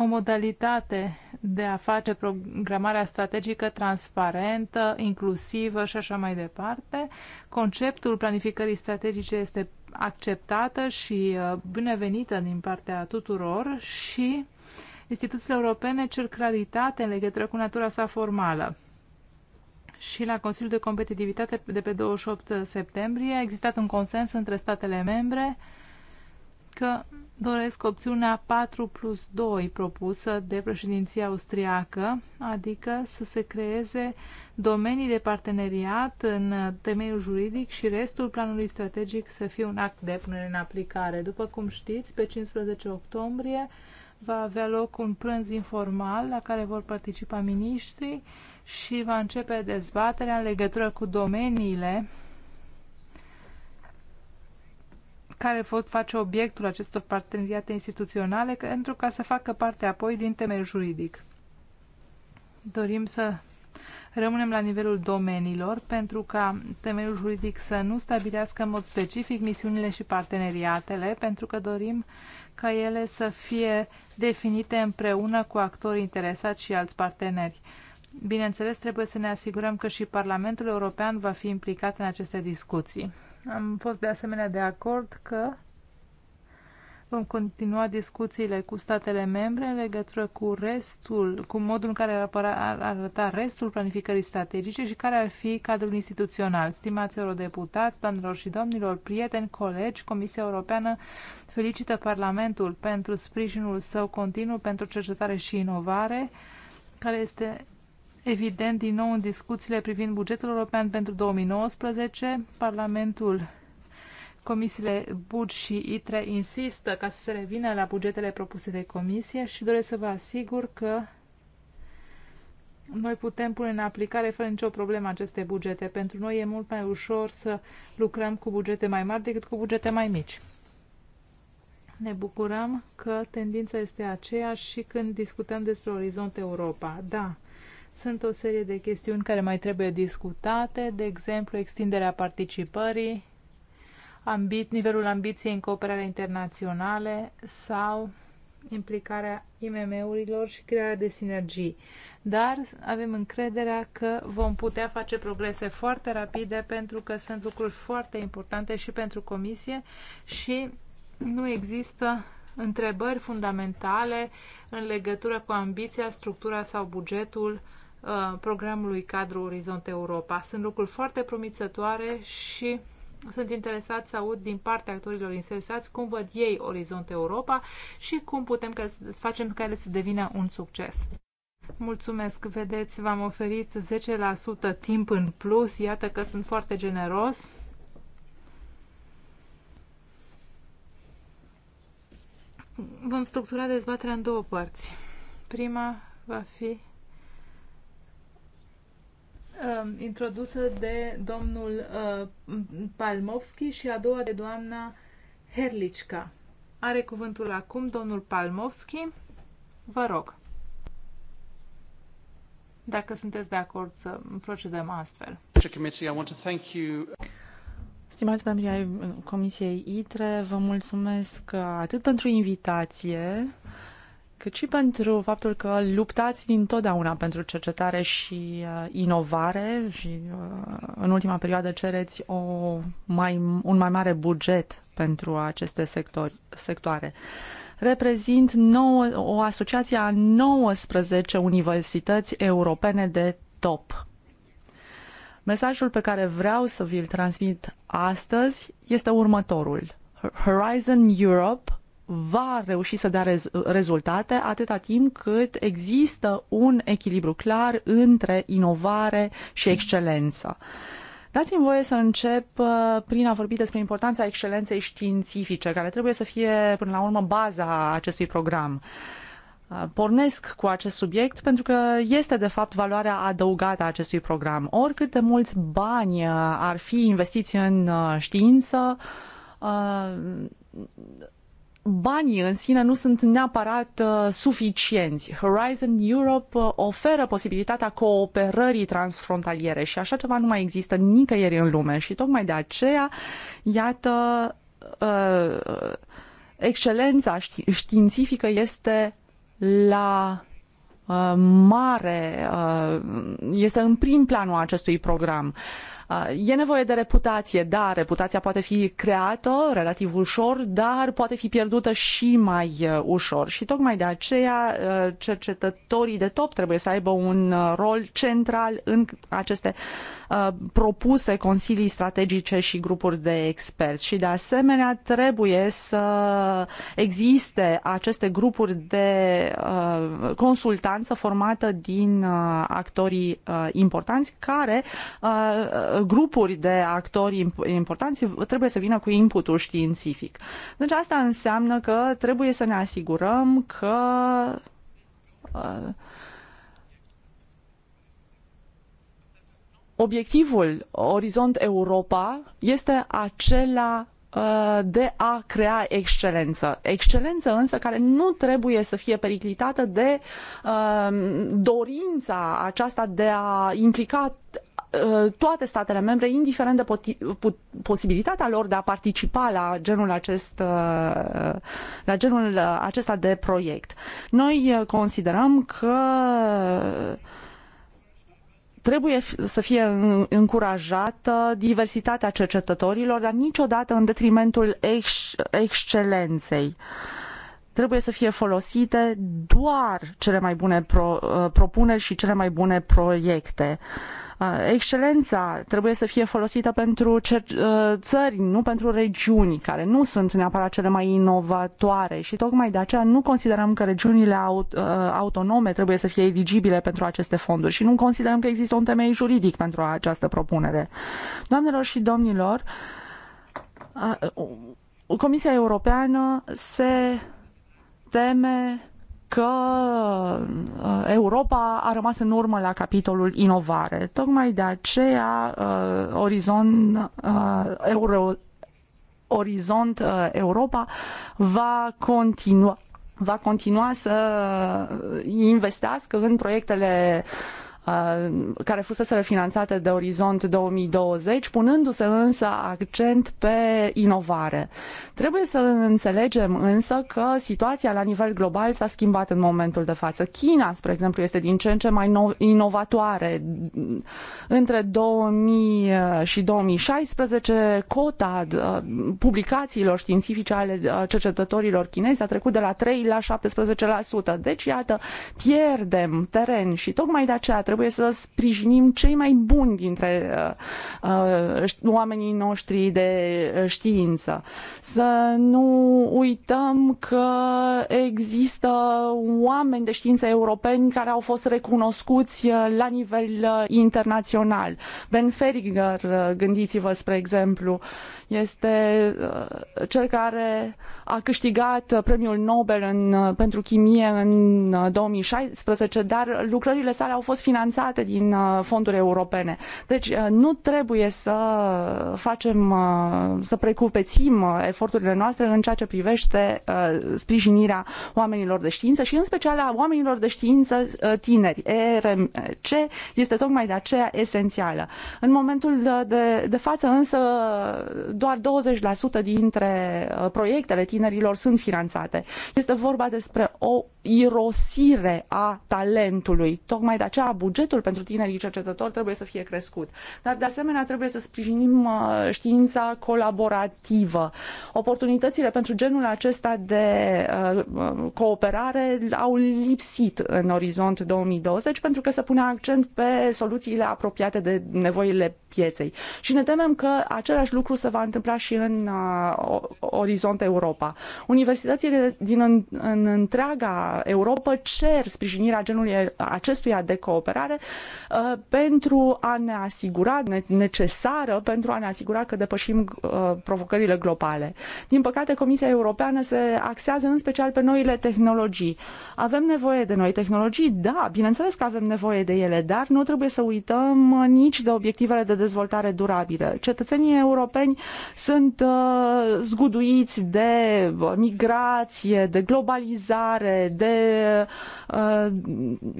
o modalitate de a face programarea strategică transparentă, inclusivă și așa mai departe. Conceptul planificării strategice este acceptată și uh, binevenită din partea tuturor și instituțiile europene cer claritate în legătură cu natura sa formală. Și la Consiliul de Competitivitate de pe 28 septembrie a existat un consens între statele membre că doresc opțiunea 4 plus 2 propusă de președinția austriacă, adică să se creeze domenii de parteneriat în temeiul juridic și restul planului strategic să fie un act de punere în aplicare. După cum știți, pe 15 octombrie va avea loc un prânz informal la care vor participa miniștrii și va începe dezbaterea în legătură cu domeniile care pot face obiectul acestor parteneriate instituționale pentru ca să facă parte apoi din temeiul juridic. Dorim să rămânem la nivelul domeniilor pentru ca temeiul juridic să nu stabilească în mod specific misiunile și parteneriatele, pentru că dorim ca ele să fie definite împreună cu actorii interesați și alți parteneri. Bineînțeles, trebuie să ne asigurăm că și Parlamentul European va fi implicat în aceste discuții. Am fost de asemenea de acord că vom continua discuțiile cu statele membre în legătură cu restul, cu modul în care ar, apăra, ar arăta restul planificării strategice și care ar fi cadrul instituțional. Stimați eurodeputați, doamnelor și domnilor, prieteni, colegi, Comisia Europeană felicită Parlamentul pentru sprijinul său continuu pentru cercetare și inovare, care este Evident, din nou în discuțiile privind bugetul european pentru 2019, Parlamentul, Comisiile Bud și ITRE insistă ca să se revină la bugetele propuse de Comisie și doresc să vă asigur că noi putem pune în aplicare fără nicio problemă aceste bugete. Pentru noi e mult mai ușor să lucrăm cu bugete mai mari decât cu bugete mai mici. Ne bucurăm că tendința este aceeași și când discutăm despre Orizont Europa. Da, sunt o serie de chestiuni care mai trebuie discutate, de exemplu, extinderea participării, ambit, nivelul ambiției în cooperare internaționale sau implicarea IMM-urilor și crearea de sinergii. Dar avem încrederea că vom putea face progrese foarte rapide pentru că sunt lucruri foarte importante și pentru comisie și nu există întrebări fundamentale în legătură cu ambiția, structura sau bugetul Uh, programului cadru Orizont Europa. Sunt lucruri foarte promițătoare și sunt interesat să aud din partea actorilor interesați cum văd ei Orizont Europa și cum putem să facem ca ele să devină un succes. Mulțumesc, vedeți, v-am oferit 10% timp în plus, iată că sunt foarte generos. Vom structura dezbaterea în două părți. Prima va fi uh, introdusă de domnul uh, Palmovski și a doua de doamna Herlicca. Are cuvântul acum domnul Palmovski. Vă rog. Dacă sunteți de acord să procedăm astfel. Stimați membri ai Comisiei ITRE, vă mulțumesc atât pentru invitație, cât și pentru faptul că luptați dintotdeauna pentru cercetare și uh, inovare și uh, în ultima perioadă cereți o mai, un mai mare buget pentru aceste sector, sectoare. Reprezint nou, o asociație a 19 universități europene de top. Mesajul pe care vreau să vi-l transmit astăzi este următorul. Horizon Europe va reuși să dea rez- rezultate atâta timp cât există un echilibru clar între inovare și excelență. Dați-mi voie să încep uh, prin a vorbi despre importanța excelenței științifice, care trebuie să fie, până la urmă, baza acestui program. Uh, pornesc cu acest subiect pentru că este, de fapt, valoarea adăugată a acestui program. Oricât de mulți bani uh, ar fi investiți în știință, banii în sine nu sunt neapărat uh, suficienți. Horizon Europe uh, oferă posibilitatea cooperării transfrontaliere și așa ceva nu mai există nicăieri în lume și tocmai de aceea, iată, uh, excelența științifică este la mare, este în prim planul acestui program. Uh, e nevoie de reputație, da, reputația poate fi creată relativ ușor, dar poate fi pierdută și mai uh, ușor. Și tocmai de aceea uh, cercetătorii de top trebuie să aibă un rol central în aceste propuse consilii strategice și grupuri de experți. Și de asemenea trebuie să existe aceste grupuri de consultanță formată din actorii importanți care grupuri de actori importanți trebuie să vină cu inputul științific. Deci asta înseamnă că trebuie să ne asigurăm că uh, obiectivul Orizont Europa este acela uh, de a crea excelență. Excelență însă care nu trebuie să fie periclitată de uh, dorința aceasta de a implica Uh, toate statele membre, indiferent de posibilitatea lor de a participa la genul, acest, uh, la genul acesta de proiect. Noi uh, considerăm că trebuie să fie încurajată diversitatea cercetătorilor, dar niciodată în detrimentul ex- excelenței trebuie să fie folosite doar cele mai bune pro, propuneri și cele mai bune proiecte. Uh, Excelența trebuie să fie folosită pentru ă, țări, nu pentru regiuni, care nu sunt neapărat cele mai inovatoare și tocmai de aceea nu considerăm că regiunile ă, autonome trebuie să fie eligibile pentru aceste fonduri și nu considerăm că există un temei juridic pentru această propunere. Doamnelor și domnilor, Comisia Europeană se teme că uh, Europa a rămas în urmă la capitolul inovare. Tocmai de aceea uh, uh, Euro Orizont uh, Europa va continua va continua să uh, investească în proiectele uh, Uh, care fusese refinanțate de Orizont 2020, punându-se însă accent pe inovare. Trebuie să înțelegem însă că situația la nivel global s-a schimbat în momentul de față. China, spre exemplu, este din ce în ce mai inovatoare. Între 2000 și 2016, cota uh, publicațiilor științifice ale uh, cercetătorilor chinezi a trecut de la 3 la 17%. Deci, iată, pierdem teren și tocmai de aceea trebuie trebuie să sprijinim cei mai buni dintre uh, uh oamenii noștri de uh, știință. Să nu uităm că există oameni de știință europeni care au fost recunoscuți uh, la nivel internațional. Ben Ferringer, gândiți-vă spre exemplu, este uh, cel care a câștigat uh, premiul Nobel în, uh, pentru chimie în 2016, dar lucrările sale au fost finanțate din fonduri europene. Deci nu trebuie să facem, să precupețim eforturile noastre în ceea ce privește sprijinirea oamenilor de știință și în special a oamenilor de știință tineri. RMC este tocmai de aceea esențială. În momentul de, de față însă doar 20% dintre uh, proiectele tinerilor sunt finanțate. Este vorba despre o irosire a talentului. Tocmai de aceea bugetul pentru tinerii cercetători trebuie să fie crescut. Dar de asemenea trebuie să sprijinim uh, știința colaborativă. Oportunitățile pentru genul acesta de uh, cooperare au lipsit în orizont 2020 pentru că se pune accent pe soluțiile apropiate de nevoile pieței. Și ne temem că același lucru se va întâmpla și în uh, Orizont Europa. Universitățile din în, în întreaga Europa cer sprijinirea genului acestuia de cooperare uh, pentru a ne asigura, ne, necesară, pentru a ne asigura că depășim uh, provocările globale. Din păcate, Comisia Europeană se axează în special pe noile tehnologii. Avem nevoie de noi tehnologii? Da, bineînțeles că avem nevoie de ele, dar nu trebuie să uităm nici de obiectivele de dezvoltare durabilă. Cetățenii europeni sunt uh, zguduiți de uh, migrație, de globalizare, de uh,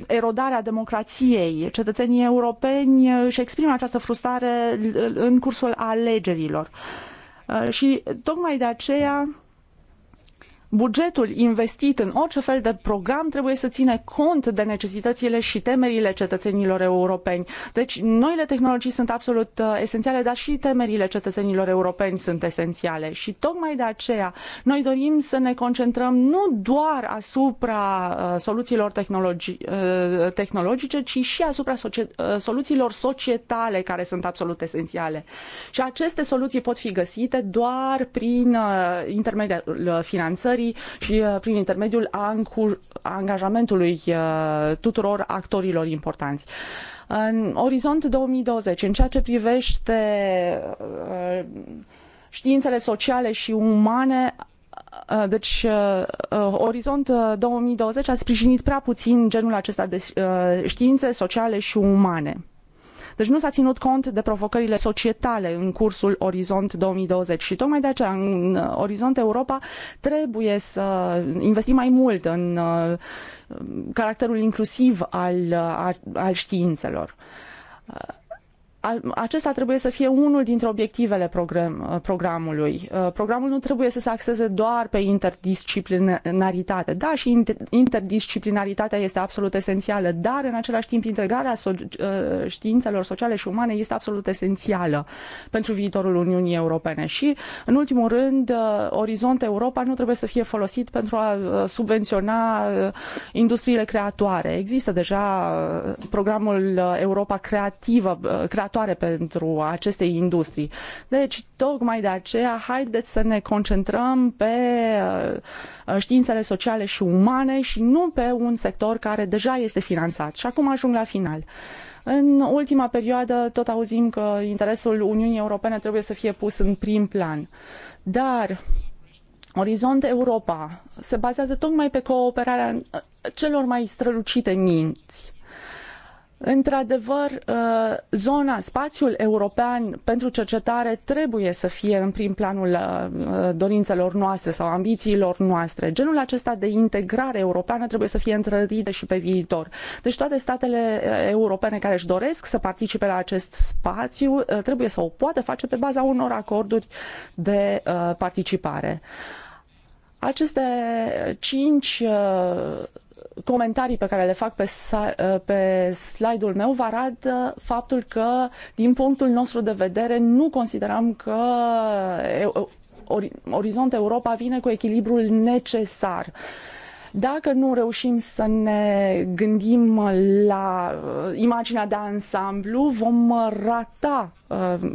erodarea democrației. Cetățenii europeni uh, își exprimă această frustrare uh, în cursul alegerilor. Uh, și tocmai de aceea bugetul investit în orice fel de program trebuie să ține cont de necesitățile și temerile cetățenilor europeni. Deci, noile tehnologii sunt absolut uh, esențiale, dar și temerile cetățenilor europeni sunt esențiale. Și tocmai de aceea, noi dorim să ne concentrăm nu doar asupra uh, soluțiilor tehnologi uh, tehnologice, ci și asupra soluțiilor societale care sunt absolut esențiale. Și aceste soluții pot fi găsite doar prin intermediul finanțării dezbaterii și uh, prin intermediul angajamentului uh, tuturor actorilor importanți. În orizont 2020, în ceea ce privește uh, științele sociale și umane, deci Orizont 2020 a sprijinit prea puțin genul acesta de științe sociale și umane. Deci nu s-a ținut cont de provocările societale în cursul Orizont 2020 și tocmai de aceea în uh, Orizont Europa trebuie să investim mai mult în uh, caracterul inclusiv al, uh, al științelor acesta trebuie să fie unul dintre obiectivele program, uh, programului. Uh, programul nu trebuie să se axeze doar pe interdisciplinaritate. Da, și interdisciplinaritatea este absolut esențială, dar în același timp integrarea so, uh, științelor sociale și umane este absolut esențială pentru viitorul Uniunii Europene. Și, în ultimul rând, Orizont Europa nu trebuie să fie folosit pentru a subvenționa industriile creatoare. Există deja programul Europa Creativă, creativă generatoare pentru aceste industrii. Deci, tocmai de aceea, haideți să ne concentrăm pe uh, științele sociale și umane și nu pe un sector care deja este finanțat. Și acum ajung la final. În ultima perioadă tot auzim că interesul Uniunii Europene trebuie să fie pus în prim plan. Dar Orizont Europa se bazează tocmai pe cooperarea uh, celor mai strălucite minți Într-adevăr, uh, zona, spațiul european pentru cercetare trebuie să fie în prim planul uh, dorințelor noastre sau ambițiilor noastre. Genul acesta de integrare europeană trebuie să fie întrărită și pe viitor. Deci toate statele uh, europene care își doresc să participe la acest spațiu trebuie să o poată face pe baza unor acorduri de participare. Aceste cinci comentarii pe care le fac pe, ă, pe slide-ul meu vă arată faptul că, din punctul nostru de vedere, nu considerăm că Orizont Europa vine cu echilibrul necesar. Dacă nu reușim să ne gândim la ă, imaginea de ansamblu, vom rata uh,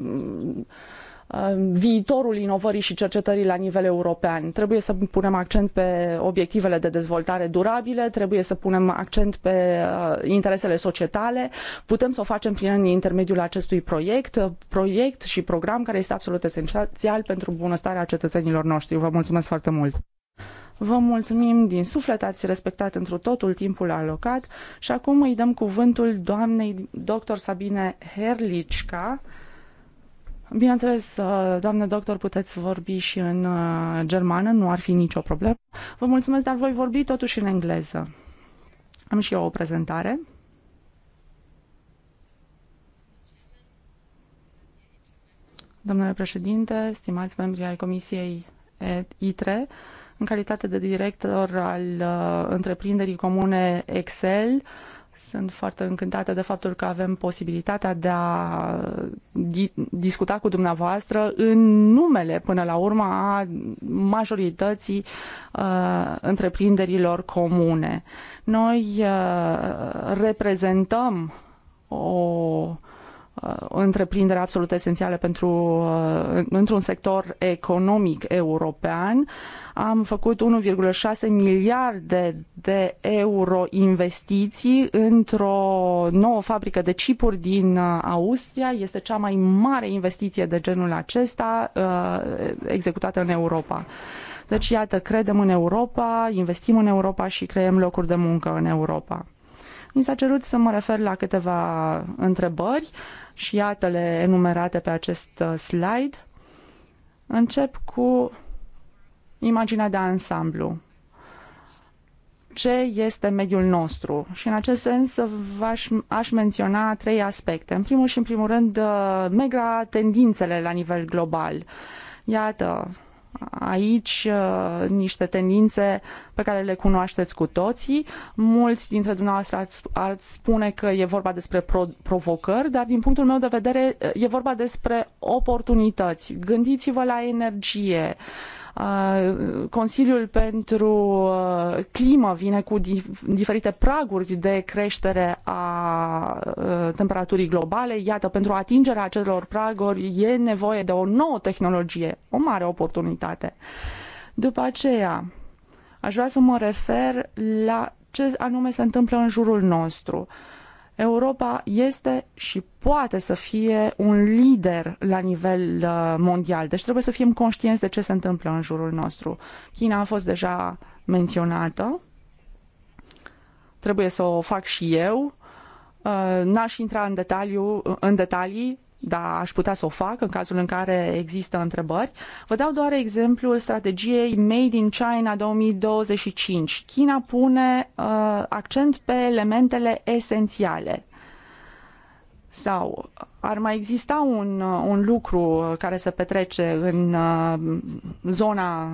Um, viitorul inovării și cercetării la nivel european. Trebuie să punem accent pe obiectivele de dezvoltare durabile, trebuie să punem accent pe uh, interesele societale. Putem să o facem prin intermediul acestui proiect, proiect și program care este absolut esențial pentru bunăstarea cetățenilor noștri. Vă mulțumesc foarte mult! Vă mulțumim din suflet, ați respectat întru totul timpul alocat și acum îi dăm cuvântul doamnei dr. Sabine Herlicca, Bineînțeles, uh, doamnă doctor, puteți vorbi și în uh, germană, nu ar fi nicio problemă. Vă mulțumesc, dar voi vorbi totuși în engleză. Am și eu o prezentare. Domnule președinte, stimați membri ai Comisiei ITRE, în calitate de director al uh, întreprinderii comune Excel, uh, sunt foarte încântată de faptul că avem posibilitatea de a di- discuta cu dumneavoastră în numele, până la urmă, a majorității uh, întreprinderilor comune. Noi uh, reprezentăm o uh, o uh, întreprindere absolut esențială pentru, uh, într-un sector economic european. Am făcut 1,6 miliarde de euro investiții într-o nouă fabrică de chipuri din uh, Austria. Este cea mai mare investiție de genul acesta executată în Europa. Deci, iată, credem în Europa, investim în Europa și creăm locuri de muncă în Europa. Mi s-a cerut să mă refer la câteva întrebări și iată-le enumerate pe acest uh, slide. Încep cu imaginea de ansamblu. Ce este mediul nostru? Și în acest sens aș aș menționa trei aspecte. În primul și în primul rând, uh, mega tendințele la nivel global. Iată, aici uh, niște tendințe pe care le cunoașteți cu toții. Mulți dintre dumneavoastră ați, ați spune că e vorba despre pro, provocări, dar din punctul meu de vedere uh, e vorba despre oportunități. Gândiți-vă la energie, uh, Consiliul pentru Climă vine cu diferite praguri de creștere a temperaturii globale. Iată, pentru atingerea acelor praguri e nevoie de o nouă tehnologie, o mare oportunitate. După aceea, aș vrea să mă refer la ce anume se întâmplă în jurul nostru. Uh, Europa este și poate să fie un lider la nivel uh, mondial. Deci trebuie să fim conștienți de ce se întâmplă în jurul nostru. China a fost deja menționată. Trebuie să o fac și eu. Uh, n-aș intra în, detaliu, în detalii, dar aș putea să o fac în cazul în care există întrebări. Vă dau doar exemplul strategiei Made in China 2025. China pune uh, accent pe elementele esențiale. Sau ar mai exista un, uh, un lucru care se petrece în uh, zona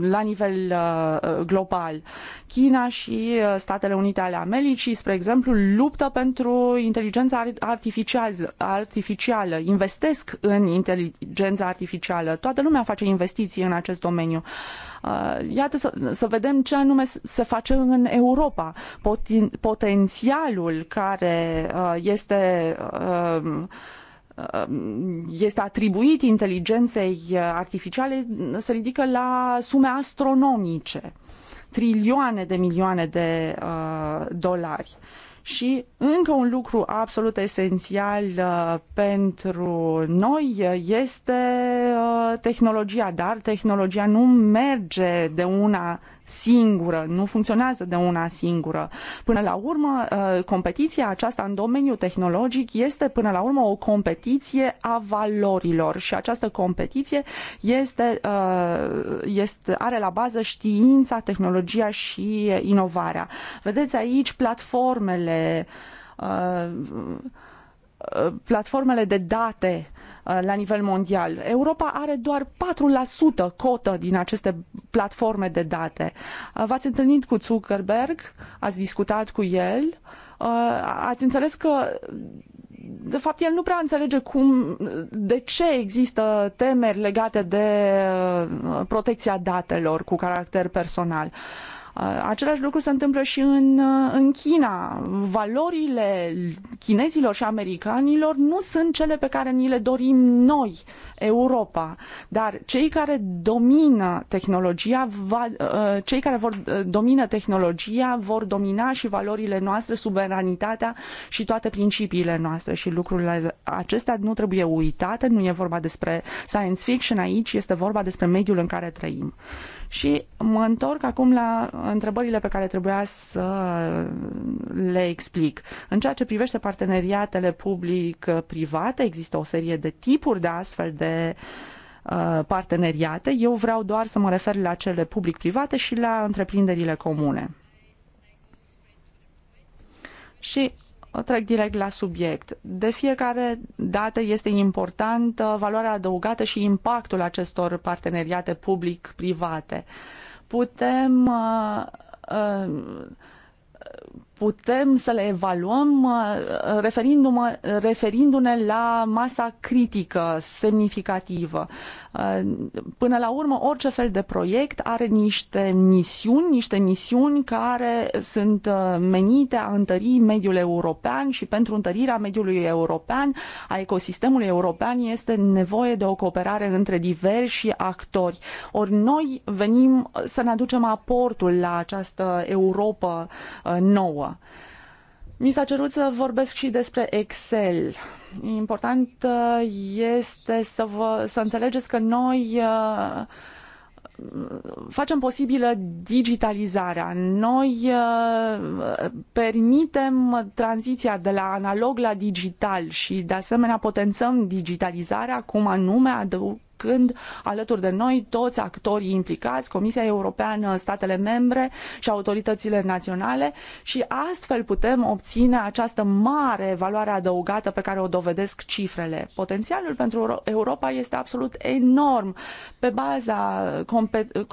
la nivel uh, uh, global. China și uh, Statele Unite ale Americii, spre exemplu, luptă pentru inteligența artificială, investesc în inteligența artificială. Toată lumea face investiții în acest domeniu. Iată să, să vedem ce anume se face în Europa. Poten, potențialul care este Uh, este atribuit inteligenței artificiale se ridică la sume astronomice, trilioane de milioane de uh, dolari. Și încă un lucru absolut esențial uh, pentru noi este uh, tehnologia, dar tehnologia nu merge de una singură, nu funcționează de una singură. Până la urmă, uh, competiția aceasta în domeniul tehnologic este până la urmă o competiție a valorilor și această competiție este, uh, este, are la bază știința, tehnologia și inovarea. Vedeți aici platformele uh, platformele de date Uh, la nivel mondial. Europa are doar 4% cotă din aceste platforme de date. Uh, v-ați întâlnit cu Zuckerberg, ați discutat cu el, uh, ați înțeles că de fapt, el nu prea înțelege cum, de ce există temeri legate de protecția datelor cu caracter personal. Uh, Uh, același lucru se întâmplă și în, uh, în China. Valorile chinezilor și americanilor nu sunt cele pe care ni le dorim noi, Europa. Dar cei care domină tehnologia, va, uh, cei care vor domină tehnologia vor domina și valorile noastre, suveranitatea și toate principiile noastre și lucrurile acestea nu trebuie uitate, nu e vorba despre science fiction aici, este vorba despre mediul în care trăim. Și mă întorc acum la întrebările pe care trebuia să le explic. În ceea ce privește parteneriatele public-private, există o serie de tipuri de astfel de uh, parteneriate. Eu vreau doar să mă refer la cele public-private și la întreprinderile comune. Și trec direct la subiect. De fiecare dată este importantă valoarea adăugată și impactul acestor parteneriate public-private. Putem uh, uh, putem să le evaluăm uh, referindu-ne la masa critică semnificativă. Uh, până la urmă, orice fel de proiect are niște misiuni, niște misiuni care sunt uh, menite a întări mediul european și pentru întărirea mediului european, a ecosistemului european, este nevoie de o cooperare între diversi actori. Ori noi venim să ne aducem aportul la această Europa nouă. Europa. Mi s-a cerut să vorbesc și despre Excel. Important uh, este să, vă, să înțelegeți că noi uh, facem posibilă digitalizarea. Noi uh, permitem tranziția de la analog la digital și de asemenea potențăm digitalizarea, cum anume când alături de noi toți actorii implicați, Comisia Europeană, statele membre și autoritățile naționale și astfel putem obține această mare valoare adăugată pe care o dovedesc cifrele. Potențialul pentru Europa este absolut enorm. Pe baza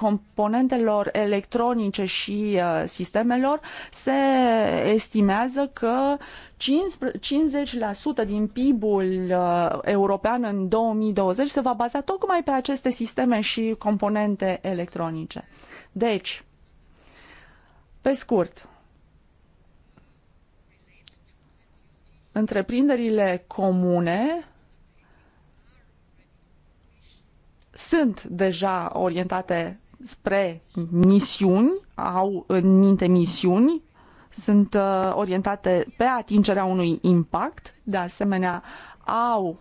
componentelor electronice și uh, sistemelor se estimează că uh, 50% din PIB-ul uh, european în 2020 se va baza tocmai pe aceste sisteme și componente electronice. Deci, pe scurt, întreprinderile comune sunt deja orientate spre misiuni, au în minte misiuni sunt uh, orientate pe atingerea unui impact, de asemenea au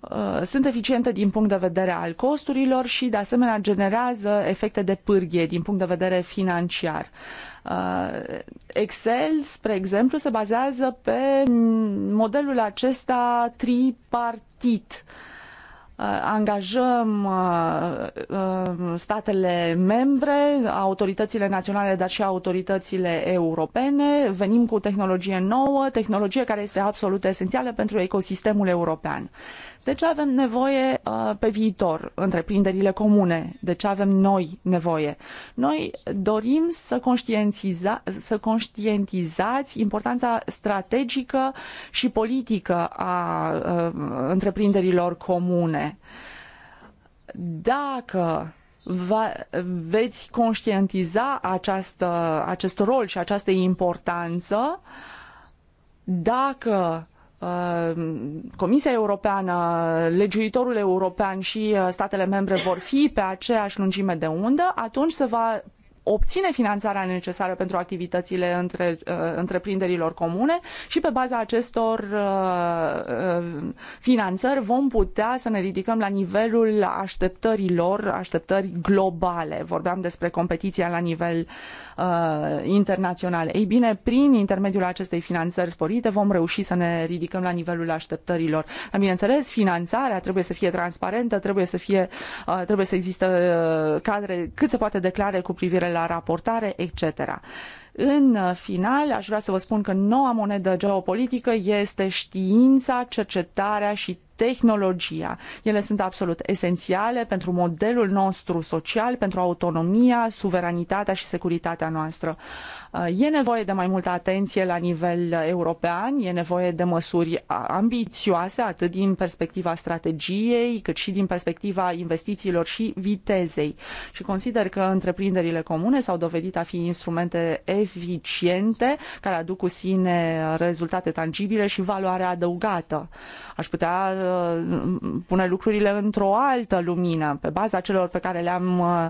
uh, sunt eficiente din punct de vedere al costurilor și, de asemenea, generează efecte de pârghie din punct de vedere financiar. Uh, Excel, spre exemplu, se bazează pe mm, modelul acesta tripartit Uh, angajăm uh, uh, statele membre, autoritățile naționale, dar și autoritățile europene. Venim cu tehnologie nouă, tehnologie care este absolut esențială pentru ecosistemul european. De ce avem nevoie uh, pe viitor întreprinderile comune? De ce avem noi nevoie? Noi dorim să, conștientiza, să conștientizați importanța strategică și politică a uh, întreprinderilor comune. Dacă va, veți conștientiza această, acest rol și această importanță, dacă uh, Uh, Comisia Europeană, legiuitorul european și uh, statele membre vor fi pe aceeași lungime de undă, atunci se va obține finanțarea necesară pentru activitățile între, uh, întreprinderilor comune și pe baza acestor uh, uh, finanțări vom putea să ne ridicăm la nivelul așteptărilor, așteptări globale. Vorbeam despre competiția la nivel uh, internațional. Ei bine, prin intermediul acestei finanțări sporite vom reuși să ne ridicăm la nivelul așteptărilor. Dar bineînțeles, finanțarea trebuie să fie transparentă, trebuie să fie uh, trebuie să existe uh, cadre cât se poate declare cu privire la la raportare, etc. În final, aș vrea să vă spun că noua monedă geopolitică este știința, cercetarea și tehnologia. Ele sunt absolut esențiale pentru modelul nostru social, pentru autonomia, suveranitatea și securitatea noastră. E nevoie de mai multă atenție la nivel european, e nevoie de măsuri ambițioase, atât din perspectiva strategiei, cât și din perspectiva investițiilor și vitezei. Și consider că întreprinderile comune s-au dovedit a fi instrumente eficiente, care aduc cu sine rezultate tangibile și valoare adăugată. Aș putea uh, pune lucrurile într-o altă lumină, pe baza celor pe care le-am uh,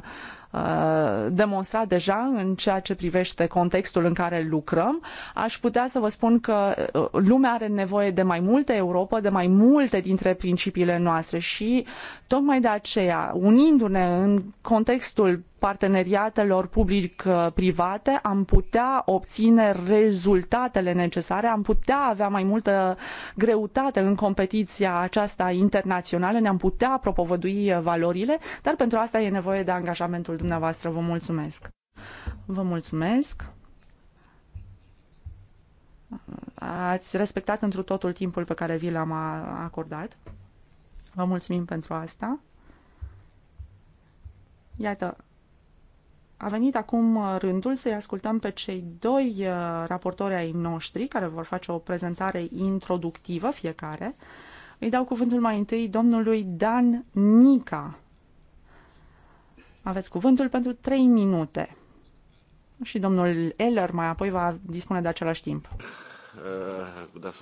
Uh, demonstrat deja în ceea ce privește contextul în care lucrăm, aș putea să vă spun că uh, lumea are nevoie de mai multă Europa, de mai multe dintre principiile noastre și tocmai de aceea, unindu-ne în contextul parteneriatelor public-private am putea obține rezultatele necesare, am putea avea mai multă greutate în competiția aceasta internațională, ne-am putea propovădui valorile, dar pentru asta e nevoie de angajamentul dumneavoastră. Vă mulțumesc! Vă mulțumesc! Ați respectat întru totul timpul pe care vi l-am acordat. Vă mulțumim pentru asta. Iată, a venit acum uh, rândul să-i ascultăm pe cei doi uh, raportori ai noștri, care vor face o prezentare introductivă fiecare. Îi dau cuvântul mai întâi domnului Dan Nica. Aveți cuvântul pentru 3 minute. Și domnul Eller mai apoi va dispune de același timp. Uh,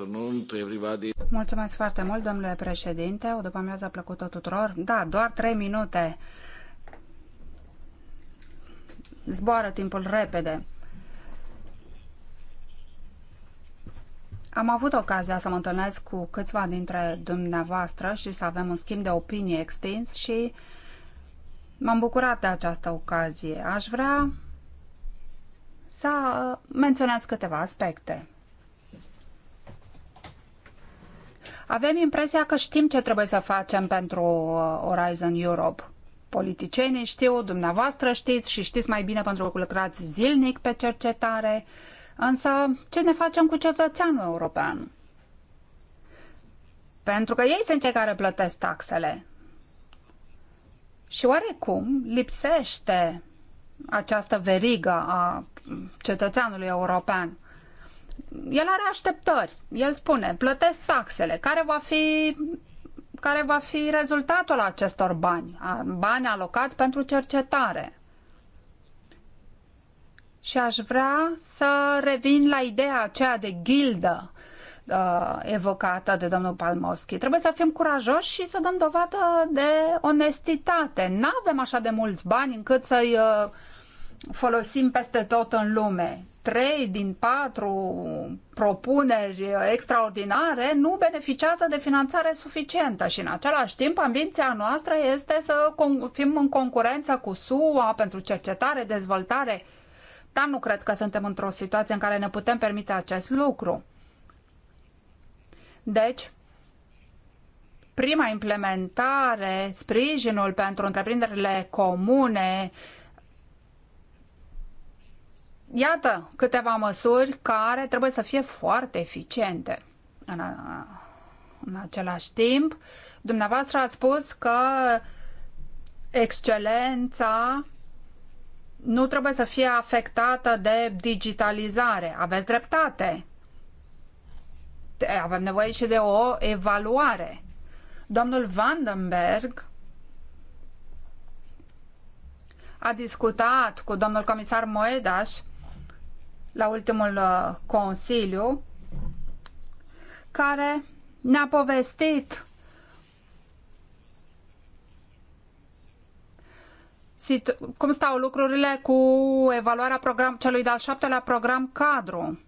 Mulțumesc foarte mult, domnule președinte. O după amiază plăcută tuturor. Da, doar 3 minute zboară timpul repede. Am avut ocazia să mă întâlnesc cu câțiva dintre dumneavoastră și să avem un schimb de opinie extins și m-am bucurat de această ocazie. Aș vrea să menționez câteva aspecte. Avem impresia că știm ce trebuie să facem pentru uh, Horizon Europe politicienii știu, dumneavoastră știți și știți mai bine pentru că lucrați zilnic pe cercetare, însă ce ne facem cu cetățeanul european? Pentru că ei sunt cei care plătesc taxele. Și oarecum lipsește această verigă a cetățeanului european. El are așteptări. El spune, plătesc taxele. Care va fi care va fi rezultatul acestor bani, bani alocați pentru cercetare. Și aș vrea să revin la ideea aceea de gildă uh, evocată de domnul Palmoschi. Trebuie să fim curajoși și să dăm dovadă de onestitate. Nu avem așa de mulți bani încât să-i uh, folosim peste tot în lume trei din patru propuneri extraordinare nu beneficiază de finanțare suficientă și în același timp ambiția noastră este să fim în concurență cu SUA pentru cercetare, dezvoltare. Dar nu cred că suntem într-o situație în care ne putem permite acest lucru. Deci, prima implementare, sprijinul pentru întreprinderile comune, uh, Iată câteva măsuri care trebuie să fie foarte eficiente. În, a, în același timp, dumneavoastră ați spus că excelența nu trebuie să fie afectată de digitalizare. Aveți dreptate. Avem nevoie și de o evaluare. Domnul Vandenberg a discutat cu domnul comisar Moedas la ultimul uh, Consiliu, care ne-a povestit cum stau lucrurile cu evaluarea program, celui de-al șaptelea program cadru.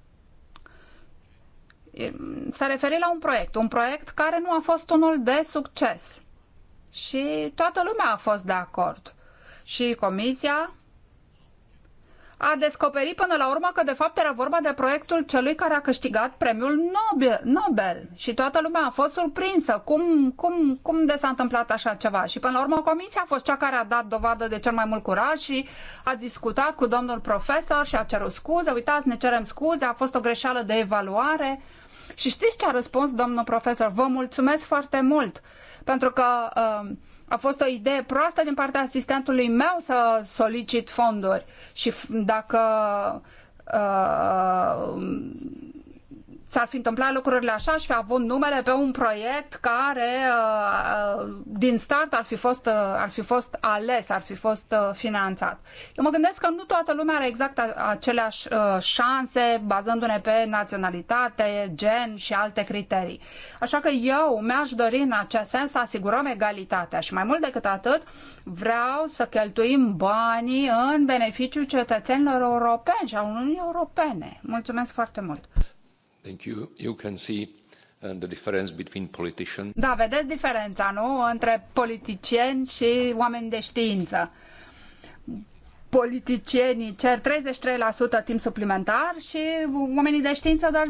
S-a referit la un proiect, un proiect care nu a fost unul de succes. Și toată lumea a fost de acord. Și comisia a descoperit până la urmă că de fapt era vorba de proiectul celui care a câștigat premiul Nobel. Și toată lumea a fost surprinsă. Cum, cum, cum de s-a întâmplat așa ceva? Și până la urmă comisia a fost cea care a dat dovadă de cel mai mult curaj și a discutat cu domnul profesor și a cerut scuze. Uitați, ne cerem scuze, a fost o greșeală de evaluare. Și știți ce a răspuns domnul profesor? Vă mulțumesc foarte mult pentru că uh, a fost o idee proastă din partea asistentului meu să solicit fonduri și dacă uh, s-ar fi întâmplat lucrurile așa și fi avut numele pe un proiect care uh, uh, din start ar fi fost, uh, ar fi fost ales, ar fi fost finanțat. Eu mă gândesc că nu toată lumea are exact aceleași șanse bazându-ne pe naționalitate, gen și alte criterii. Așa că eu mi-aș dori în acest sens să asigurăm egalitatea și mai mult decât atât vreau să cheltuim banii în beneficiul cetățenilor europeni și a Uniunii Europene. Mulțumesc foarte mult! Uh, da, vedeți diferența, nu? Între politicieni și oameni de știință. Politicienii cer 33% timp suplimentar și oamenii de știință doar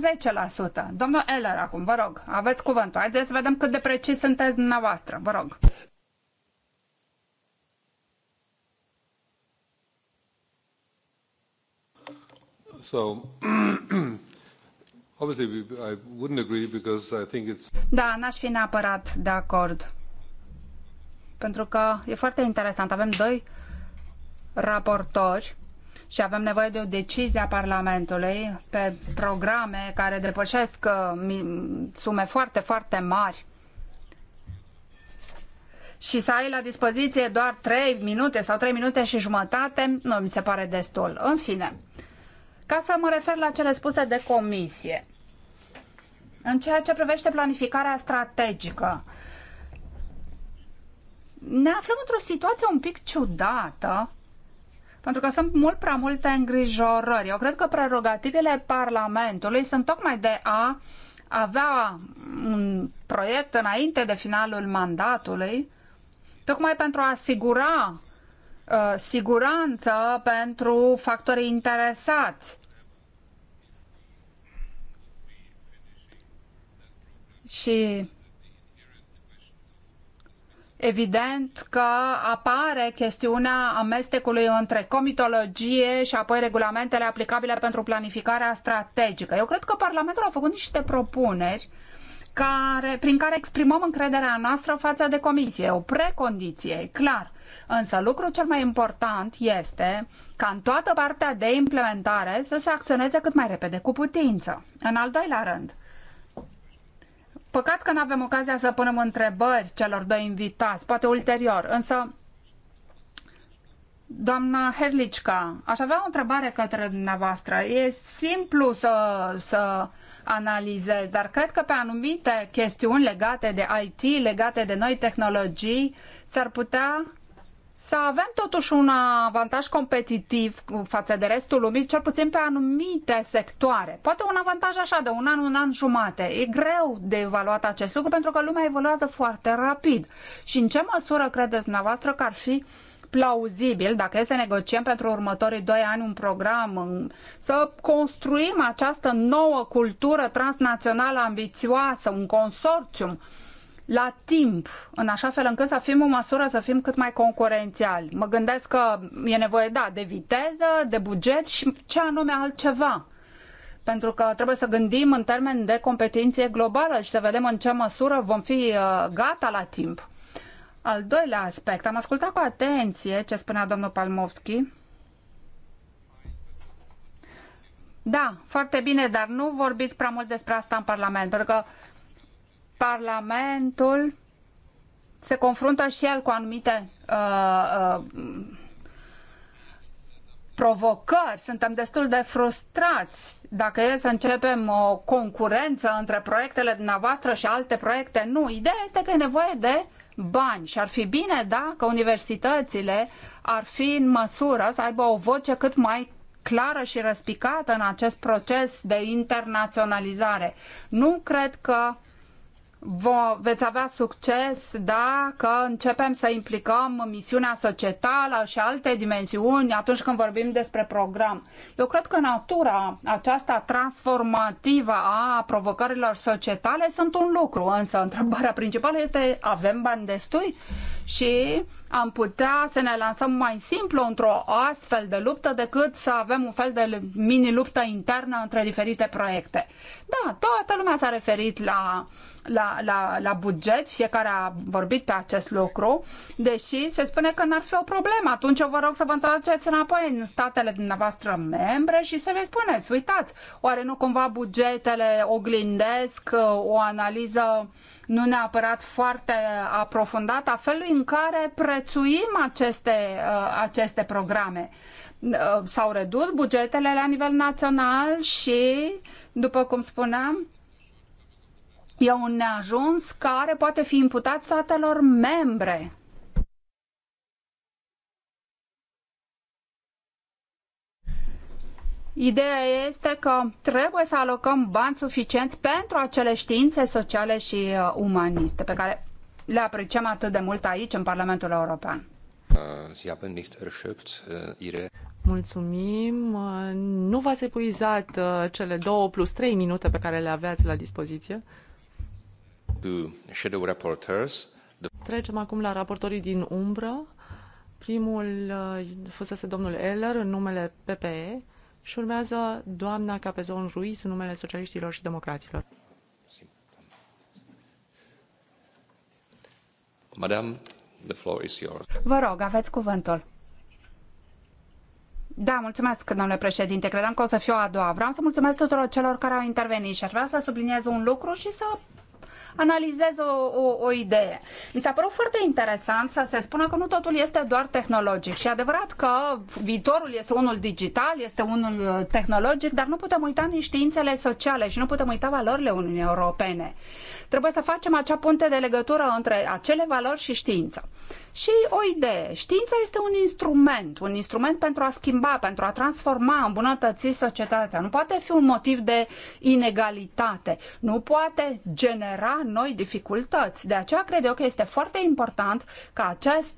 10%. Domnul Eller, acum, vă rog, aveți cuvântul. Haideți să vedem cât de precis sunteți dumneavoastră, vă rog. So, Da, n-aș fi neapărat de acord. Pentru că e foarte interesant. Avem doi raportori și avem nevoie de o decizie a Parlamentului pe programe care depășesc uh, sume foarte, foarte mari. Și să ai la dispoziție doar 3 minute sau 3 minute și jumătate, nu mi se pare destul. În fine, ca să mă refer la cele spuse de comisie, în ceea ce privește planificarea strategică, ne aflăm într-o situație un pic ciudată, pentru că sunt mult prea multe îngrijorări. Eu cred că prerogativele Parlamentului sunt tocmai de a avea un proiect înainte de finalul mandatului, tocmai pentru a asigura uh, siguranță pentru factorii interesați. Și Evident că apare chestiunea amestecului între comitologie și apoi regulamentele aplicabile pentru planificarea strategică. Eu cred că Parlamentul a făcut niște propuneri care, prin care exprimăm încrederea noastră față de comisie. O precondiție, e clar. Însă lucrul cel mai important este ca în toată partea de implementare să se acționeze cât mai repede cu putință. În al doilea rând, păcat că nu avem ocazia să punem întrebări celor doi invitați, poate ulterior, însă Doamna Herlicca, aș avea o întrebare către dumneavoastră. E simplu să, să analizez, dar cred că pe anumite chestiuni legate de IT, legate de noi tehnologii, s-ar putea să avem totuși un avantaj competitiv față de restul lumii, cel puțin pe anumite sectoare. Poate un avantaj așa de un an, un an jumate. E greu de evaluat acest lucru pentru că lumea evoluează foarte rapid. Și în ce măsură credeți dumneavoastră că ar fi plauzibil, dacă e să negociem pentru următorii doi ani un program, să construim această nouă cultură transnațională ambițioasă, un consorțium, la timp, în așa fel încât să fim o măsură să fim cât mai concurențiali. Mă gândesc că e nevoie, da, de viteză, de buget și ce anume altceva. Pentru că trebuie să gândim în termen de competiție globală și să vedem în ce măsură vom fi uh, gata la timp. Al doilea aspect, am ascultat cu atenție ce spunea domnul Palmovski. Da, foarte bine, dar nu vorbiți prea mult despre asta în Parlament, pentru că Parlamentul se confruntă și el cu anumite uh, uh, provocări, suntem destul de frustrați. Dacă e să începem o concurență între proiectele dumneavoastră și alte proiecte, nu. Ideea este că e nevoie de bani și ar fi bine dacă universitățile ar fi în măsură să aibă o voce cât mai clară și răspicată în acest proces de internaționalizare. Nu cred că Vo, veți avea succes dacă începem să implicăm misiunea societală și alte dimensiuni atunci când vorbim despre program. Eu cred că natura aceasta transformativă a provocărilor societale sunt un lucru, însă întrebarea principală este avem bani destui? și am putea să ne lansăm mai simplu într-o astfel de luptă decât să avem un fel de mini-luptă internă între diferite proiecte. Da, toată lumea s-a referit la la, la, la buget, fiecare a vorbit pe acest lucru, deși se spune că n-ar fi o problemă. Atunci eu vă rog să vă întoarceți înapoi în statele dumneavoastră membre și să le spuneți, uitați, oare nu cumva bugetele oglindesc uh, o analiză uh, nu neapărat foarte aprofundat, a felului în care prețuim aceste, uh, aceste programe. Uh, s-au redus bugetele la nivel național și, după cum spuneam, e un neajuns care poate fi imputat statelor membre. Ideea este că trebuie să alocăm bani suficienți pentru acele științe sociale și uh, umaniste pe care le apreciem atât de mult aici, în Parlamentul European. Uh, uh, Mulțumim. Uh, nu v-ați epuizat cele două plus trei minute pe care le aveați la dispoziție. Shadow reporters. Trecem acum la raportorii din umbră. Primul fusese domnul Eller în numele PPE și urmează doamna Capezon Ruiz în numele socialiștilor și democraților. Madame, the floor is yours. Vă rog, aveți cuvântul. Da, mulțumesc, domnule președinte. Credeam că o să fiu a doua. Vreau să mulțumesc tuturor celor care au intervenit și aș vrea să subliniez un lucru și să analizez o, o, o idee. Mi s-a părut foarte interesant să se spună că nu totul este doar tehnologic și adevărat că viitorul este unul digital, este unul uh, tehnologic, dar nu putem uita nici științele sociale și nu putem uita valorile Uniunii Europene. Trebuie să facem acea punte de legătură între acele valori și știință. Și o idee, știința este un instrument, un instrument pentru a schimba, pentru a transforma, îmbunătăți societatea. Nu poate fi un motiv de inegalitate, nu poate genera noi dificultăți. De aceea cred eu că este foarte important ca acest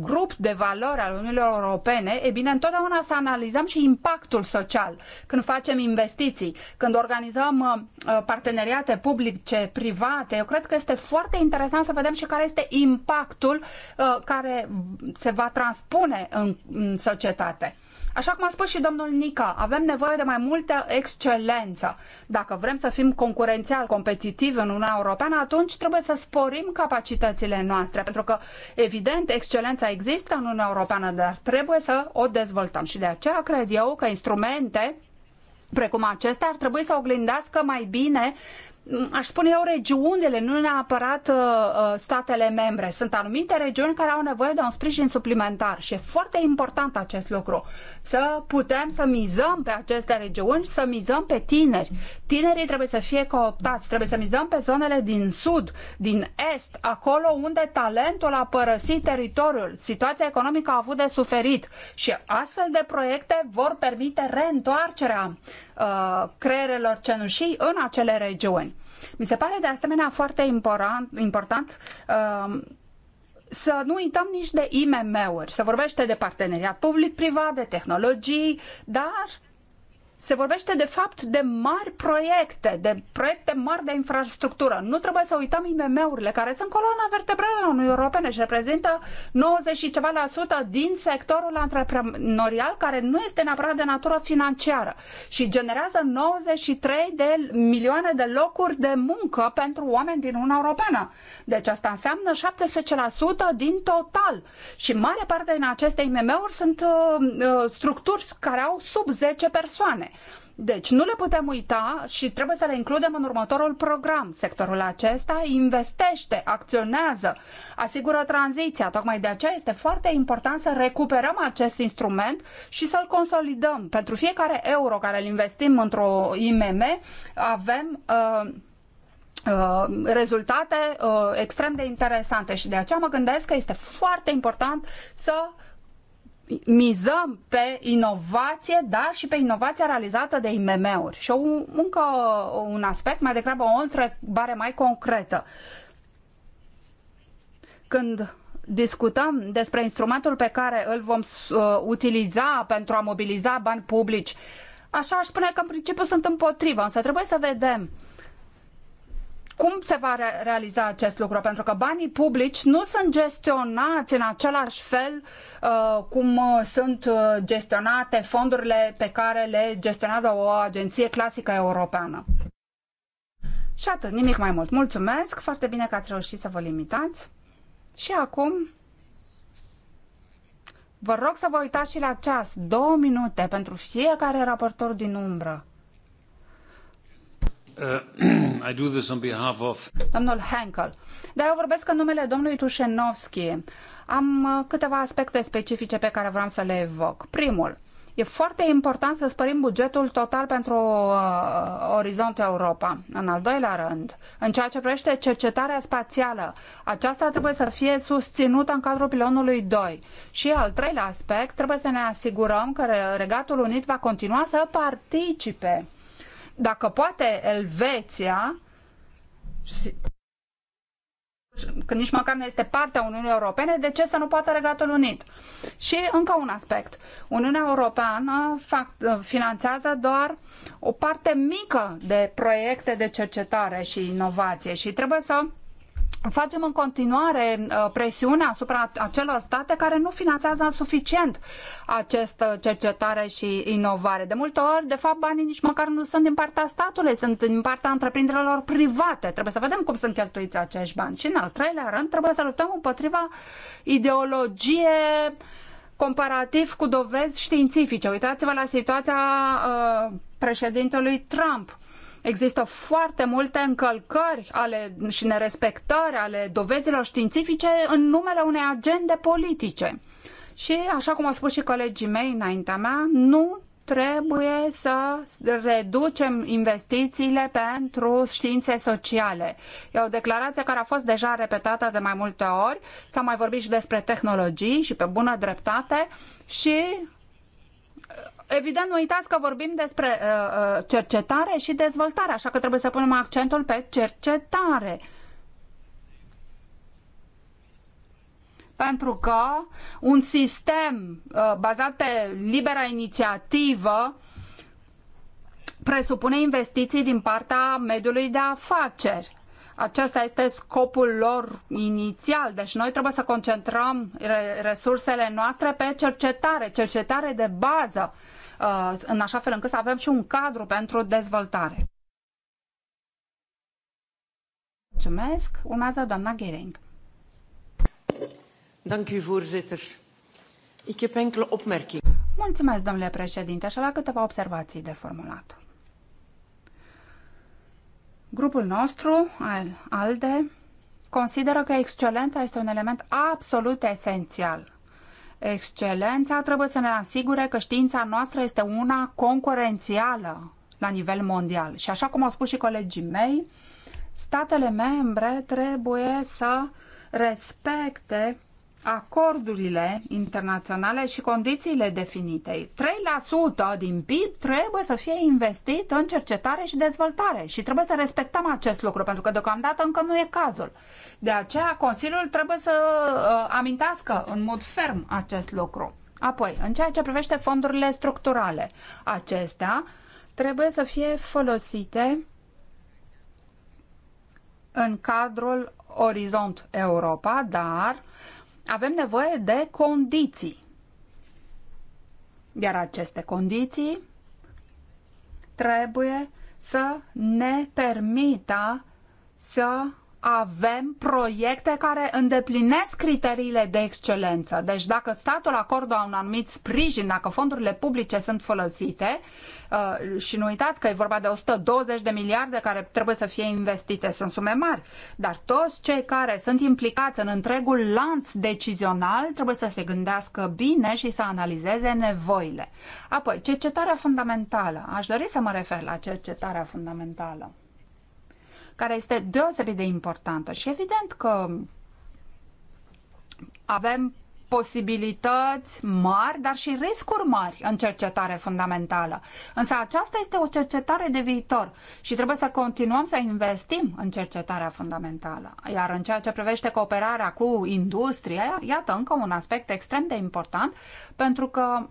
grup de valori al Uniunii Europene, e bine, întotdeauna să analizăm și impactul social când facem investiții, când organizăm uh, parteneriate publice, private. Eu cred că este foarte interesant să vedem și care este impactul Uh, care se va transpune în, în societate. Așa cum a spus și domnul Nica, avem nevoie de mai multă excelență. Dacă vrem să fim concurențial, competitivi în Uniunea Europeană, atunci trebuie să sporim capacitățile noastre, pentru că, evident, excelența există în Uniunea Europeană, dar trebuie să o dezvoltăm. Și de aceea cred eu că instrumente precum acestea ar trebui să oglindească mai bine aș spune eu, regiunile, nu neapărat uh, uh, statele membre. Sunt anumite regiuni care au nevoie de un sprijin suplimentar și e foarte important acest lucru. Să putem să mizăm pe aceste regiuni, să mizăm pe tineri. Tinerii trebuie să fie cooptați, trebuie să mizăm pe zonele din sud, din est, acolo unde talentul a părăsit teritoriul, situația economică a avut de suferit și astfel de proiecte vor permite reîntoarcerea uh, creierelor cenușii în acele regiuni. Mi se pare de asemenea foarte important, important uh, să nu uităm nici de IMM-uri. Se vorbește de parteneriat public-privat, de tehnologii, dar se vorbește de fapt de mari proiecte, de proiecte mari de infrastructură. Nu trebuie să uităm IMM-urile, care sunt coloana vertebrală a Uniunii Europene și reprezintă 90 și ceva la sută din sectorul antreprenorial, care nu este neapărat de natură financiară și generează 93 de milioane de locuri de muncă pentru oameni din Uniunea Europeană. Deci asta înseamnă 17% din total. Și mare parte din aceste IMM-uri sunt uh, uh structuri care au sub 10 persoane europene. Deci nu le putem uita și trebuie să le includem în următorul program. Sectorul acesta investește, acționează, asigură tranziția. Tocmai de aceea este foarte important să recuperăm acest instrument și să-l consolidăm. Pentru fiecare euro care îl investim într-o IMM avem uh, Uh, rezultate uh, extrem de interesante și de aceea mă gândesc că este foarte important să uh, mizăm pe inovație, dar și pe inovația realizată de IMM-uri. Și un, încă un aspect, mai degrabă o întrebare mai concretă. Când discutăm despre instrumentul pe care îl vom uh, utiliza pentru a mobiliza bani publici, așa aș spune că în principiu sunt împotrivă, însă trebuie să vedem uh, cum se va re realiza acest lucru? Pentru că banii publici nu sunt gestionați în același fel uh, cum uh, sunt uh, gestionate fondurile pe care le gestionează o agenție clasică europeană. Și atât, nimic mai mult. Mulțumesc, foarte bine că ați reușit să vă limitați. Și acum Vă rog să vă uitați și la ceas, două minute pentru fiecare raportor din umbră. Uh, Domnul Henkel. Da, eu vorbesc în numele domnului Tușenovski. Am uh, câteva aspecte specifice pe care vreau să le evoc. Primul, E foarte important să spărim bugetul total pentru uh, Orizont Europa. În al doilea rând, în ceea ce privește cercetarea spațială, aceasta trebuie să fie susținută în cadrul pilonului 2. Și al treilea aspect, trebuie să ne asigurăm că Regatul Unit va continua să participe dacă poate Elveția că nici măcar nu este partea Uniunii Europene, de ce să nu poată Regatul Unit? Și încă un aspect. Uniunea Europeană finanțează doar o parte mică de proiecte de cercetare și inovație și trebuie să facem în continuare uh, presiune asupra acelor state care nu finanțează suficient această cercetare și inovare. De multe ori, de fapt, banii nici măcar nu sunt din partea statului, sunt din partea întreprinderilor private. Trebuie să vedem cum sunt cheltuiți acești bani. Și în al treilea rând, trebuie să luptăm împotriva ideologie comparativ cu dovezi științifice. Uitați-vă la situația uh, președintelui Trump Există foarte multe încălcări ale, și nerespectări ale dovezilor științifice în numele unei agende politice. Și, așa cum au spus și colegii mei înaintea mea, nu trebuie să reducem investițiile pentru științe sociale. E o declarație care a fost deja repetată de mai multe ori, s-a mai vorbit și despre tehnologii și pe bună dreptate și evident, nu uitați că vorbim despre uh, uh, cercetare și dezvoltare, așa că trebuie să punem accentul pe cercetare. Pentru că un sistem uh, bazat pe libera inițiativă presupune investiții din partea mediului de afaceri. Acesta este scopul lor inițial, deci noi trebuie să concentrăm resursele noastre pe cercetare, cercetare de bază Uh, în așa fel încât să avem și un cadru pentru dezvoltare. Mulțumesc. Urmează doamna Gering. Dank u, voorzitter. Ik heb enkele opmerkingen. Mulțumesc, domnule președinte. Aș avea câteva observații de formulat. Grupul nostru, al ALDE, consideră că excelența este un element absolut esențial Excelența trebuie să ne asigure că știința noastră este una concurențială la nivel mondial. Și așa cum au spus și colegii mei, statele membre trebuie să respecte acordurile internaționale și condițiile definite. 3% din PIB trebuie să fie investit în cercetare și dezvoltare și trebuie să respectăm acest lucru, pentru că deocamdată încă nu e cazul. De aceea, Consiliul trebuie să uh, amintească în mod ferm acest lucru. Apoi, în ceea ce privește fondurile structurale, acestea trebuie să fie folosite în cadrul Orizont Europa, dar uh, avem nevoie de condiții. Iar aceste condiții trebuie să ne permită să avem proiecte care îndeplinesc criteriile de excelență. Deci dacă statul acordă un anumit sprijin, dacă fondurile publice sunt folosite, uh, și nu uitați că e vorba de 120 de miliarde care trebuie să fie investite, sunt sume mari, dar toți cei care sunt implicați în întregul lanț decizional trebuie să se gândească bine și să analizeze nevoile. Apoi, cercetarea fundamentală. Aș dori să mă refer la cercetarea fundamentală care este deosebit de importantă și evident că avem posibilități mari, dar și riscuri mari în cercetare fundamentală. Însă aceasta este o cercetare de viitor și trebuie să continuăm să investim în cercetarea fundamentală. Iar în ceea ce privește cooperarea cu industria, iată încă un aspect extrem de important, pentru că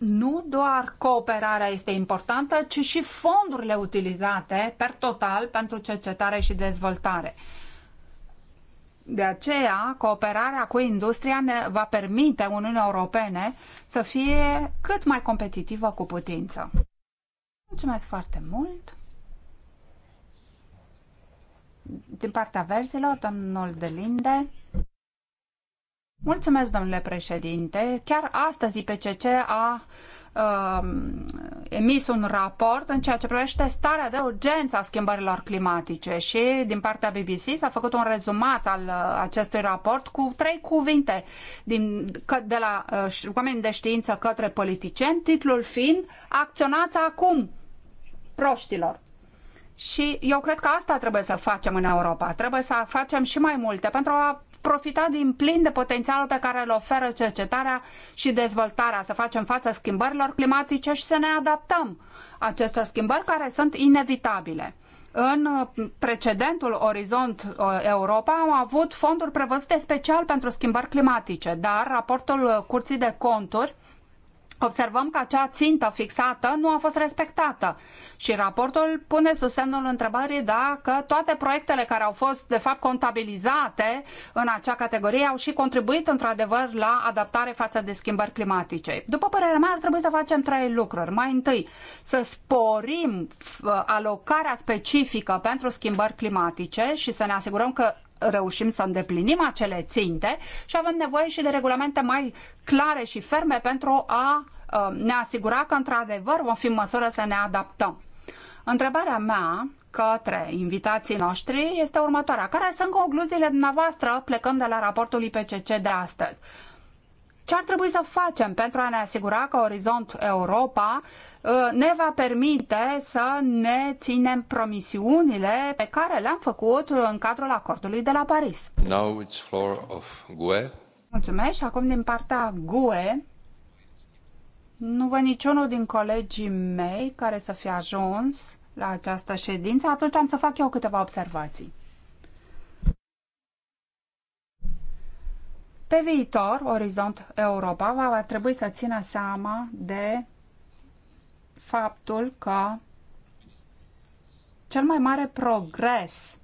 nu doar cooperarea este importantă, ci și fondurile utilizate per total pentru cercetare și dezvoltare. De aceea, cooperarea cu industria ne va permite Uniunii Europene să fie cât mai competitivă cu putință. Mulțumesc foarte mult! Din partea verzilor, domnul Delinde. Mulțumesc, domnule președinte. Chiar astăzi IPCC a uh, emis un raport în ceea ce privește starea de urgență a schimbărilor climatice și din partea BBC s-a făcut un rezumat al uh, acestui raport cu trei cuvinte din, că, de la uh, oameni de știință către politicieni, titlul fiind Acționați acum, proștilor. Și eu cred că asta trebuie să facem în Europa. Trebuie să facem și mai multe pentru a profita din plin de potențialul pe care îl oferă cercetarea și dezvoltarea, să facem față schimbărilor climatice și să ne adaptăm acestor schimbări care sunt inevitabile. În uh, precedentul Orizont uh, Europa au avut fonduri prevăzute special pentru schimbări climatice, dar raportul uh, Curții de Conturi observăm că acea țintă fixată nu a fost respectată și raportul pune sub semnul întrebării dacă toate proiectele care au fost de fapt contabilizate în acea categorie au și contribuit într-adevăr la adaptare față de schimbări climatice. După părerea mea ar trebui să facem trei lucruri. Mai întâi, să sporim uh, alocarea specifică pentru schimbări climatice și să ne asigurăm că reușim să îndeplinim acele ținte și avem nevoie și de regulamente mai clare și ferme pentru a um, ne asigura că într-adevăr vom fi în măsură să ne adaptăm. Întrebarea mea către invitații noștri este următoarea. Care sunt concluziile dumneavoastră plecând de la raportul IPCC de astăzi? Ce ar trebui să facem pentru a ne asigura că Orizont Europa uh, ne va permite să ne ținem promisiunile pe care le-am făcut în cadrul acordului de la Paris? Now it's floor of GUE. Mulțumesc. Acum din partea GUE, nu văd niciunul din colegii mei care să fie ajuns la această ședință, atunci am să fac eu câteva observații. Pe viitor, Orizont Europa va trebui să țină seama de faptul că cel mai mare progres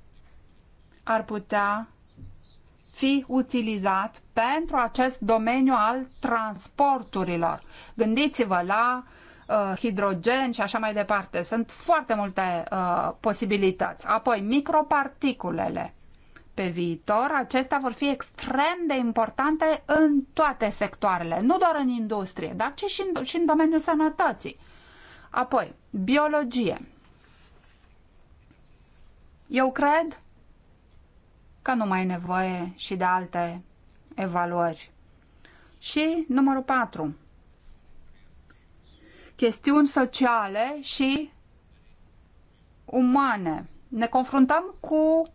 ar putea fi utilizat pentru acest domeniu al transporturilor. Gândiți-vă la uh, hidrogen și așa mai departe. Sunt foarte multe uh, posibilități. Apoi, microparticulele pe viitor, acestea vor fi extrem de importante în toate sectoarele, nu doar în industrie, dar ci și în, și în domeniul sănătății. Apoi, biologie. Eu cred că nu mai e nevoie și de alte evaluări. Și numărul 4. Chestiuni sociale și umane. Ne confruntăm cu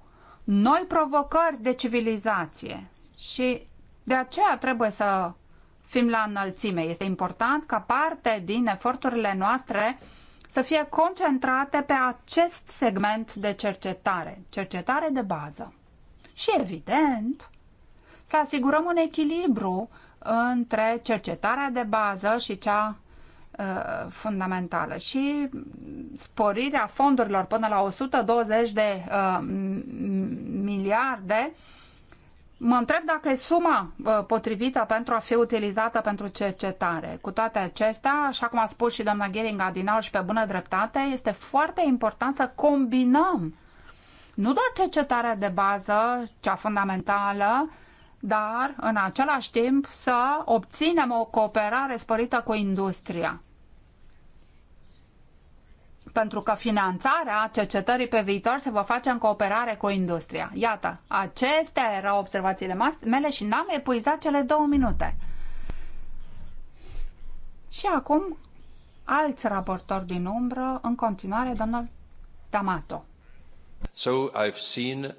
noi provocări de civilizație și de aceea trebuie să fim la înălțime. Este important ca parte din eforturile noastre să fie concentrate pe acest segment de cercetare, cercetare de bază. Și evident, să asigurăm un echilibru între cercetarea de bază și cea Uh, fundamentală și sporirea fondurilor până la 120 de uh, miliarde. Mă întreb dacă e suma uh, potrivită pentru a fi utilizată pentru cercetare. Cu toate acestea, așa cum a spus și doamna Geringa din și pe bună dreptate, este foarte important să combinăm nu doar cercetarea de bază, cea fundamentală, dar în același timp să obținem o cooperare sporită cu industria. Pentru că finanțarea cercetării pe viitor se va face în cooperare cu industria. Iată, acestea erau observațiile mele și n-am epuizat cele două minute. Și acum, alți raportori din umbră, în continuare, domnul D'Amato. So I've seen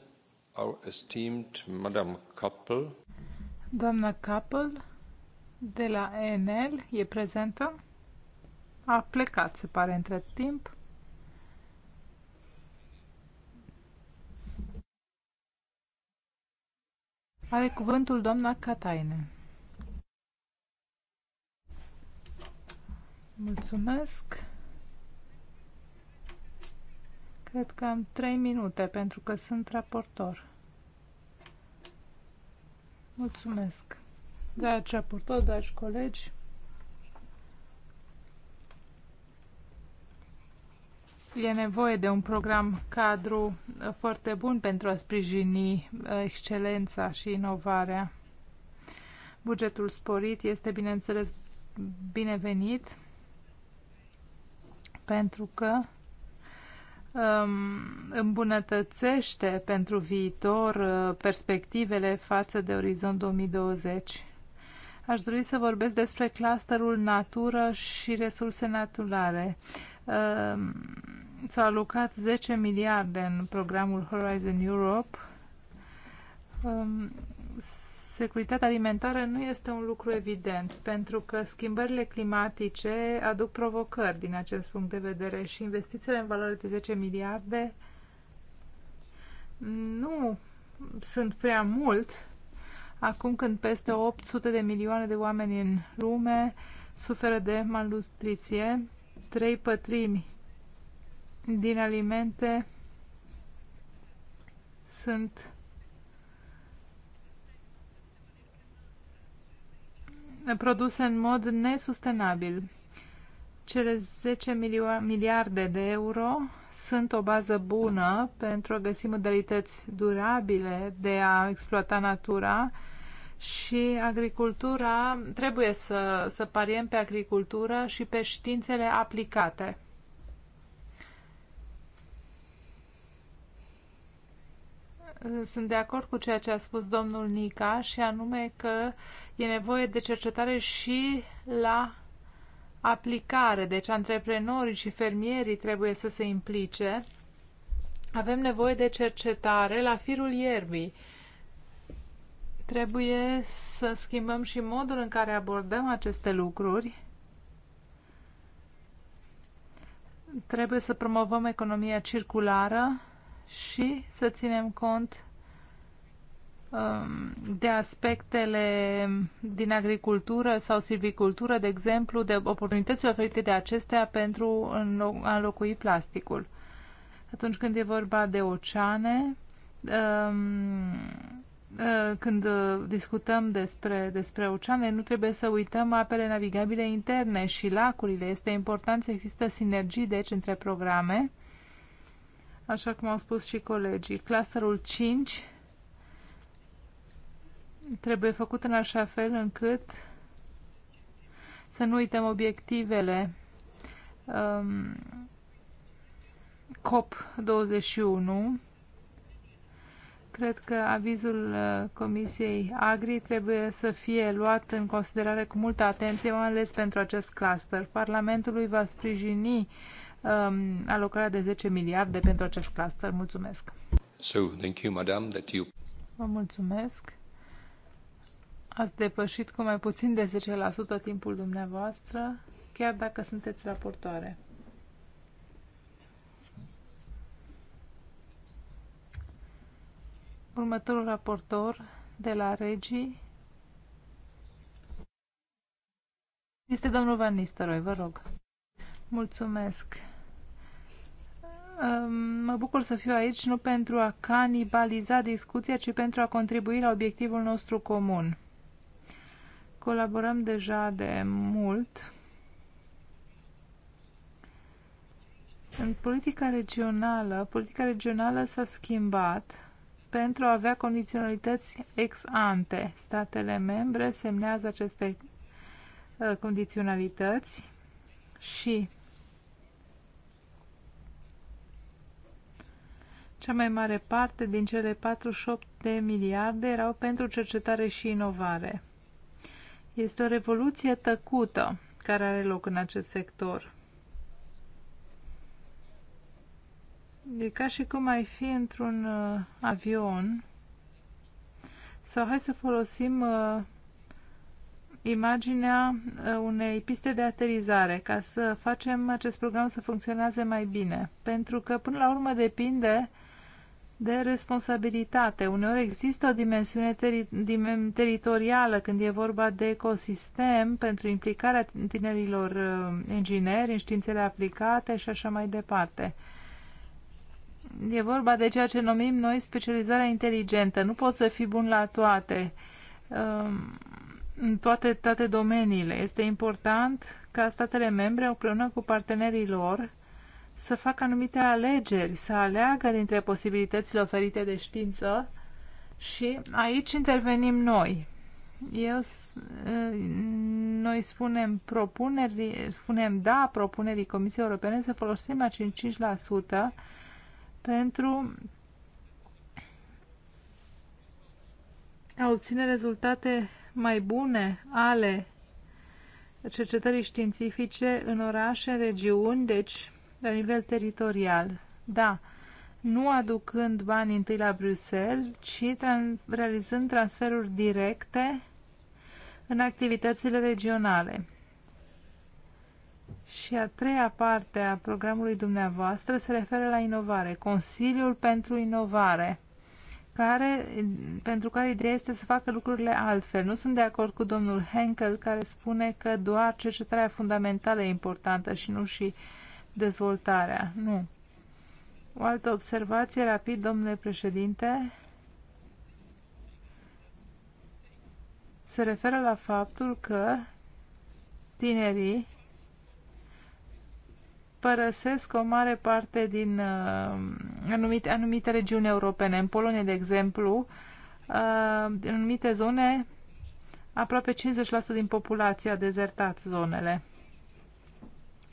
our esteemed Madame Kappel. Doamna Kappel de la ENL e prezentă? A plecat, se pare, între timp. Are cuvântul doamna Cataine. Mulțumesc. Cred că am trei minute pentru că sunt raportor. Mulțumesc. ce raportori, dragi colegi, E nevoie de un program cadru foarte bun pentru a sprijini excelența și inovarea. Bugetul sporit este, bineînțeles, binevenit pentru că Um, îmbunătățește pentru viitor uh, perspectivele față de orizont 2020. Aș dori să vorbesc despre clusterul natură și resurse naturale. Um, s-au alocat 10 miliarde în programul Horizon Europe um, securitatea alimentară nu este un lucru evident, pentru că schimbările climatice aduc provocări din acest punct de vedere și investițiile în valoare de 10 miliarde nu sunt prea mult acum când peste 800 de milioane de oameni în lume suferă de malnutriție, trei pătrimi din alimente sunt produse în mod nesustenabil. Cele 10 miliarde de euro sunt o bază bună pentru a găsi modalități durabile de a exploata natura și agricultura, trebuie să, să pariem pe agricultură și pe științele aplicate. sunt de acord cu ceea ce a spus domnul Nica și anume că e nevoie de cercetare și la aplicare. Deci antreprenorii și fermierii trebuie să se implice. Avem nevoie de cercetare la firul ierbii. Trebuie să schimbăm și modul în care abordăm aceste lucruri. Trebuie să promovăm economia circulară și să ținem cont um, de aspectele din agricultură sau silvicultură, de exemplu, de oportunități oferite de acestea pentru a înlocui plasticul. Atunci când e vorba de oceane, um, uh, când uh, discutăm despre, despre oceane, nu trebuie să uităm apele navigabile interne și lacurile. Este important să există sinergii, deci, între programe așa cum au spus și colegii. Clusterul 5 trebuie făcut în așa fel încât să nu uităm obiectivele um, COP21. Cred că avizul uh, Comisiei Agri trebuie să fie luat în considerare cu multă atenție, mai ales pentru acest cluster. Parlamentul va sprijini uh, um, alocarea de 10 miliarde pentru acest cluster. Mulțumesc! So, thank you, madam, that you... Vă mulțumesc! Ați depășit cu mai puțin de 10% timpul dumneavoastră, chiar dacă sunteți raportoare. Următorul raportor de la Regii este domnul Van Nistelrooy, vă rog. Mulțumesc mă bucur să fiu aici nu pentru a canibaliza discuția, ci pentru a contribui la obiectivul nostru comun. Colaborăm deja de mult. În politica regională, politica regională s-a schimbat pentru a avea condiționalități ex ante. Statele membre semnează aceste uh, condiționalități și Cea mai mare parte din cele 48 de miliarde erau pentru cercetare și inovare. Este o revoluție tăcută care are loc în acest sector. E ca și cum ai fi într-un uh, avion sau hai să folosim uh, imaginea uh, unei piste de aterizare ca să facem acest program să funcționeze mai bine. Pentru că până la urmă depinde uh, de responsabilitate. Uneori există o dimensiune teri dim teritorială când e vorba de ecosistem pentru implicarea tinerilor uh, ingineri în științele aplicate și așa mai departe. E vorba de ceea ce numim noi specializarea inteligentă. Nu poți să fii bun la toate, uh, în toate, toate domeniile. Este important ca statele membre, împreună cu partenerii lor, să facă anumite alegeri, să aleagă dintre posibilitățile oferite de știință și aici intervenim noi. Eu, noi spunem, propuneri, spunem da propunerii Comisiei Europene să folosim acel 5% pentru a obține rezultate mai bune ale cercetării științifice în orașe, în regiuni, deci la nivel teritorial. Da, nu aducând bani întâi la Bruxelles, ci tran realizând transferuri directe în activitățile regionale. Și a treia parte a programului dumneavoastră se referă la inovare, Consiliul pentru Inovare, care, pentru care ideea este să facă lucrurile altfel. Nu sunt de acord cu domnul Henkel care spune că doar cercetarea fundamentală e importantă și nu și uh, dezvoltarea. Nu. O altă observație rapid, domnule președinte, se referă la faptul că tinerii părăsesc o mare parte din uh, anumite, anumite regiuni europene. În Polonia, de exemplu, uh, în anumite zone, aproape 50% din populație a dezertat zonele.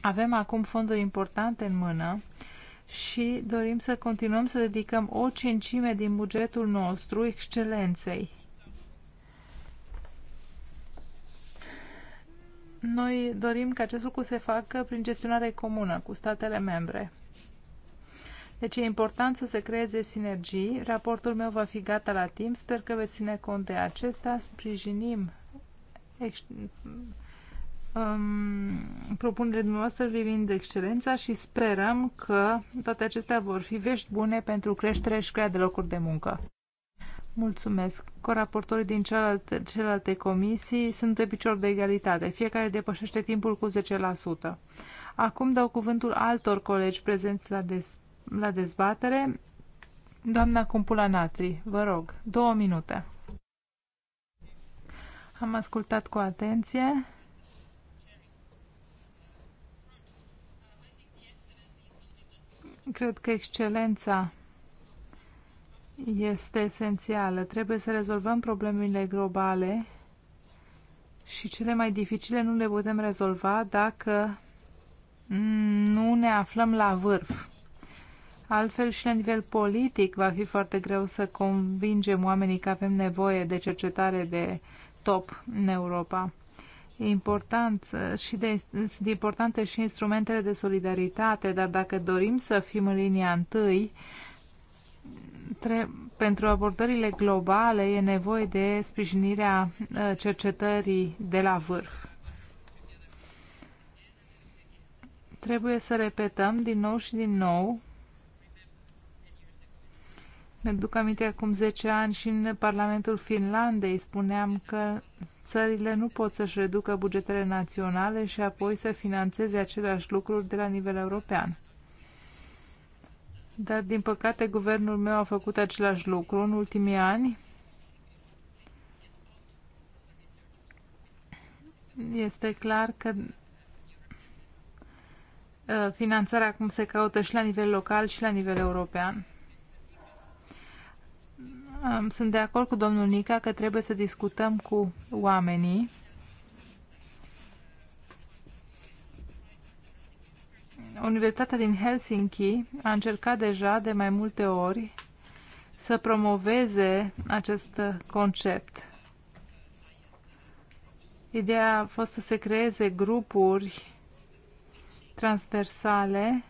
Avem acum fonduri importante în mână și dorim să continuăm să dedicăm o cincime din bugetul nostru excelenței. Noi dorim ca acest lucru se facă prin gestionare comună cu statele membre. Deci e important să se creeze sinergii. Raportul meu va fi gata la timp. Sper că veți ține cont de acesta. Sprijinim um, propunerile dumneavoastră privind excelența și sperăm că toate acestea vor fi vești bune pentru creștere și crearea de locuri de muncă. Mulțumesc. Coraportorii din celelalte, celelalte comisii sunt pe picior de egalitate. Fiecare depășește timpul cu 10%. Acum dau cuvântul altor colegi prezenți la, dez, la dezbatere. Doamna Cumpula Natri, vă rog, două minute. Am ascultat cu atenție Cred că excelența este esențială. Trebuie să rezolvăm problemele globale și cele mai dificile nu le putem rezolva dacă nu ne aflăm la vârf. Altfel și la nivel politic va fi foarte greu să convingem oamenii că avem nevoie de cercetare de top în Europa important și de, sunt importante și instrumentele de solidaritate, dar dacă dorim să fim în linia întâi, tre- pentru abordările globale e nevoie de sprijinirea ă, cercetării de la vârf. Trebuie să repetăm din nou și din nou mi-aduc aminte acum 10 ani și în Parlamentul Finlandei spuneam că țările nu pot să-și reducă bugetele naționale și apoi să financeze aceleași lucruri de la nivel european. Dar, din păcate, guvernul meu a făcut același lucru în ultimii ani. Este clar că uh, finanțarea acum se caută și la nivel local și la nivel european. Sunt de acord cu domnul Nica că trebuie să discutăm cu oamenii Universitatea din Helsinki a încercat deja de mai multe ori să promoveze acest concept. Ideea a fost să se creeze grupuri transversale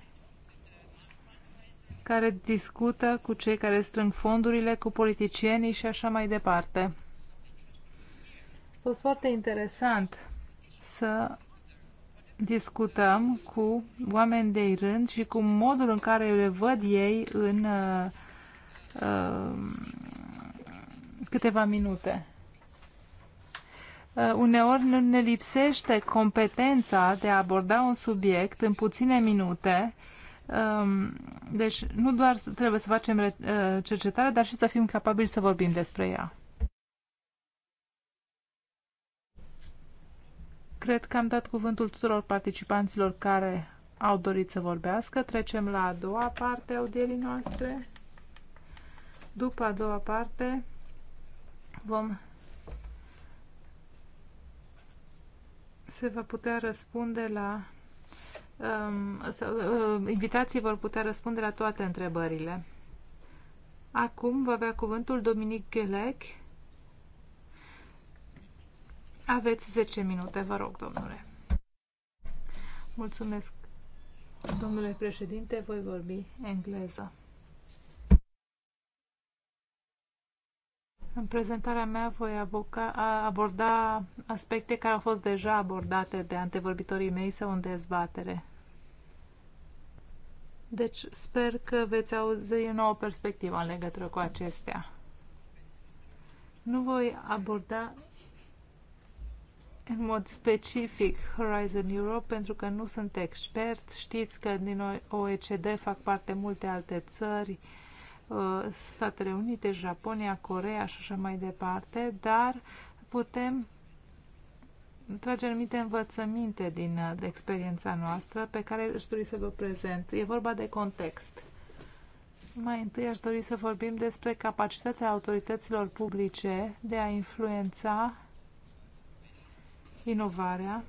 care discută cu cei care strâng fondurile, cu politicienii și așa mai departe. A fost foarte interesant să discutăm cu oameni de rând și cu modul în care le văd ei în uh, uh, câteva minute. Uh, uneori ne lipsește competența de a aborda un subiect în puține minute uh, Um, deci nu doar trebuie să facem uh, cercetare, dar și să fim capabili să vorbim despre ea. Cred că am dat cuvântul tuturor participanților care au dorit să vorbească. Trecem la a doua parte a audierii noastre. După a doua parte vom se va putea răspunde la Um, uh, invitații vor putea răspunde la toate întrebările. Acum va avea cuvântul Dominic Ghelec. Aveți 10 minute, vă rog, domnule. Mulțumesc, domnule președinte, voi vorbi engleză. În prezentarea mea voi aboca, aborda aspecte care au fost deja abordate de antevorbitorii mei sau în dezbatere. Deci sper că veți auzi o nouă perspectivă în legătură cu acestea. Nu voi aborda în mod specific Horizon Europe pentru că nu sunt expert. Știți că din OECD fac parte multe alte țări, uh, Uh, Statele Unite, Japonia, Corea și așa mai departe, dar putem trage anumite învățăminte din uh, experiența noastră pe care aș dori să vă prezent. E vorba de context. Mai întâi aș dori să vorbim despre capacitatea autorităților publice de a influența inovarea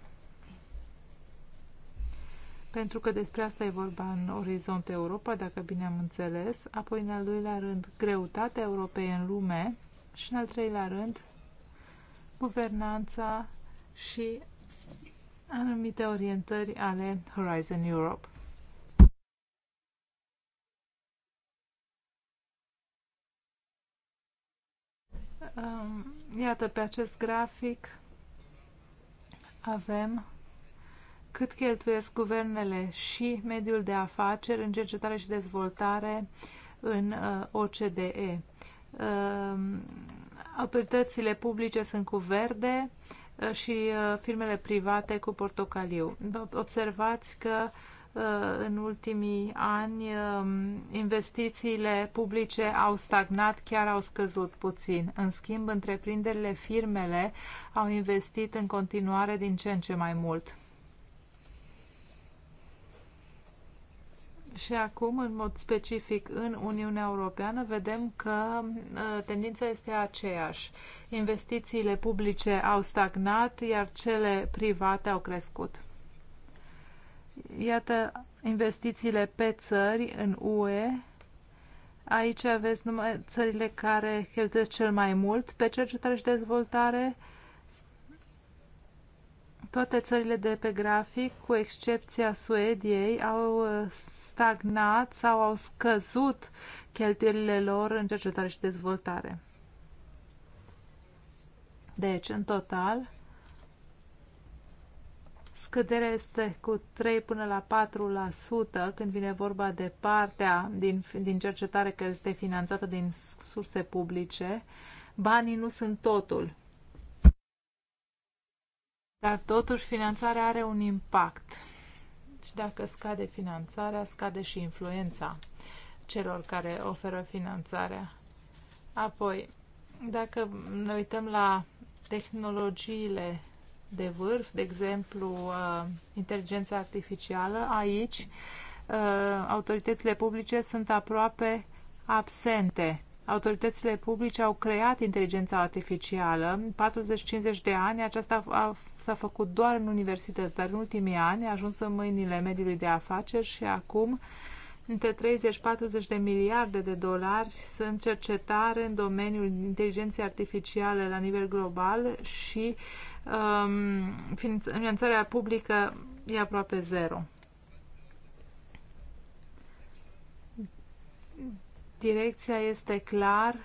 pentru că despre asta e vorba în Orizont Europa, dacă bine am înțeles, apoi în al doilea rând greutatea Europei în lume și în al treilea rând guvernanța și anumite orientări ale Horizon Europe. Um, iată, pe acest grafic avem cât cheltuiesc guvernele și mediul de afaceri în cercetare și dezvoltare în uh, OCDE. Um, autoritățile publice sunt cu verde uh, și uh, firmele private cu portocaliu. Observați că în ultimii ani um, investițiile publice au stagnat, chiar au scăzut puțin. În schimb, întreprinderile, firmele au investit în continuare din ce în ce mai mult. Și acum, în mod specific, în Uniunea Europeană, vedem că uh, tendința este aceeași. Investițiile publice au stagnat, iar cele private au crescut. Iată investițiile pe țări în UE. Aici aveți numai țările care cheltuiesc cel mai mult pe cercetare și dezvoltare. Toate țările de pe grafic, cu excepția Suediei, au uh, stagnat sau au scăzut cheltuielile lor în cercetare și dezvoltare. Deci, în total, scăderea este cu 3 până la 4% când vine vorba de partea din, din cercetare care este finanțată din surse publice. Banii nu sunt totul. Dar totuși finanțarea are un impact și dacă scade finanțarea, scade și influența celor care oferă finanțarea. Apoi, dacă ne uităm la tehnologiile de vârf, de exemplu, uh, inteligența artificială, aici uh, autoritățile publice sunt aproape absente autoritățile publice au creat inteligența artificială. În 40-50 de ani aceasta s-a făcut doar în universități, dar în ultimii ani a ajuns în mâinile mediului de afaceri și acum între 30-40 de miliarde de dolari sunt cercetare în domeniul inteligenței artificiale la nivel global și um, finanțarea publică e aproape zero. Direcția este clar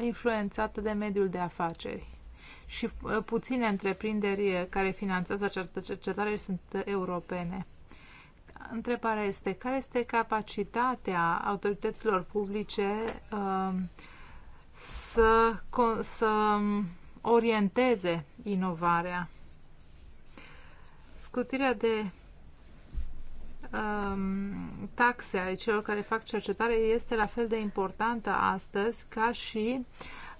influențată de mediul de afaceri și uh, puține întreprinderi uh, care finanțează această cercetare sunt europene. Întrebarea este, care este capacitatea autorităților publice um, să, să orienteze inovarea? Scutirea de Um, taxe ale celor care fac cercetare este la fel de importantă astăzi ca și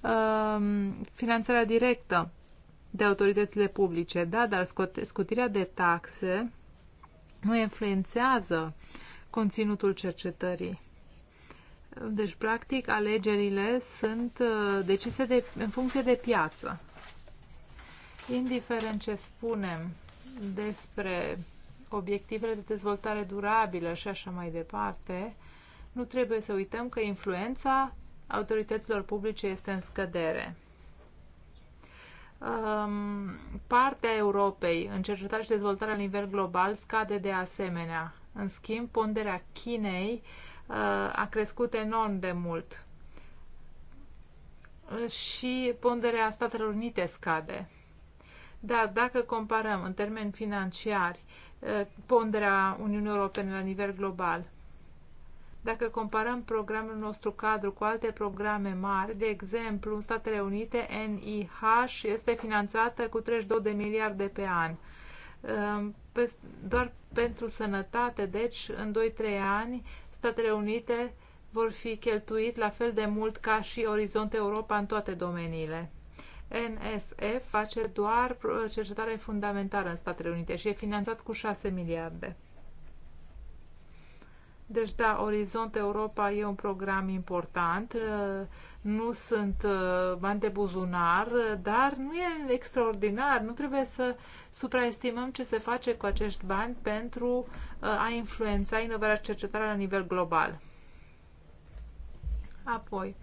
um, finanțarea directă de autoritățile publice. Da, dar scutirea de taxe nu influențează conținutul cercetării. Deci, practic, alegerile sunt uh, decise de, în funcție de piață. Indiferent ce spunem despre obiectivele de dezvoltare durabilă și așa mai departe, nu trebuie să uităm că influența autorităților publice este în scădere. Um, partea Europei în cercetare și dezvoltare la nivel global scade de asemenea. În schimb, ponderea Chinei uh, a crescut enorm de mult uh, și ponderea Statelor Unite scade. Dar dacă comparăm în termeni financiari Eh, ponderea Uniunii Europene la nivel global. Dacă comparăm programul nostru cadru cu alte programe mari, de exemplu, în Statele Unite, NIH este finanțată cu 32 de miliarde pe an. Eh, doar pentru sănătate, deci, în 2-3 ani, Statele Unite vor fi cheltuit la fel de mult ca și Orizont Europa în toate domeniile. NSF face doar cercetare fundamentală în Statele Unite și e finanțat cu 6 miliarde. Deci, da, Orizont Europa e un program important, nu sunt uh, bani de buzunar, dar nu e extraordinar, nu trebuie să supraestimăm ce se face cu acești bani pentru uh, a influența inovarea cercetarea la nivel global. Apoi,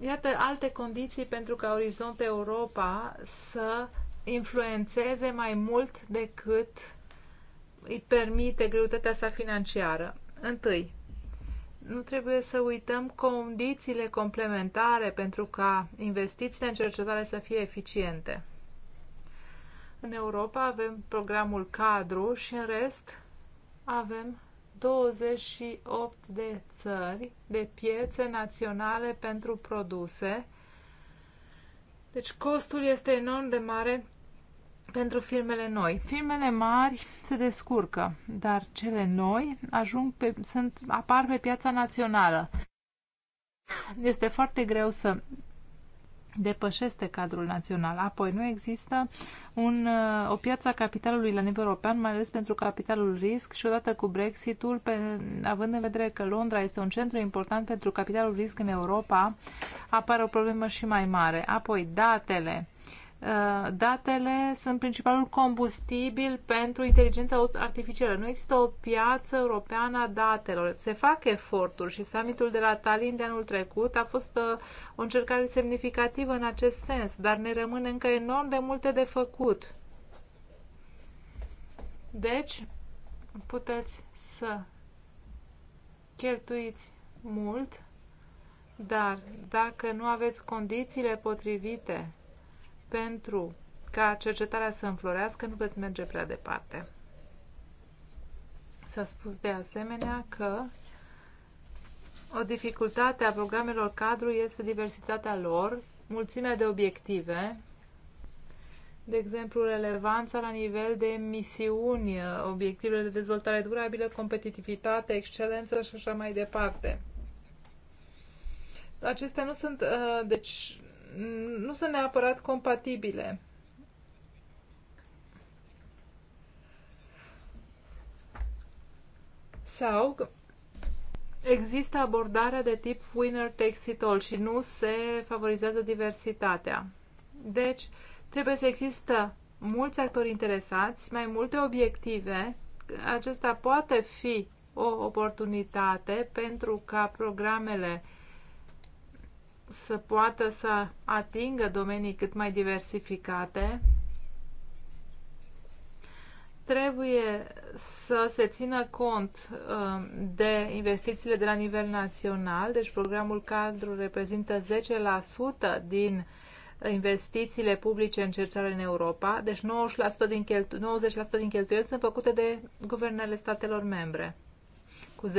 iată alte condiții pentru ca Orizont Europa să influențeze mai mult decât îi permite greutatea sa financiară. Întâi, nu trebuie să uităm condițiile complementare pentru ca investițiile în cercetare să fie eficiente. În Europa avem programul cadru și în rest avem 28 de țări, de piețe naționale pentru produse. Deci costul este enorm de mare pentru firmele noi. Firmele mari se descurcă, dar cele noi ajung pe, sunt, apar pe piața națională. Este foarte greu să depășește cadrul național. Apoi, nu există un, uh, o piață a capitalului la nivel european, mai ales pentru capitalul risc și odată cu Brexitul, pe, având în vedere că Londra este un centru important pentru capitalul risc în Europa, apare o problemă și mai mare. Apoi, datele Uh, datele sunt principalul combustibil pentru inteligența artificială. Nu există o piață europeană a datelor. Se fac eforturi și summitul de la Tallinn de anul trecut a fost uh, o încercare semnificativă în acest sens, dar ne rămâne încă enorm de multe de făcut. Deci, puteți să cheltuiți mult, dar dacă nu aveți condițiile potrivite pentru ca cercetarea să înflorească, nu veți merge prea departe. S-a spus de asemenea că o dificultate a programelor cadru este diversitatea lor, mulțimea de obiective, de exemplu, relevanța la nivel de misiuni, obiectivele de dezvoltare durabilă, competitivitate, excelență și așa mai departe. Acestea nu sunt, uh, deci, nu sunt neapărat compatibile. Sau există abordarea de tip winner takes it all și nu se favorizează diversitatea. Deci, trebuie să există mulți actori interesați, mai multe obiective. Acesta poate fi o oportunitate pentru ca programele uh, să poată să atingă domenii cât mai diversificate, trebuie să se țină cont um, de investițiile de la nivel național, deci programul cadru reprezintă 10% din investițiile publice în cercetare în Europa, deci 90% din, cheltu- 90% din cheltuieli sunt făcute de guvernele statelor membre. Cu 10%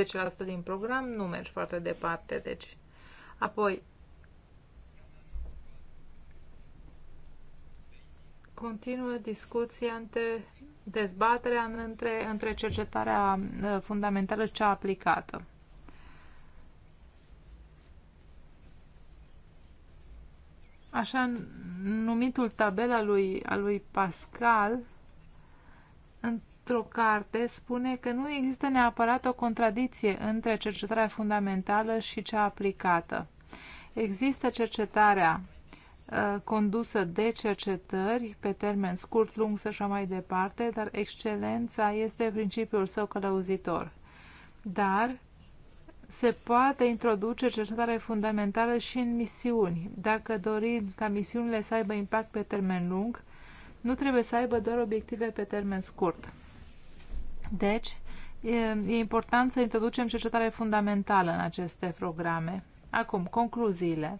din program nu mergi foarte departe, deci. Apoi, continuă discuția între dezbaterea între, între cercetarea uh, fundamentală și cea aplicată. Așa numitul tabel al lui, al lui Pascal într-o carte spune că nu există neapărat o contradicție între cercetarea fundamentală și cea aplicată. Există cercetarea Uh, condusă de cercetări pe termen scurt, lung și așa mai departe, dar excelența este principiul său călăuzitor. Dar se poate introduce cercetare fundamentală și în misiuni. Dacă dorim ca misiunile să aibă impact pe termen lung, nu trebuie să aibă doar obiective pe termen scurt. Deci, e, e important să introducem cercetare fundamentală în aceste programe. Acum, concluziile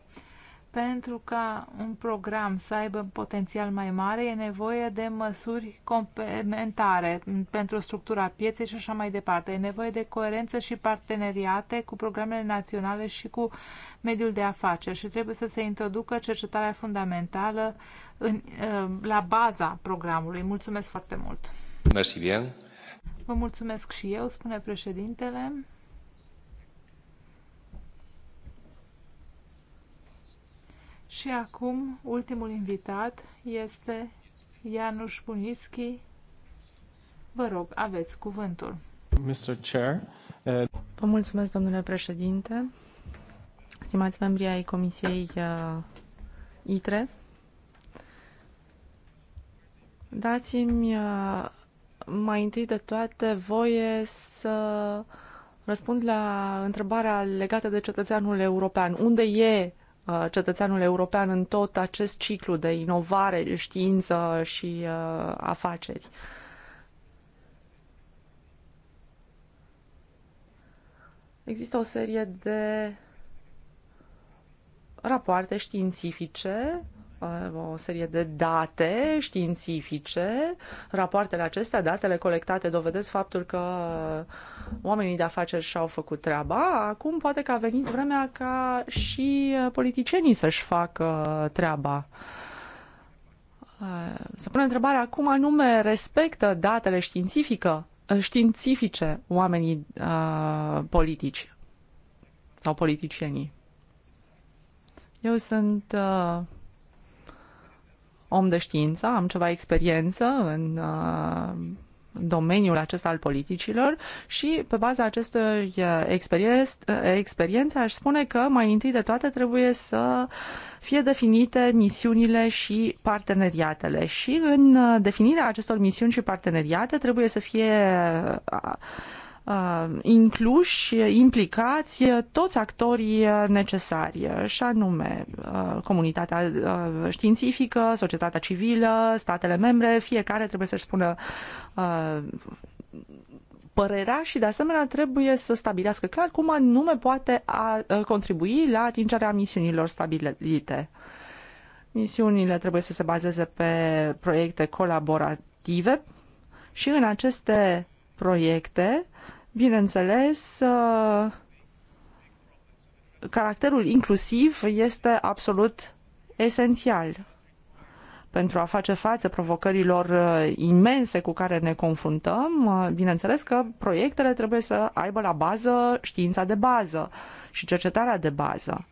pentru ca un program să aibă potențial mai mare, e nevoie de măsuri complementare pentru structura pieței și așa mai departe. E nevoie de coerență și parteneriate cu programele naționale și cu mediul de afaceri și trebuie să se introducă cercetarea fundamentală în, ă, la baza programului. Mulțumesc foarte mult! Mersi bien! Vă mulțumesc și eu, spune președintele. Și acum, ultimul invitat este Janusz Bunitski. Vă rog, aveți cuvântul. Mr. Chair, uh... Vă mulțumesc, domnule președinte, stimați membri ai Comisiei uh, ITRE. Dați-mi uh, mai întâi de toate voie să răspund la întrebarea legată de cetățeanul european. Unde e Uh, cetățeanul european în tot acest ciclu de inovare, știință și uh, afaceri. Există o serie de rapoarte științifice, uh, o serie de date științifice. Rapoartele acestea, datele colectate, dovedesc faptul că uh, oamenii de afaceri și-au făcut treaba, acum poate că a venit vremea ca și uh, politicienii să-și facă uh, treaba. Uh, se pune întrebarea cum anume respectă datele științifică, științifice oamenii uh, politici sau politicienii. Eu sunt uh, om de știință, am ceva experiență în uh, domeniul acesta al politicilor și pe baza acestor uh, uh, experiențe aș spune că mai întâi de toate trebuie să fie definite misiunile și parteneriatele și în uh, definirea acestor misiuni și parteneriate trebuie să fie Uh, incluși, implicați toți actorii necesari, și anume uh, comunitatea uh, științifică, societatea civilă, statele membre, fiecare trebuie să-și spună părerea și de asemenea trebuie să stabilească clar cum anume poate a, a contribui la atingerea misiunilor stabilite. Misiunile trebuie să se bazeze pe proiecte colaborative și în aceste proiecte Bineînțeles, uh, caracterul inclusiv este absolut esențial pentru a face față provocărilor uh, imense cu care ne confruntăm. Uh, bineînțeles că proiectele trebuie să aibă la bază știința de bază și cercetarea de bază.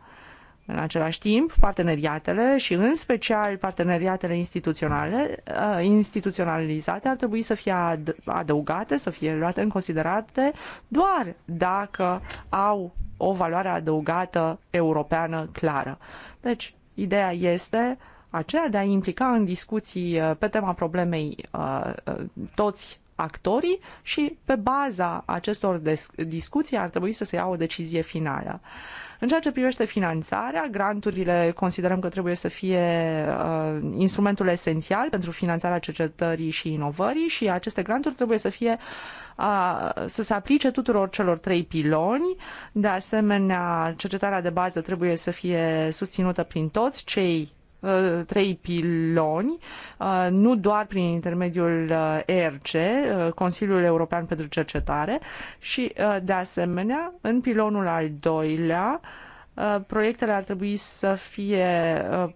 În același timp, parteneriatele și în special parteneriatele instituționale, uh, instituționalizate ar trebui să fie adăugate, să fie luate în considerate doar dacă au o valoare adăugată europeană clară. Deci, ideea este aceea de a implica în discuții uh, pe tema problemei uh, toți actorii și pe baza acestor discuții ar trebui să se ia o decizie finală. În ceea ce privește finanțarea, granturile considerăm că trebuie să fie uh, instrumentul esențial pentru finanțarea cercetării și inovării și aceste granturi trebuie să fie uh, să se aplice tuturor celor trei piloni. De asemenea, cercetarea de bază trebuie să fie susținută prin toți cei Uh, trei piloni, uh, nu doar prin intermediul ERC, uh, Consiliul European pentru Cercetare, și de asemenea, în pilonul al doilea, proiectele ar trebui să fie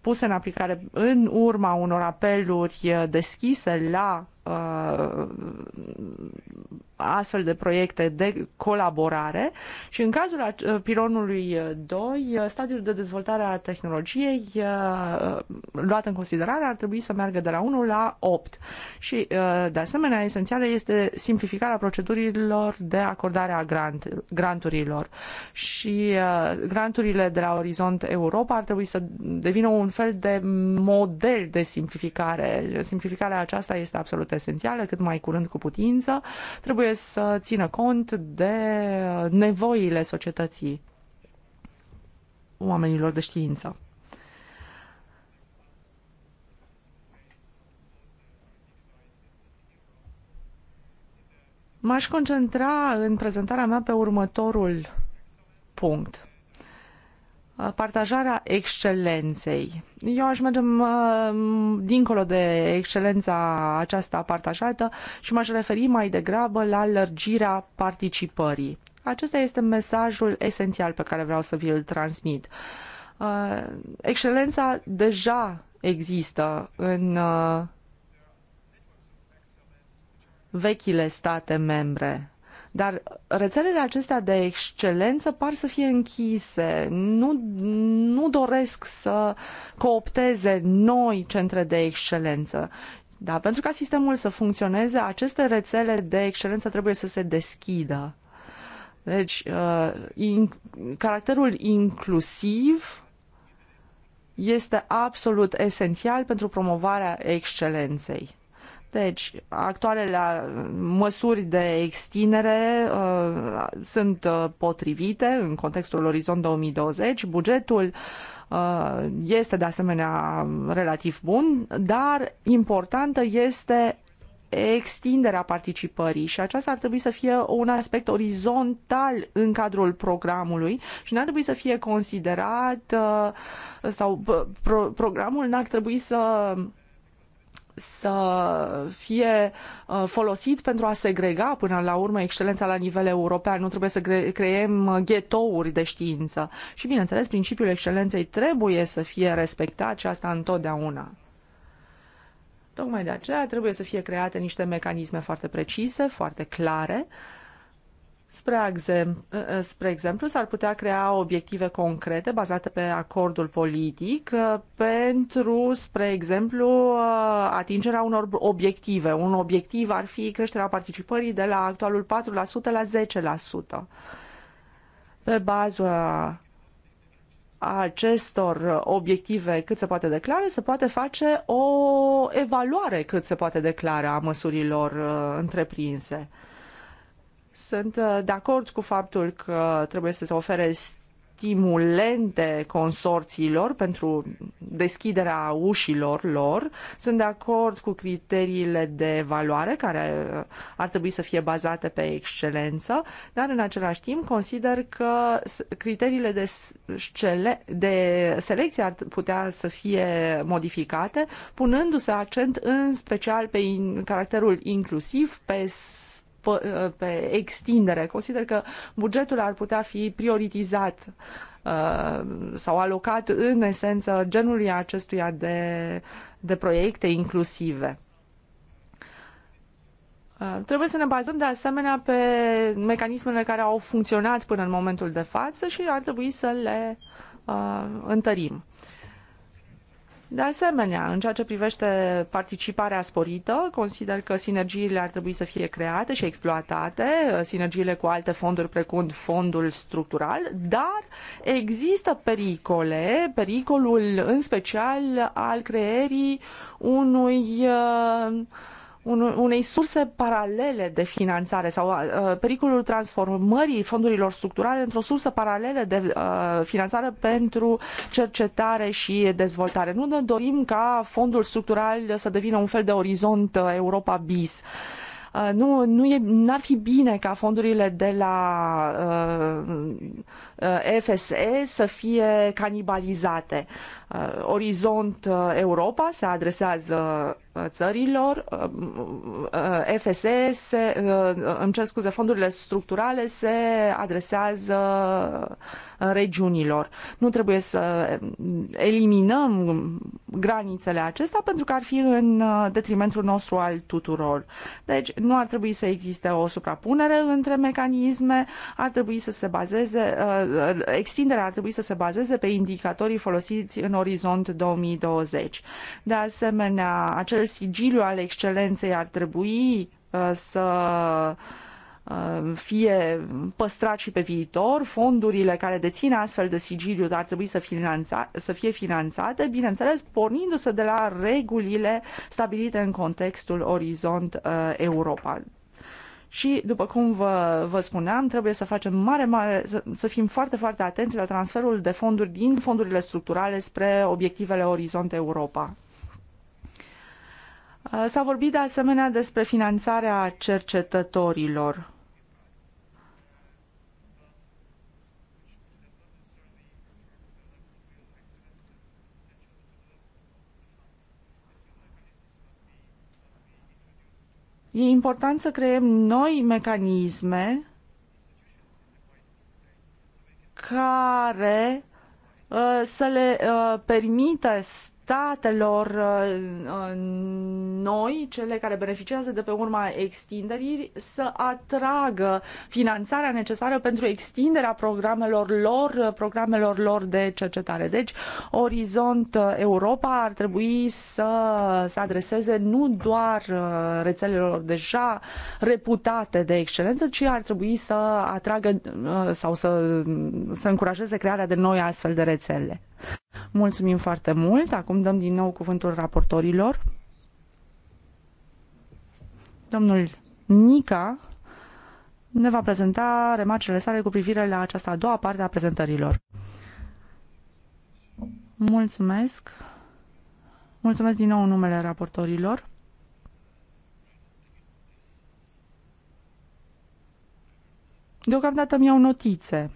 puse în aplicare în urma unor apeluri deschise la astfel de proiecte de colaborare și în cazul uh, pilonului 2, uh, uh, stadiul de dezvoltare a tehnologiei luat în considerare ar trebui să meargă de la 1 la 8 și de asemenea esențială este simplificarea procedurilor de acordare a grant, granturilor și granturile de la Orizont Europa ar trebui să devină un fel de model de simplificare. Simplificarea aceasta este absolut esențială, cât mai curând cu putință. Trebuie trebuie să țină cont de nevoile societății oamenilor de știință. M-aș concentra în prezentarea mea pe următorul punct. Uh, partajarea excelenței. Eu aș merge dincolo de excelența aceasta partajată și m-aș referi mai degrabă la lărgirea participării. Acesta este mesajul esențial pe care vreau să vi-l transmit. Uh, excelența deja există în uh, vechile state membre dar rețelele acestea de excelență par să fie închise, nu, nu doresc să coopteze noi centre de excelență. Da, pentru ca sistemul să funcționeze, aceste rețele de excelență trebuie să se deschidă. Deci, uh, in, caracterul inclusiv este absolut esențial pentru promovarea excelenței. Deci, actualele uh, măsuri de extinere uh, sunt uh, potrivite în contextul Orizont 2020. Bugetul uh, este de asemenea relativ bun, dar importantă este extinderea participării și aceasta ar trebui să fie un aspect orizontal în cadrul programului și n-ar trebui să fie considerat sau programul n-ar trebui să să fie uh, folosit pentru a segrega până la urmă excelența la nivel european. Nu trebuie să creem ghetouri de știință. Și bineînțeles, principiul excelenței trebuie să fie respectat și asta întotdeauna. Tocmai de aceea trebuie să fie create niște mecanisme foarte precise, foarte clare, uh, Spre, ă, ă, spre exemplu, s-ar putea crea obiective concrete bazate pe acordul politic ă, pentru, spre exemplu, atingerea unor obiective. Un obiectiv ar fi creșterea participării de la actualul 4% la 10%. Pe baza acestor obiective cât se poate declara, se poate face o evaluare cât se poate declara a măsurilor întreprinse. Sunt uh, de acord cu faptul că trebuie să se ofere stimulente consorțiilor pentru deschiderea ușilor lor. Sunt de acord cu criteriile de evaluare care uh, ar trebui să fie bazate pe excelență, dar în același timp consider că criteriile de, scele- de selecție ar putea să fie modificate, punându-se accent în special pe caracterul inclusiv, pe pe extindere. Consider că bugetul ar putea fi prioritizat uh, sau alocat în esență genului acestuia de, de proiecte inclusive. Uh, trebuie să ne bazăm de asemenea pe mecanismele care au funcționat până în momentul de față și ar trebui să le uh, întărim. De asemenea, în ceea ce privește participarea sporită, consider că sinergiile ar trebui să fie create și exploatate, sinergiile cu alte fonduri precum fondul structural, dar există pericole, pericolul în special al creierii unui uh, unei surse paralele de finanțare sau uh, pericolul transformării fondurilor structurale într-o sursă paralelă de uh, finanțare pentru cercetare și dezvoltare. Nu ne dorim ca fondul structural să devină un fel de orizont uh, Europa bis. Uh, Uh, nu, nu e, n-ar fi bine ca fondurile de la uh, uh FSE să fie canibalizate. Uh, Orizont uh, Europa se adresează țărilor, uh, FSE se, uh, îmi cer scuze, fondurile structurale se adresează uh, regiunilor. Nu trebuie să eliminăm granițele acestea pentru că ar fi în uh, detrimentul nostru al tuturor. Deci nu ar trebui să existe o suprapunere între mecanisme, ar trebui să se bazeze, uh, uh, extinderea ar trebui să se bazeze pe indicatorii folosiți în orizont 2020. De asemenea, acel sigiliu al excelenței ar trebui să Uh, fie păstrat și pe viitor. Fondurile care dețin astfel de sigiliu ar trebui să, finanța, să fie finanțate, bineînțeles, pornindu-se de la regulile stabilite în contextul Orizont uh, Europa. Și, după cum vă, vă spuneam, trebuie să facem mare, mare, să, să fim foarte, foarte atenți la transferul de fonduri din fondurile structurale spre obiectivele Orizont Europa. Uh, s-a vorbit de asemenea despre finanțarea cercetătorilor. E important să creăm noi mecanisme care uh, să le uh, permită statelor uh, noi, cele care beneficiază de pe urma extinderii, să atragă finanțarea necesară pentru extinderea programelor lor, uh, programelor lor de cercetare. Deci, Orizont uh, Europa ar trebui să se adreseze nu doar rețelelor deja reputate de excelență, ci ar trebui să atragă sau să, să încurajeze crearea de noi astfel de rețele. Mulțumim foarte mult. Acum dăm din nou cuvântul raportorilor. Domnul Nica ne va prezenta remarcele sale cu privire la această a doua parte a prezentărilor. Mulțumesc. Mulțumesc din nou în numele raportorilor. Deocamdată îmi iau notițe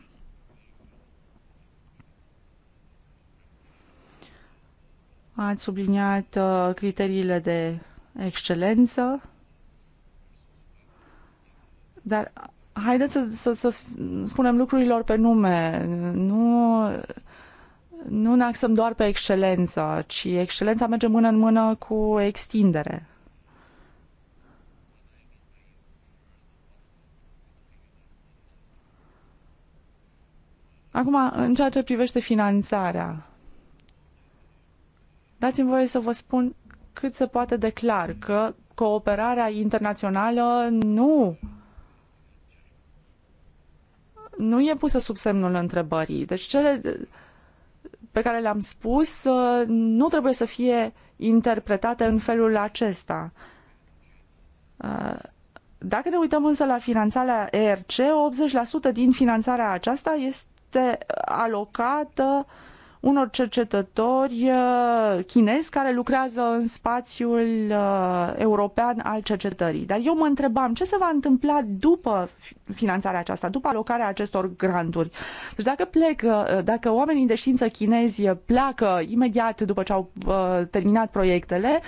Ați subliniat uh, criteriile de excelență, dar haideți să, să, să spunem lucrurilor pe nume. Nu, nu ne axăm doar pe excelență, ci excelența merge mână în mână cu extindere. Acum, în ceea ce privește finanțarea, Dați-mi voie să vă spun cât se poate de clar că cooperarea internațională nu nu e pusă sub semnul întrebării. Deci cele pe care le-am spus uh, nu trebuie să fie interpretate în felul acesta. Uh, dacă ne uităm însă la finanțarea ERC, 80% din finanțarea aceasta este alocată uh, unor cercetători uh, chinezi care lucrează în spațiul uh, european al cercetării. Dar eu mă întrebam ce se va întâmpla după finanțarea aceasta, după alocarea acestor granturi. Deci dacă plec, uh, dacă oamenii de știință chinezi pleacă imediat după ce au terminat proiectele,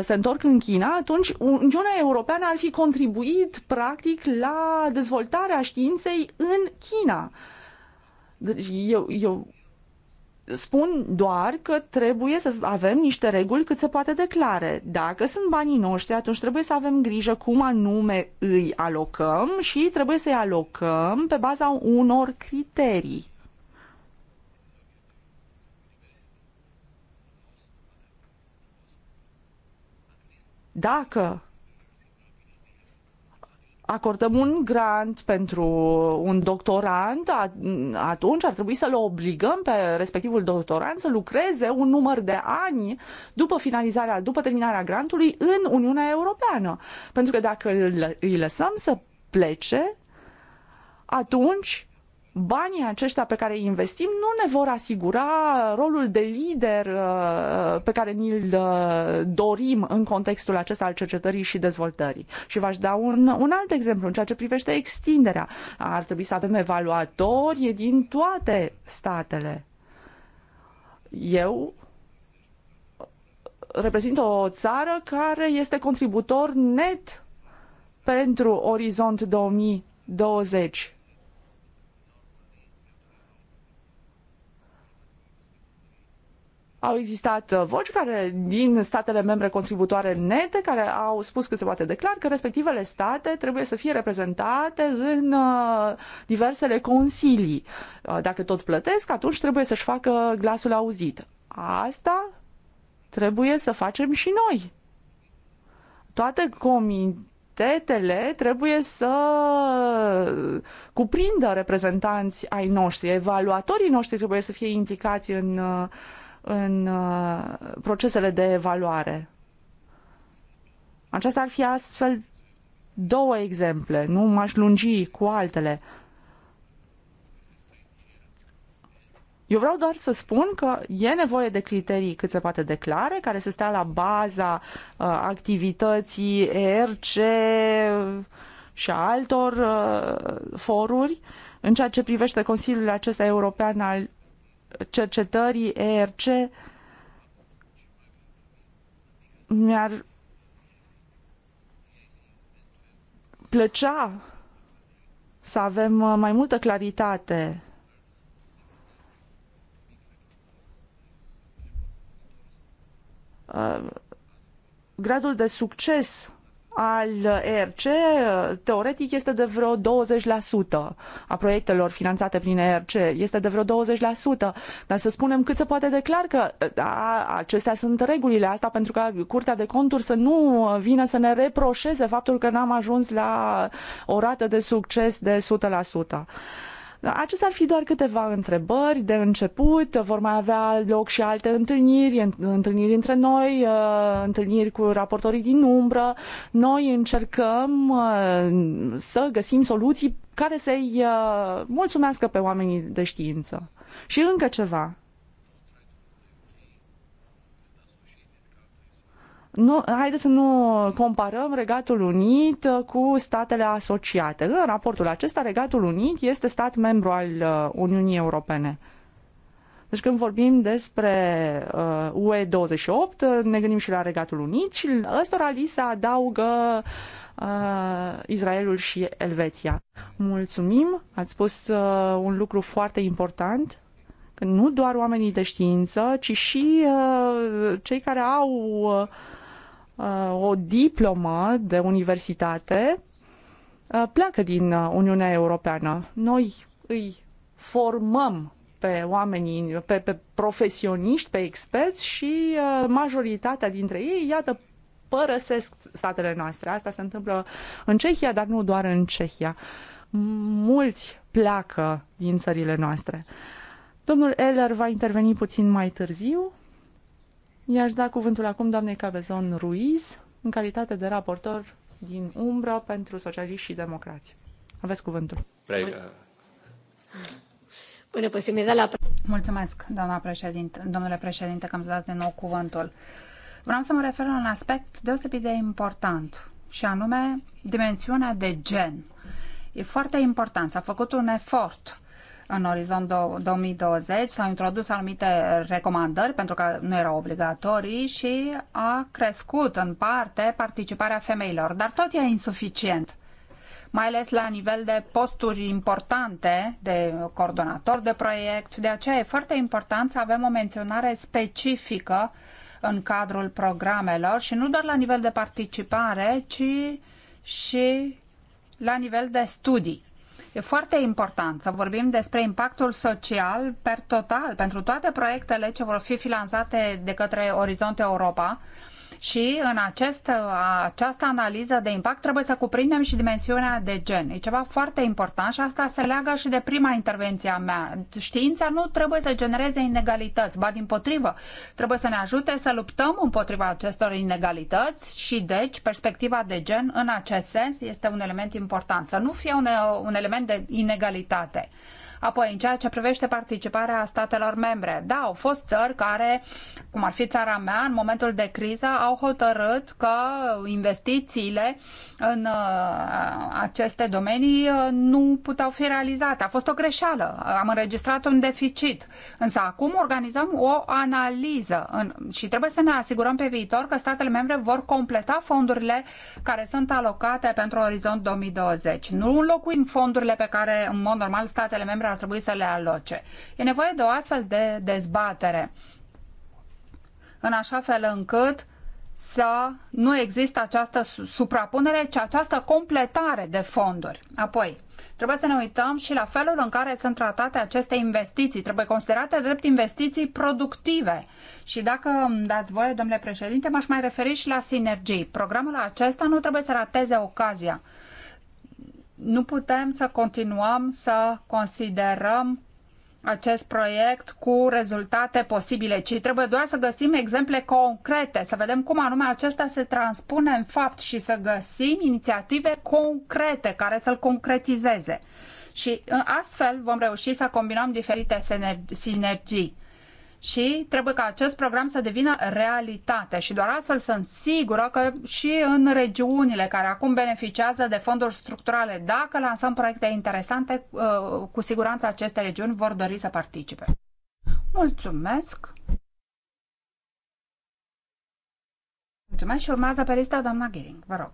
se întorc în China, atunci Uniunea Europeană ar fi contribuit practic la dezvoltarea științei în China. Deci eu, eu Spun doar că trebuie să avem niște reguli cât se poate declare. Dacă sunt banii noștri, atunci trebuie să avem grijă cum anume îi alocăm și trebuie să-i alocăm pe baza unor criterii. Dacă acordăm un grant pentru un doctorant, atunci ar trebui să le obligăm pe respectivul doctorant să lucreze un număr de ani după finalizarea, după terminarea grantului în Uniunea Europeană. Pentru că dacă îi lăsăm să plece, atunci banii aceștia pe care îi investim nu ne vor asigura rolul de lider uh, pe care ni-l uh, dorim în contextul acesta al cercetării și dezvoltării. Și v-aș da un, un alt exemplu în ceea ce privește extinderea. Ar trebui să avem evaluatori din toate statele. Eu reprezint o țară care este contributor net pentru Orizont 2020 Au existat uh, voci care din statele membre contributoare nete care au spus că se poate declar că respectivele state trebuie să fie reprezentate în uh, diversele consilii. Uh, dacă tot plătesc, atunci trebuie să-și facă glasul auzit. Asta trebuie să facem și noi. Toate comitetele trebuie să cuprindă reprezentanți ai noștri, evaluatorii noștri trebuie să fie implicați în în uh, procesele de evaluare. Aceasta ar fi astfel două exemple, nu m-aș lungi cu altele. Eu vreau doar să spun că e nevoie de criterii cât se poate de clare, care să stea la baza uh, activității ERC și a altor uh, foruri. În ceea ce privește Consiliul acesta european al cercetării ERC mi-ar plăcea să avem uh, mai multă claritate uh, gradul de succes al ERC, teoretic, este de vreo 20% a proiectelor finanțate prin ERC. Este de vreo 20%. Dar să spunem cât se poate declar că da, acestea sunt regulile asta pentru ca Curtea de Conturi să nu vină să ne reproșeze faptul că n-am ajuns la o rată de succes de 100%. Acestea ar fi doar câteva întrebări de început. Vor mai avea loc și alte întâlniri, întâlniri între noi, uh, întâlniri cu raportorii din umbră. Noi încercăm uh, să găsim soluții care să-i uh, mulțumească pe oamenii de știință. Și încă ceva. Nu, haideți să nu comparăm Regatul Unit uh, cu statele asociate. În raportul acesta, Regatul Unit este stat membru al uh, Uniunii Europene. Deci când vorbim despre uh, UE28, uh, ne gândim și la Regatul Unit și ăstora li se adaugă uh, Israelul și Elveția. Mulțumim, ați spus uh, un lucru foarte important că nu doar oamenii de știință, ci și uh, cei care au uh, Uh, o diplomă de universitate uh, pleacă din uh, Uniunea Europeană. Noi îi formăm pe oamenii, pe, pe profesioniști, pe experți și majoritatea dintre ei, iată, părăsesc statele noastre. Asta se întâmplă în Cehia, dar nu doar în Cehia. Mulți pleacă din țările noastre. Domnul Eller va interveni puțin mai târziu I-aș da cuvântul acum doamnei Cabezon Ruiz, în calitate de raportor din umbră pentru socialiști și democrați. Aveți cuvântul. Bună, pues mi la... Mulțumesc, doamna președinte, domnule președinte, că am dat de nou cuvântul. Vreau să mă refer la un aspect deosebit de important, și anume dimensiunea de gen. E foarte important. S-a făcut un efort în orizont 2020 s-au introdus anumite recomandări pentru că nu erau obligatorii și a crescut în parte participarea femeilor, dar tot e insuficient mai ales la nivel de posturi importante de coordonator de proiect. De aceea e foarte important să avem o menționare specifică în cadrul programelor și nu doar la nivel de participare, ci și la nivel de studii. E foarte important să vorbim despre impactul social per total pentru toate proiectele ce vor fi finanțate de către Orizont Europa și în acest, uh, această analiză de impact trebuie să cuprindem și dimensiunea de gen. E ceva foarte important și asta se leagă și de prima intervenție a mea. Știința nu trebuie să genereze inegalități, ba din potrivă, trebuie să ne ajute să luptăm împotriva acestor inegalități și deci perspectiva de gen în acest sens este un element important. Să nu fie un, un element de inegalitate. Apoi, în ceea ce privește participarea statelor membre, da, au fost țări care, cum ar fi țara mea, în momentul de criză, au hotărât că investițiile în uh, aceste domenii uh, nu puteau fi realizate. A fost o greșeală, am înregistrat un deficit. Însă acum organizăm o analiză și trebuie să ne asigurăm pe viitor că statele membre vor completa fondurile care sunt alocate pentru Orizont 2020. Nu înlocuim fondurile pe care, în mod normal, statele membre ar trebui să le aloce. E nevoie de o astfel de dezbatere, în așa fel încât să nu există această suprapunere, ci această completare de fonduri. Apoi, trebuie să ne uităm și la felul în care sunt tratate aceste investiții. Trebuie considerate drept investiții productive. Și dacă îmi dați voie, domnule președinte, m-aș mai referi și la sinergii. Programul acesta nu trebuie să rateze ocazia nu putem să continuăm să considerăm acest proiect cu rezultate posibile, ci trebuie doar să găsim exemple concrete, să vedem cum anume acesta se transpune în fapt și să găsim inițiative concrete care să-l concretizeze. Și ă, astfel vom reuși să combinăm diferite sinergii și trebuie ca acest program să devină realitate și doar astfel sunt sigură că și în regiunile care acum beneficiază de fonduri structurale, dacă lansăm proiecte interesante, uh, cu siguranță aceste regiuni vor dori să participe. Mulțumesc! Mulțumesc și urmează pe lista doamna Gering, vă rog.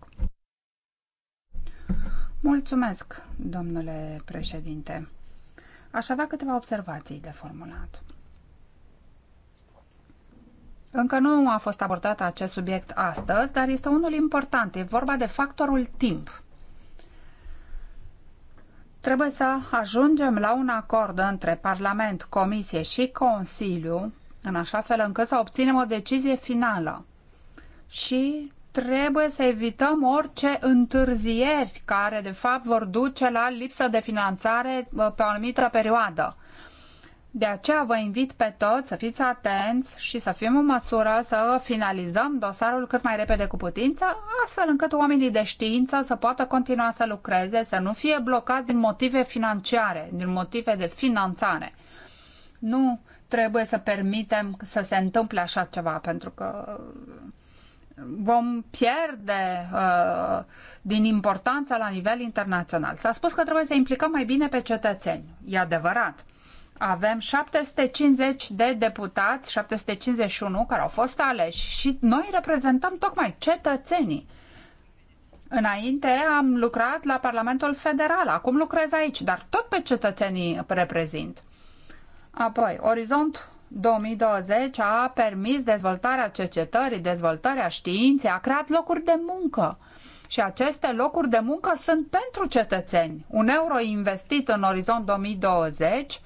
Mulțumesc, domnule președinte. Aș avea câteva observații de formulat. Încă nu a fost abordat acest subiect astăzi, dar este unul important. E vorba de factorul timp. Trebuie să ajungem la un acord între Parlament, Comisie și Consiliu, în așa fel încât să obținem o decizie finală. Și trebuie să evităm orice întârzieri care, de fapt, vor duce la lipsă de finanțare uh, pe o anumită perioadă. De aceea vă invit pe toți să fiți atenți și să fim în măsură să finalizăm dosarul cât mai repede cu putință, astfel încât oamenii de știință să poată continua să lucreze, să nu fie blocați din motive financiare, din motive de finanțare. Nu trebuie să permitem să se întâmple așa ceva, pentru că vom pierde uh, din importanța la nivel internațional. S-a spus că trebuie să implicăm mai bine pe cetățeni. E adevărat avem 750 de deputați, 751 care au fost aleși și noi reprezentăm tocmai cetățenii. Înainte am lucrat la Parlamentul Federal, acum lucrez aici, dar tot pe cetățenii reprezint. Apoi, Orizont 2020 a permis dezvoltarea cercetării, dezvoltarea științei, a creat locuri de muncă. Și aceste locuri de muncă sunt pentru cetățeni. Un euro investit în Orizont 2020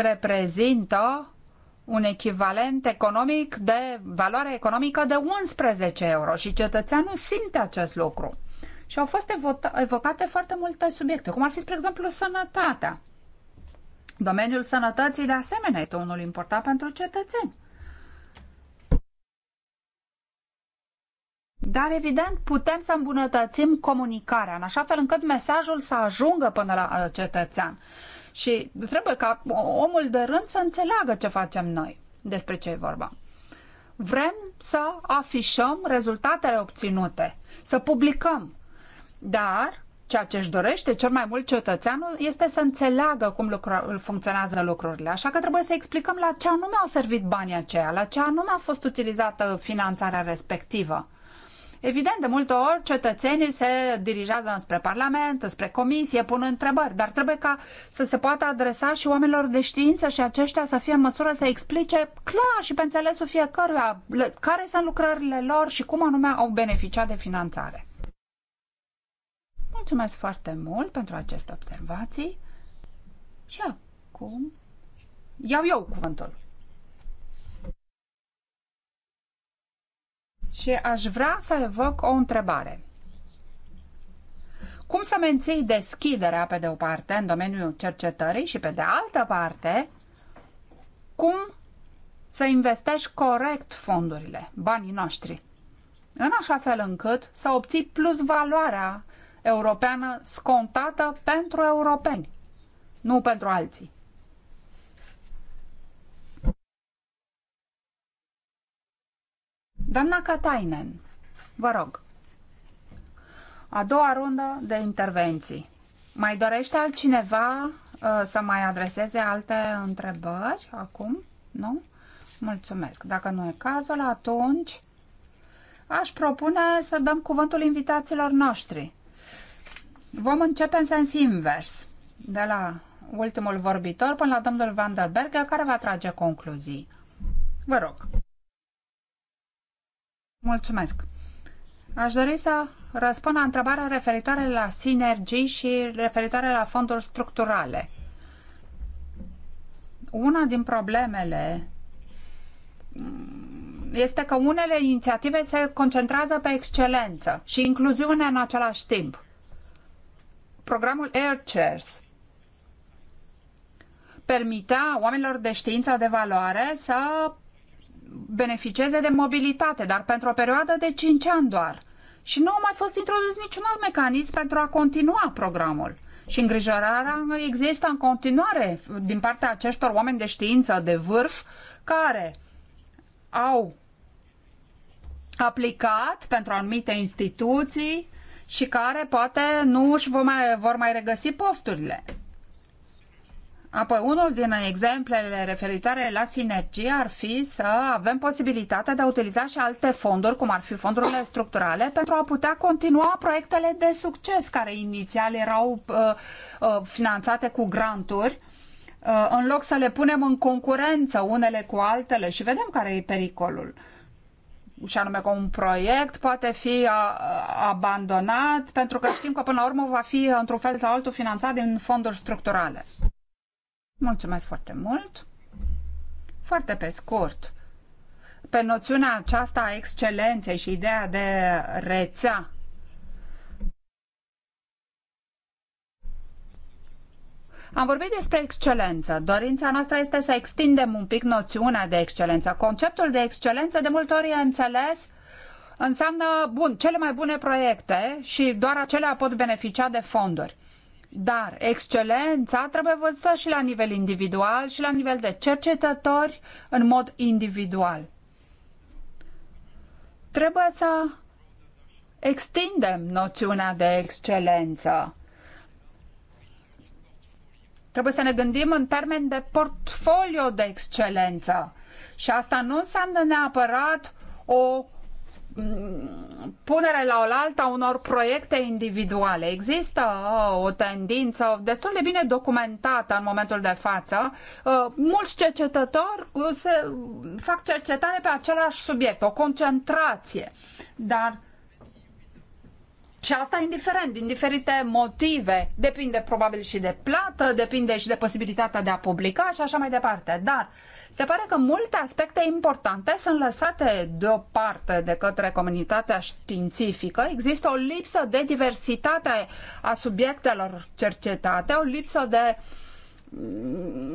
reprezintă un echivalent economic de valoare economică de 11 euro și cetățeanul simte acest lucru. Și au fost evocate foarte multe subiecte, cum ar fi, spre exemplu, sănătatea. Domeniul sănătății, de asemenea, este unul important pentru cetățeni. Dar, evident, putem să îmbunătățim comunicarea, în așa fel încât mesajul să ajungă până la uh, cetățean și trebuie ca omul de rând să înțeleagă ce facem noi, despre ce e vorba. Vrem să afișăm rezultatele obținute, să publicăm, dar ceea ce își dorește cel mai mult cetățeanul este să înțeleagă cum lucru, funcționează lucrurile. Așa că trebuie să explicăm la ce anume au servit banii aceia, la ce anume a fost utilizată finanțarea respectivă. Evident, de multe ori cetățenii se dirigează spre Parlament, spre Comisie, pun întrebări, dar trebuie ca să se poată adresa și oamenilor de știință și aceștia să fie în măsură să explice clar și pe înțelesul fiecăruia care sunt lucrările lor și cum anume au beneficiat de finanțare. Mulțumesc foarte mult pentru aceste observații și acum iau eu cuvântul. Și aș vrea să evoc o întrebare. Cum să menții deschiderea, pe de o parte, în domeniul cercetării și, pe de altă parte, cum să investești corect fondurile, banii noștri, în așa fel încât să obții plus valoarea europeană scontată pentru europeni, nu pentru alții. Doamna Katainen, vă rog. A doua rundă de intervenții. Mai dorește altcineva uh, să mai adreseze alte întrebări acum? Nu? Mulțumesc. Dacă nu e cazul, atunci aș propune să dăm cuvântul invitațiilor noștri. Vom începe în sens invers, de la ultimul vorbitor până la domnul Van der care va trage concluzii. Vă rog. Mulțumesc. Aș dori să răspund la întrebarea referitoare la sinergii și referitoare la fonduri structurale. Una din problemele mm, este că unele inițiative se concentrează pe excelență și incluziune în același timp. Programul AirChairs permitea oamenilor de știință de valoare să beneficieze de mobilitate, dar pentru o perioadă de 5 ani doar. Și nu a mai fost introdus niciun alt mecanism pentru a continua programul. Și îngrijorarea există în continuare din partea acestor oameni de știință de vârf care au aplicat pentru anumite instituții și care poate nu își vor mai, vor mai regăsi posturile. Apoi, unul din exemplele referitoare la sinergie ar fi să avem posibilitatea de a utiliza și alte fonduri, cum ar fi fondurile structurale, pentru a putea continua proiectele de succes care inițial erau uh, uh, finanțate cu granturi uh, în loc să le punem în concurență unele cu altele și vedem care e pericolul și anume că un proiect poate fi uh, abandonat pentru că știm că până la urmă va fi într-un fel sau altul finanțat din fonduri structurale. Mulțumesc foarte mult. Foarte pe scurt, pe noțiunea aceasta a excelenței și ideea de rețea Am vorbit despre excelență. Dorința noastră este să extindem un pic noțiunea de excelență. Conceptul de excelență de multe ori e înțeles înseamnă, bun, cele mai bune proiecte și doar acelea pot beneficia de fonduri. Dar excelența trebuie văzută și la nivel individual și la nivel de cercetători în mod individual. Trebuie să extindem noțiunea de excelență. Trebuie să ne gândim în termen de portfolio de excelență. Și asta nu înseamnă neapărat o punere la oaltă a unor proiecte individuale. Există uh, o tendință destul de bine documentată în momentul de față. Uh, mulți cercetători uh, se fac cercetare pe același subiect, o concentrație. Dar și asta indiferent, din diferite motive. Depinde probabil și de plată, depinde și de posibilitatea de a publica și așa mai departe. Dar se pare că multe aspecte importante sunt lăsate deoparte de către comunitatea științifică. Există o lipsă de diversitate a subiectelor cercetate, o lipsă de uh,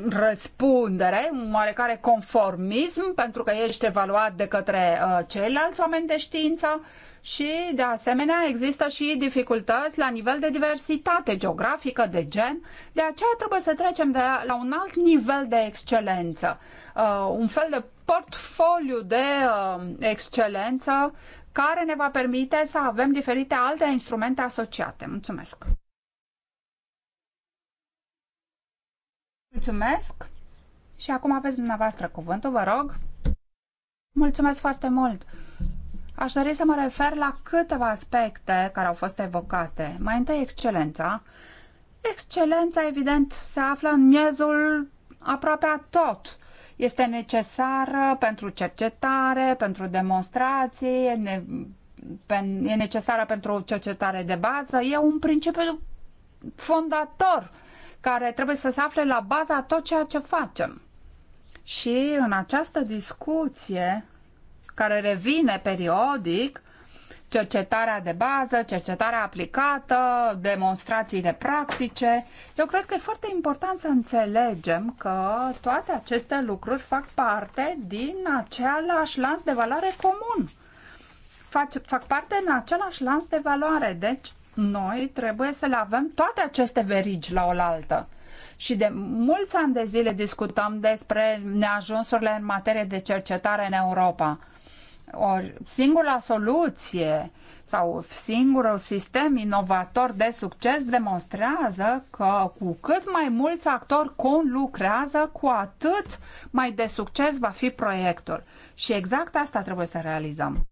răspundere, un oarecare conformism, pentru că ești evaluat de către uh, ceilalți oameni de știință și, de asemenea, există și dificultăți la nivel de diversitate geografică, de gen. De aceea trebuie să trecem de la un alt nivel de excelență, uh, un fel de portfoliu de uh, excelență care ne va permite să avem diferite alte instrumente asociate. Mulțumesc! Mulțumesc și acum aveți dumneavoastră cuvântul, vă rog. Mulțumesc foarte mult! Aș dori să mă refer la câteva aspecte care au fost evocate. Mai întâi, excelența. Excelența, evident, se află în miezul aproape a tot. Este necesară pentru cercetare, pentru demonstrații, e, ne- e necesară pentru cercetare de bază. E un principiu fondator care trebuie să se afle la baza tot ceea ce facem. Și în această discuție care revine periodic, cercetarea de bază, cercetarea aplicată, demonstrațiile practice. Eu cred că e foarte important să înțelegem că toate aceste lucruri fac parte din același lanț de valoare comun. Fac, fac parte în același lanț de valoare. Deci, noi trebuie să le avem toate aceste verigi la oaltă. Și de mulți ani de zile discutăm despre neajunsurile în materie de cercetare în Europa. Ori singura soluție sau singurul sistem inovator de succes demonstrează că cu cât mai mulți actori conlucrează, cu atât mai de succes va fi proiectul. Și exact asta trebuie să realizăm.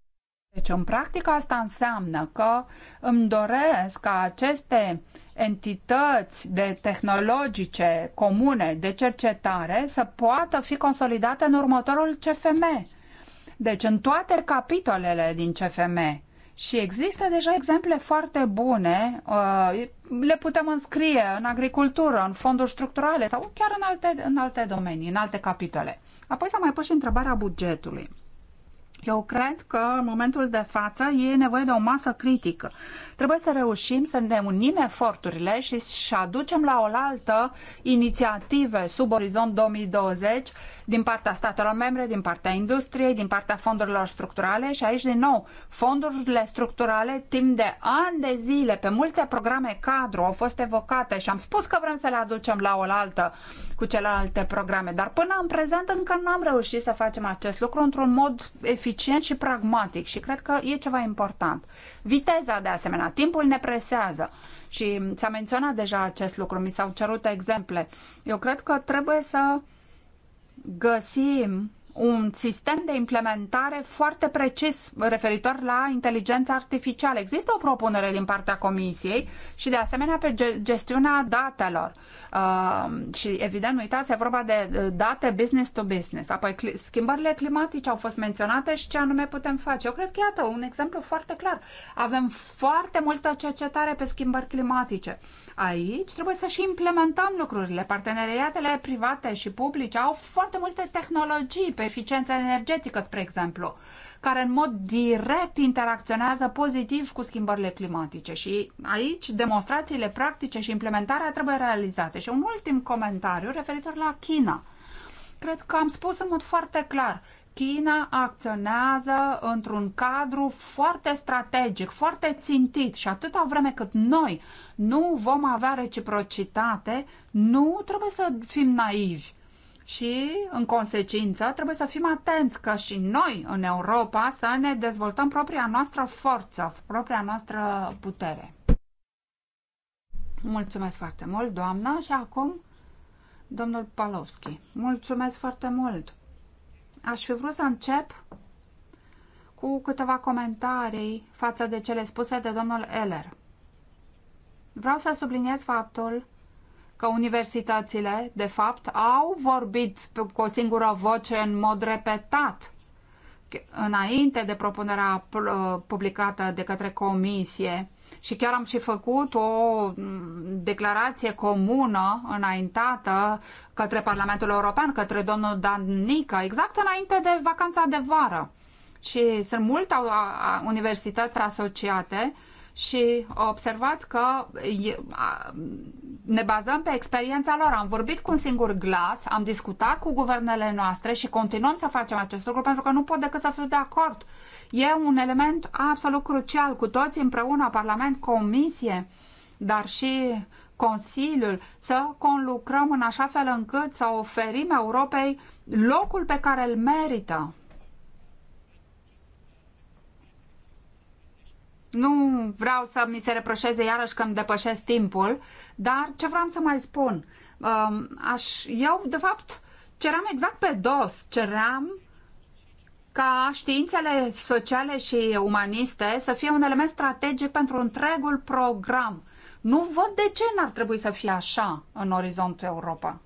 Deci, în practică, asta înseamnă că îmi doresc ca aceste entități de tehnologice comune de cercetare să poată fi consolidate în următorul CFM. Deci, în toate capitolele din CFM. Și există deja exemple foarte bune, uh, le putem înscrie în agricultură, în fonduri structurale sau chiar în alte, în alte domenii, în alte capitole. Apoi s-a mai pus și întrebarea bugetului. Eu cred că în momentul de față e nevoie de o masă critică. Trebuie să reușim să ne unim eforturile și să aducem la oaltă inițiative sub orizont 2020 din partea statelor membre, din partea industriei, din partea fondurilor structurale și aici din nou fondurile structurale timp de ani de zile pe multe programe cadru au fost evocate și am spus că vrem să le aducem la oaltă cu celelalte programe, dar până în prezent încă n-am reușit să facem acest lucru într-un mod eficient eficient și pragmatic și cred că e ceva important. Viteza, de asemenea, timpul ne presează și ți-a menționat deja acest lucru, mi s-au cerut exemple. Eu cred că trebuie să găsim un sistem de implementare foarte precis referitor la inteligența artificială. Există o propunere din partea Comisiei și de asemenea pe gestiunea datelor. Uh, și evident, uitați, e vorba de date business to business. Apoi schimbările climatice au fost menționate și ce anume putem face. Eu cred că iată un exemplu foarte clar. Avem foarte multă cercetare pe schimbări climatice. Aici trebuie să și implementăm lucrurile. Parteneriatele private și publice au foarte multe tehnologii pe eficiența energetică, spre exemplu, care în mod direct interacționează pozitiv cu schimbările climatice. Și aici demonstrațiile practice și implementarea trebuie realizate. Și un ultim comentariu referitor la China. Cred că am spus în mod foarte clar. China acționează într-un cadru foarte strategic, foarte țintit și atâta vreme cât noi nu vom avea reciprocitate, nu trebuie să fim naivi și, în consecință, trebuie să fim atenți că și noi, în Europa, să ne dezvoltăm propria noastră forță, propria noastră putere. Mulțumesc foarte mult, doamnă, și acum domnul Palovski. Mulțumesc foarte mult! Aș fi vrut să încep cu câteva comentarii față de cele spuse de domnul Eller. Vreau să subliniez faptul că universitățile, de fapt, au vorbit cu o singură voce în mod repetat înainte de propunerea uh, publicată de către comisie și chiar am și făcut o mm, declarație comună înaintată către Parlamentul European, către domnul Danica, exact înainte de vacanța de vară. Și sunt multe universități asociate și observat că ne bazăm pe experiența lor. Am vorbit cu un singur glas, am discutat cu guvernele noastre și continuăm să facem acest lucru pentru că nu pot decât să fiu de acord. E un element absolut crucial cu toți împreună, Parlament, Comisie, dar și Consiliul, să conlucrăm în așa fel încât să oferim Europei locul pe care îl merită Nu vreau să mi se reproșeze iarăși că îmi depășesc timpul, dar ce vreau să mai spun? Um, aș, eu, de fapt, ceram exact pe dos. ceream ca științele sociale și umaniste să fie un element strategic pentru întregul program. Nu văd de ce n-ar trebui să fie așa în orizontul Europa.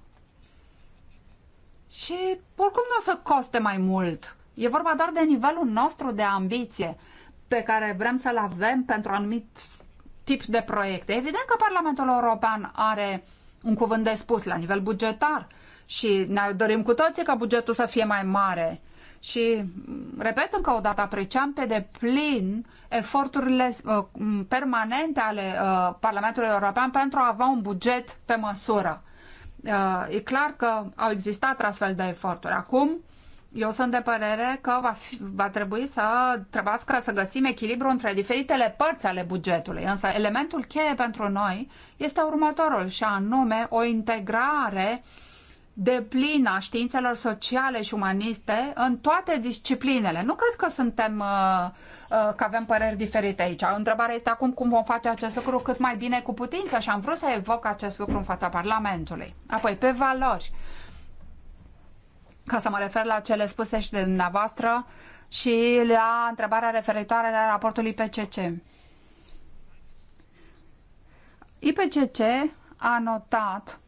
Și oricum nu o să coste mai mult. E vorba doar de nivelul nostru de ambiție pe care vrem să-l avem pentru anumit tip de proiecte. Evident că Parlamentul European are un cuvânt de spus la nivel bugetar și ne dorim cu toții ca bugetul să fie mai mare. Și, repet încă o dată, apreciam pe deplin eforturile uh, permanente ale uh, Parlamentului European pentru a avea un buget pe măsură. Uh, e clar că au existat astfel de eforturi. Acum, eu sunt de părere că va, fi, va trebui să trebuiască să găsim echilibru între diferitele părți ale bugetului. Însă elementul cheie pentru noi este următorul și anume o integrare de plină a științelor sociale și umaniste în toate disciplinele. Nu cred că suntem uh, uh, că avem păreri diferite aici. Întrebarea este acum cum vom face acest lucru cât mai bine cu putință și am vrut să evoc acest lucru în fața Parlamentului. Apoi, pe valori ca să mă refer la cele spuse și de dumneavoastră și la întrebarea referitoare la raportul IPCC. IPCC a notat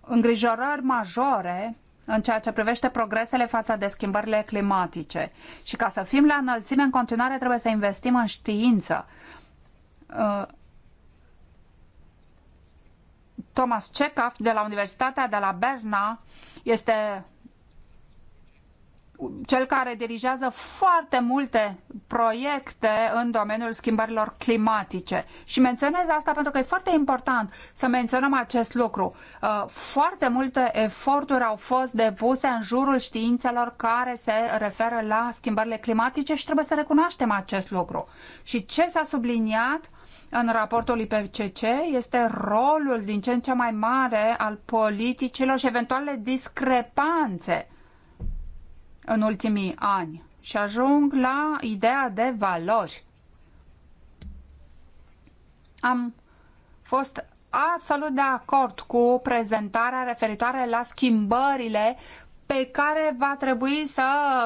îngrijorări majore în ceea ce privește progresele față de schimbările climatice. Și ca să fim la înălțime, în continuare trebuie să investim în știință uh, Thomas Chekhov de la Universitatea de la Berna este cel care dirigează foarte multe proiecte în domeniul schimbărilor climatice. Și menționez asta pentru că e foarte important să menționăm acest lucru. Uh, foarte multe eforturi au fost depuse în jurul științelor care se referă la schimbările climatice și trebuie să recunoaștem acest lucru. Și ce s-a subliniat în raportul IPCC este rolul din ce în ce mai mare al politicilor și eventuale discrepanțe în ultimii ani și ajung la ideea de valori. Am fost absolut de acord cu prezentarea referitoare la schimbările pe care va trebui să,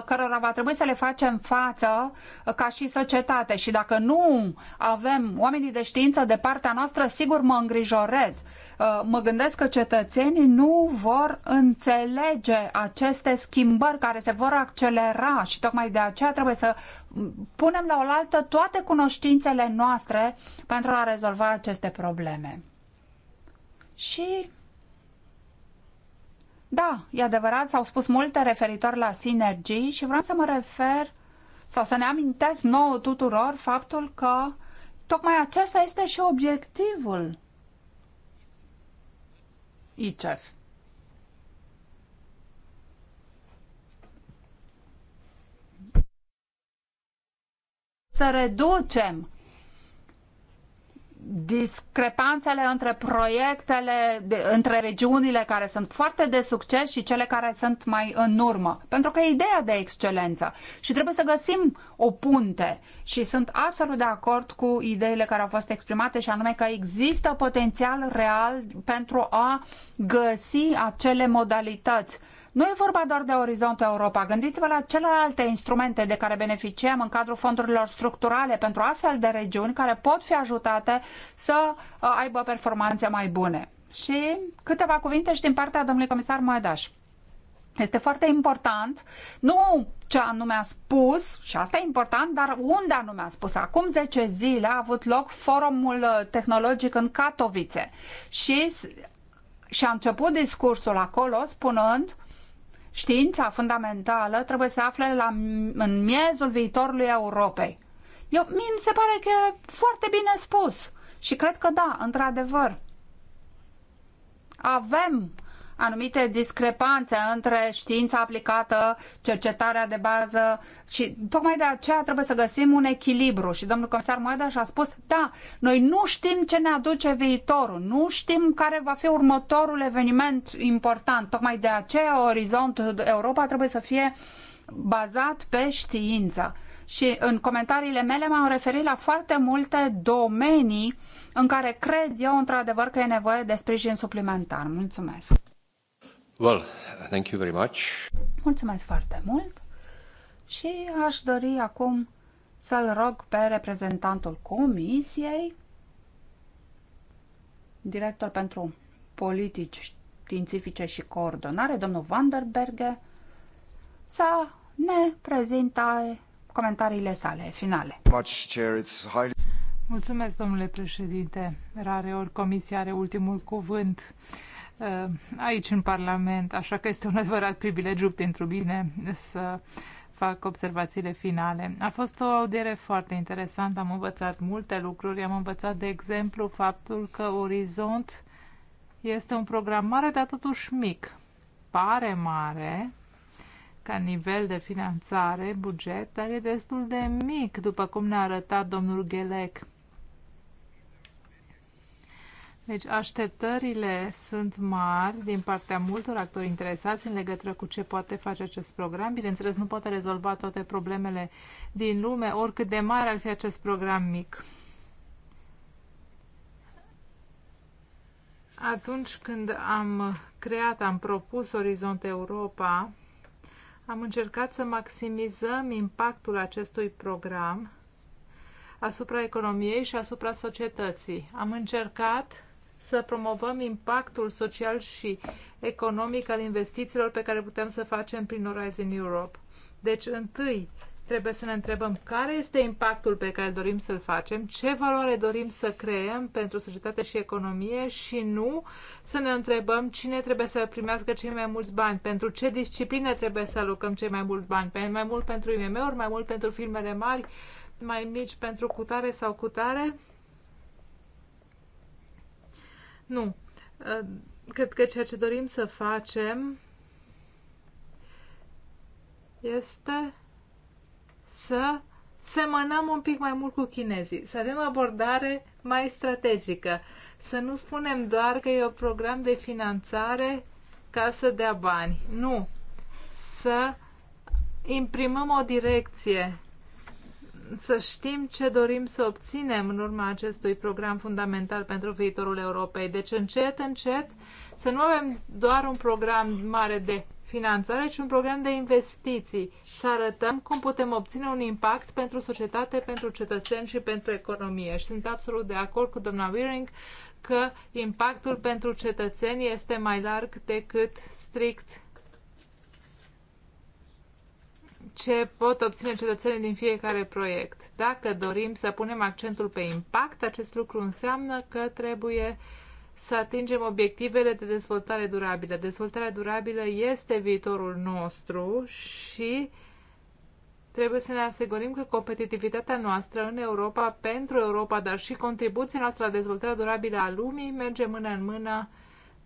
cărora va trebui să le facem față ca și societate. Și dacă nu avem oamenii de știință de partea noastră, sigur mă îngrijorez. Uh, mă gândesc că cetățenii nu vor înțelege aceste schimbări care se vor accelera și tocmai de aceea trebuie să punem la oaltă toate cunoștințele noastre pentru a rezolva aceste probleme. Și da, e adevărat, s-au spus multe referitor la sinergii și vreau să mă refer sau să ne amintesc nouă tuturor faptul că tocmai acesta este și obiectivul ICEF. Să reducem discrepanțele între proiectele, de, între regiunile care sunt foarte de succes și cele care sunt mai în urmă. Pentru că e ideea de excelență și trebuie să găsim o punte și sunt absolut de acord cu ideile care au fost exprimate și anume că există potențial real pentru a găsi acele modalități nu e vorba doar de Orizontul Europa. Gândiți-vă la celelalte instrumente de care beneficiem în cadrul fondurilor structurale pentru astfel de regiuni care pot fi ajutate să uh, aibă performanțe mai bune. Și câteva cuvinte și din partea domnului comisar Moedaș. Este foarte important, nu ce anume a spus, și asta e important, dar unde anume a spus. Acum 10 zile a avut loc forumul uh, tehnologic în Katowice și, și a început discursul acolo spunând Știința fundamentală trebuie să se afle la, în miezul viitorului Europei. Eu, mi se pare că e foarte bine spus și cred că da, într-adevăr, avem anumite discrepanțe între știința aplicată, cercetarea de bază și tocmai de aceea trebuie să găsim un echilibru. Și domnul comisar Moedaș a spus, da, noi nu știm ce ne aduce viitorul, nu știm care va fi următorul eveniment important. Tocmai de aceea Orizont Europa trebuie să fie bazat pe știință. Și în comentariile mele m-am referit la foarte multe domenii în care cred eu într-adevăr că e nevoie de sprijin suplimentar. Mulțumesc! Well, thank you very much. Mulțumesc foarte mult și aș dori acum să-l rog pe reprezentantul comisiei, director pentru politici științifice și coordonare, domnul Vanderberge, să ne prezinte comentariile sale finale. Mulțumesc, domnule președinte. Rareori comisia are ultimul cuvânt Eh, aici în Parlament, așa că este un adevărat privilegiu pentru mine să fac observațiile finale. A fost o audiere foarte interesantă, am învățat multe lucruri, am învățat, de exemplu, faptul că Orizont este un program mare, dar totuși mic. Pare mare ca nivel de finanțare, buget, dar e destul de mic, după cum ne-a arătat domnul Ghelec deci așteptările sunt mari din partea multor actori interesați în legătură cu ce poate face acest program. Bineînțeles, nu poate rezolva toate problemele din lume, oricât de mare ar fi acest program mic. Atunci când am creat, am propus Orizont Europa, am încercat să maximizăm impactul acestui program asupra economiei și asupra societății. Am încercat să promovăm impactul social și economic al investițiilor pe care putem să facem prin Horizon Europe. Deci, întâi, trebuie să ne întrebăm care este impactul pe care dorim să-l facem, ce valoare dorim să creăm pentru societate și economie și nu să ne întrebăm cine trebuie să primească cei mai mulți bani, pentru ce discipline trebuie să alocăm cei mai mulți bani, mai mult pentru IMM-uri, mai mult pentru filmele mari, mai mici pentru cutare sau cutare. Nu. Ă, cred că ceea ce dorim să facem este să semănăm un pic mai mult cu chinezii, să avem abordare mai strategică, să nu spunem doar că e un program de finanțare ca să dea bani. Nu. Să imprimăm o direcție să știm ce dorim să obținem în urma acestui program fundamental pentru viitorul Europei. Deci încet, încet, să nu avem doar un program mare de finanțare, ci un program de investiții. Să arătăm cum putem obține un impact pentru societate, pentru cetățeni și pentru economie. Și sunt absolut de acord cu doamna Wiering, că impactul pentru cetățeni este mai larg decât strict ce pot obține cetățenii din fiecare proiect. Dacă dorim să punem accentul pe impact, acest lucru înseamnă că trebuie să atingem obiectivele de dezvoltare durabilă. Dezvoltarea durabilă este viitorul nostru și trebuie să ne asigurăm că competitivitatea noastră în Europa, pentru Europa, dar și contribuția noastră la dezvoltarea durabilă a lumii merge mână în mână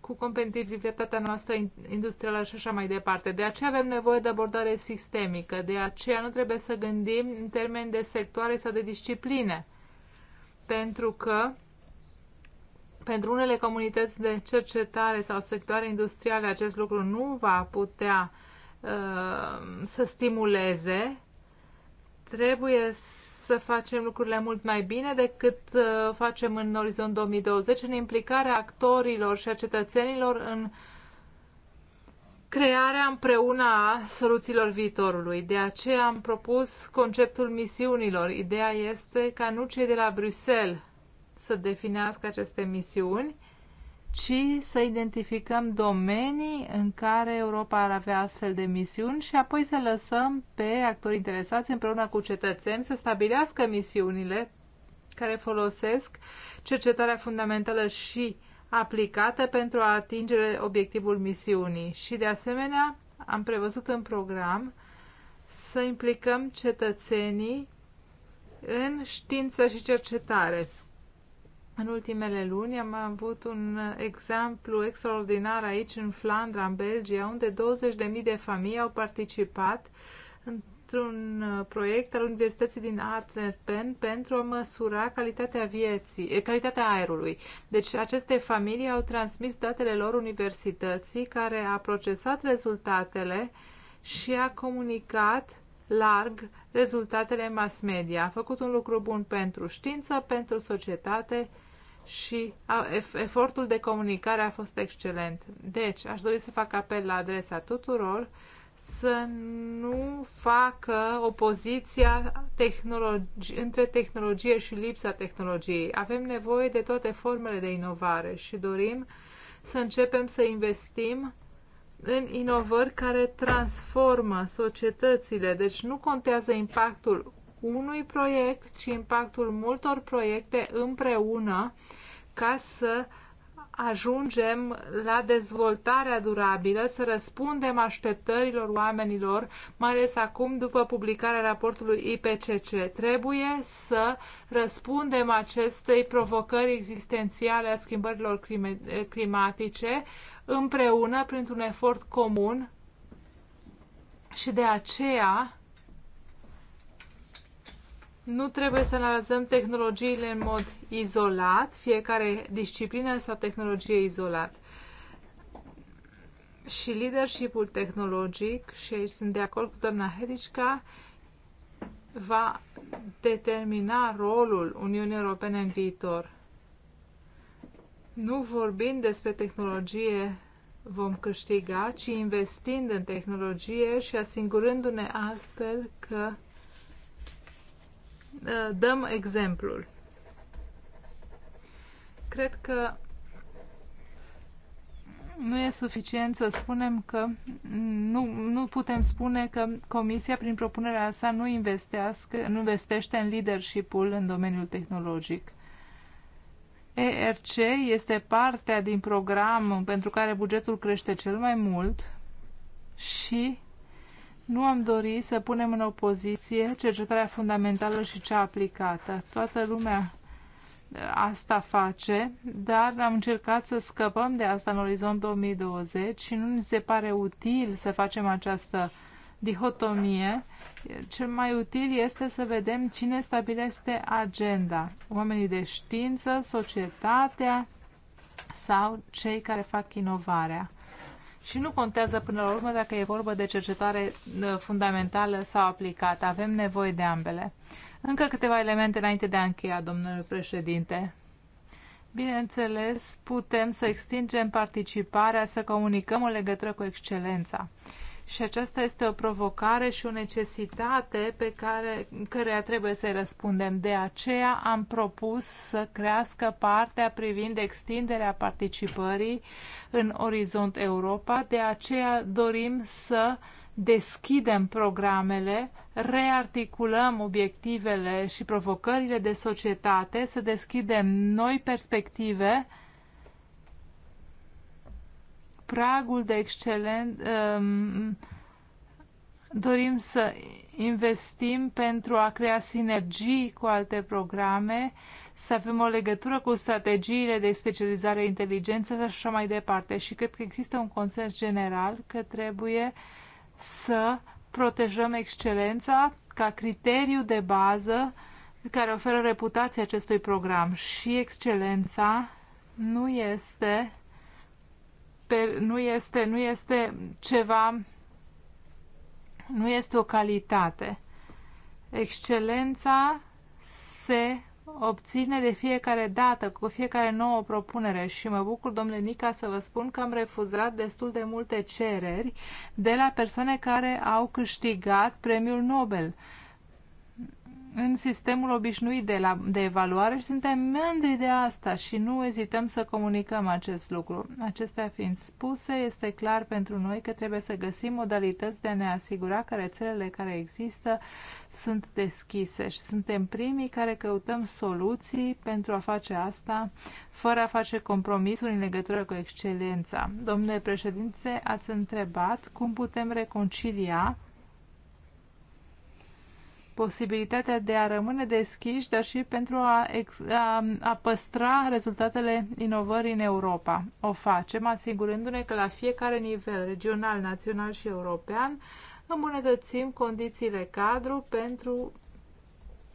cu competitivitatea noastră industrială și așa mai departe. De aceea avem nevoie de abordare sistemică, de aceea nu trebuie să gândim în termeni de sectoare sau de discipline, pentru că pentru unele comunități de cercetare sau sectoare industriale acest lucru nu va putea uh, să stimuleze. Trebuie să să facem lucrurile mult mai bine decât uh, facem în orizont 2020, în implicarea actorilor și a cetățenilor în crearea împreună a soluțiilor viitorului. De aceea am propus conceptul misiunilor. Ideea este ca nu cei de la Bruxelles să definească aceste misiuni, ci să identificăm domenii în care Europa ar avea astfel de misiuni și apoi să lăsăm pe actori interesați împreună cu cetățeni să stabilească misiunile care folosesc cercetarea fundamentală și aplicată pentru a atinge obiectivul misiunii. Și de asemenea am prevăzut în program să implicăm cetățenii în știință și cercetare în ultimele luni am avut un exemplu extraordinar aici în Flandra, în Belgia, unde 20.000 de familii au participat într-un uh, proiect al Universității din Antwerpen pentru a măsura calitatea vieții, eh, calitatea aerului. Deci aceste familii au transmis datele lor universității care a procesat rezultatele și a comunicat larg rezultatele mass media. A făcut un lucru bun pentru știință, pentru societate și a, efortul de comunicare a fost excelent. Deci, aș dori să fac apel la adresa tuturor să nu facă opoziția tehnologi- între tehnologie și lipsa tehnologiei. Avem nevoie de toate formele de inovare și dorim să începem să investim în inovări care transformă societățile. Deci nu contează impactul unui proiect, ci impactul multor proiecte împreună ca să ajungem la dezvoltarea durabilă, să răspundem așteptărilor oamenilor, mai ales acum după publicarea raportului IPCC. Trebuie să răspundem acestei provocări existențiale a schimbărilor climatice, împreună, printr-un efort comun și de aceea nu trebuie să analizăm tehnologiile în mod izolat, fiecare disciplină sau tehnologie izolat. Și leadership-ul tehnologic, și aici sunt de acord cu doamna Herișca, va determina rolul Uniunii Europene în viitor. Nu vorbind despre tehnologie vom câștiga, ci investind în tehnologie și asigurându-ne astfel că ă, dăm exemplul. Cred că nu e suficient să spunem că nu, nu putem spune că Comisia prin propunerea sa nu, nu investește în leadership-ul în domeniul tehnologic. ERC este partea din program pentru care bugetul crește cel mai mult și nu am dorit să punem în opoziție cercetarea fundamentală și cea aplicată. Toată lumea eh, asta face, dar am încercat să scăpăm de asta în orizont 2020 și nu ni se pare util să facem această dihotomie cel mai util este să vedem cine stabilește agenda. Oamenii de știință, societatea sau cei care fac inovarea. Și nu contează până la urmă dacă e vorba de cercetare uh, fundamentală sau aplicată. Avem nevoie de ambele. Încă câteva elemente înainte de a încheia, domnule președinte. Bineînțeles, putem să extindem participarea, să comunicăm o legătură cu excelența și aceasta este o provocare și o necesitate pe care căreia trebuie să-i răspundem. De aceea am propus să crească partea privind extinderea participării în Orizont Europa. De aceea dorim să deschidem programele, rearticulăm obiectivele și provocările de societate, să deschidem noi perspective pragul de excelent um, dorim să investim pentru a crea sinergii cu alte programe, să avem o legătură cu strategiile de specializare inteligență și așa mai departe. Și cred că există un consens general că trebuie să protejăm excelența ca criteriu de bază care oferă reputația acestui program. Și excelența nu este pe, nu, este, nu este ceva, nu este o calitate. Excelența se obține de fiecare dată, cu fiecare nouă propunere și mă bucur, domnule Nica, să vă spun că am refuzat destul de multe cereri de la persoane care au câștigat premiul Nobel în sistemul obișnuit de, la, de evaluare și suntem mândri de asta și nu ezităm să comunicăm acest lucru. Acestea fiind spuse, este clar pentru noi că trebuie să găsim modalități de a ne asigura că rețelele care există sunt deschise și suntem primii care căutăm soluții pentru a face asta fără a face compromisuri în legătură cu excelența. Domnule președinte, ați întrebat cum putem reconcilia posibilitatea de a rămâne deschiși, dar și pentru a, ex, a, a păstra rezultatele inovării în Europa. O facem asigurându-ne că la fiecare nivel, regional, național și european, îmbunătățim condițiile cadru pentru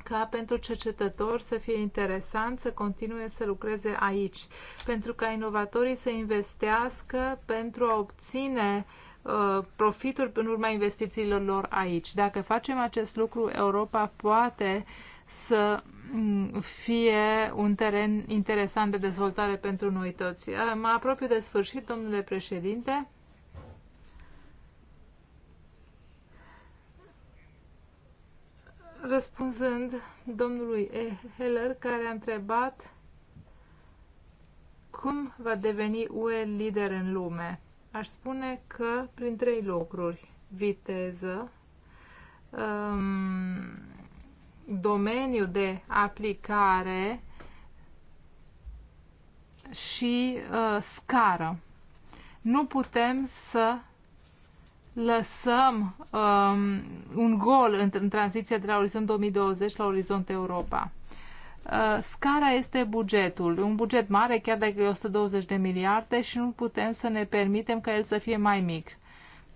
ca pentru cercetători să fie interesant să continue să lucreze aici, pentru ca inovatorii să investească pentru a obține uh, Uh, profituri în urma investițiilor lor aici. Dacă facem acest lucru, Europa poate să mm, fie un teren interesant de dezvoltare pentru noi toți. Uh, mă apropiu de sfârșit, domnule președinte. Răspunzând domnului Heller, care a întrebat cum va deveni UE lider în lume. Aș spune că prin trei lucruri. Viteză, um, domeniu de aplicare și uh, scară. Nu putem să lăsăm um, un gol în, în tranziția de la orizont 2020 la orizont Europa. Uh, scara este bugetul, un buget mare, chiar dacă e 120 de miliarde și nu putem să ne permitem ca el să fie mai mic.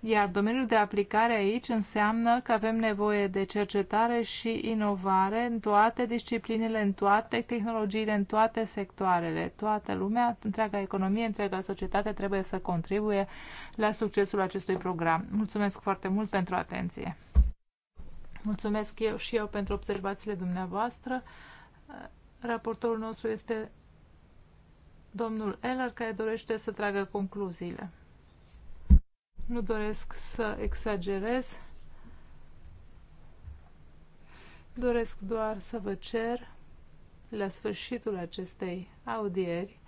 Iar domeniul de aplicare aici înseamnă că avem nevoie de cercetare și inovare în toate disciplinile, în toate tehnologiile, în toate sectoarele. Toată lumea, întreaga economie, întreaga societate trebuie să contribuie la succesul acestui program. Mulțumesc foarte mult pentru atenție. Mulțumesc eu și eu pentru observațiile dumneavoastră. Raportorul nostru este domnul Eller, care dorește să tragă concluziile. Nu doresc să exagerez. Doresc doar să vă cer, la sfârșitul acestei audieri,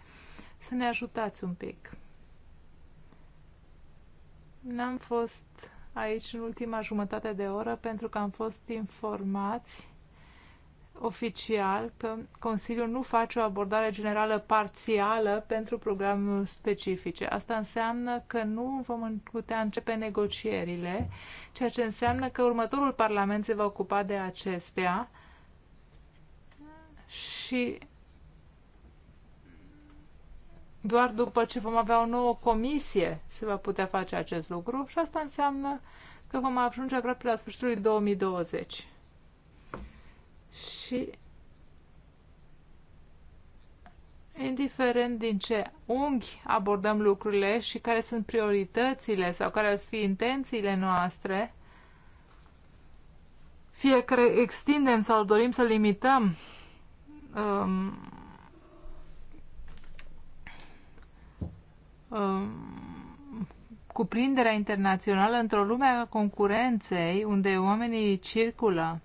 să ne ajutați un pic. N-am fost aici în ultima jumătate de oră pentru că am fost informați oficial că Consiliul nu face o abordare generală parțială pentru programul specifice. Asta înseamnă că nu vom putea începe negocierile, ceea ce înseamnă că următorul Parlament se va ocupa de acestea și doar după ce vom avea o nouă comisie se va putea face acest lucru și asta înseamnă că vom ajunge aproape la sfârșitul 2020 și indiferent din ce unghi abordăm lucrurile și care sunt prioritățile sau care ar fi intențiile noastre, fie că extindem sau dorim să limităm um, um, cuprinderea internațională într-o lume a concurenței unde oamenii circulă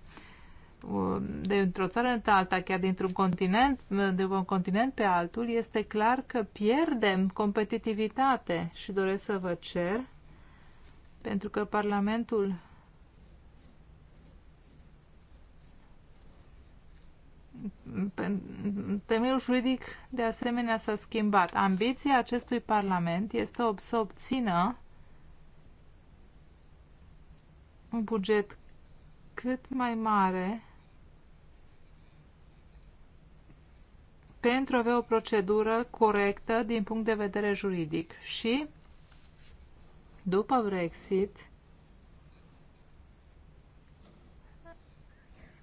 într o țară în alta, chiar dintr-un continent, de un continent pe altul, este clar că pierdem competitivitate și doresc să vă cer, pentru că Parlamentul Temelul juridic de asemenea s-a schimbat. Ambiția acestui Parlament este să obțină un buget cât mai mare pentru a avea o procedură corectă din punct de vedere juridic. Și după Brexit,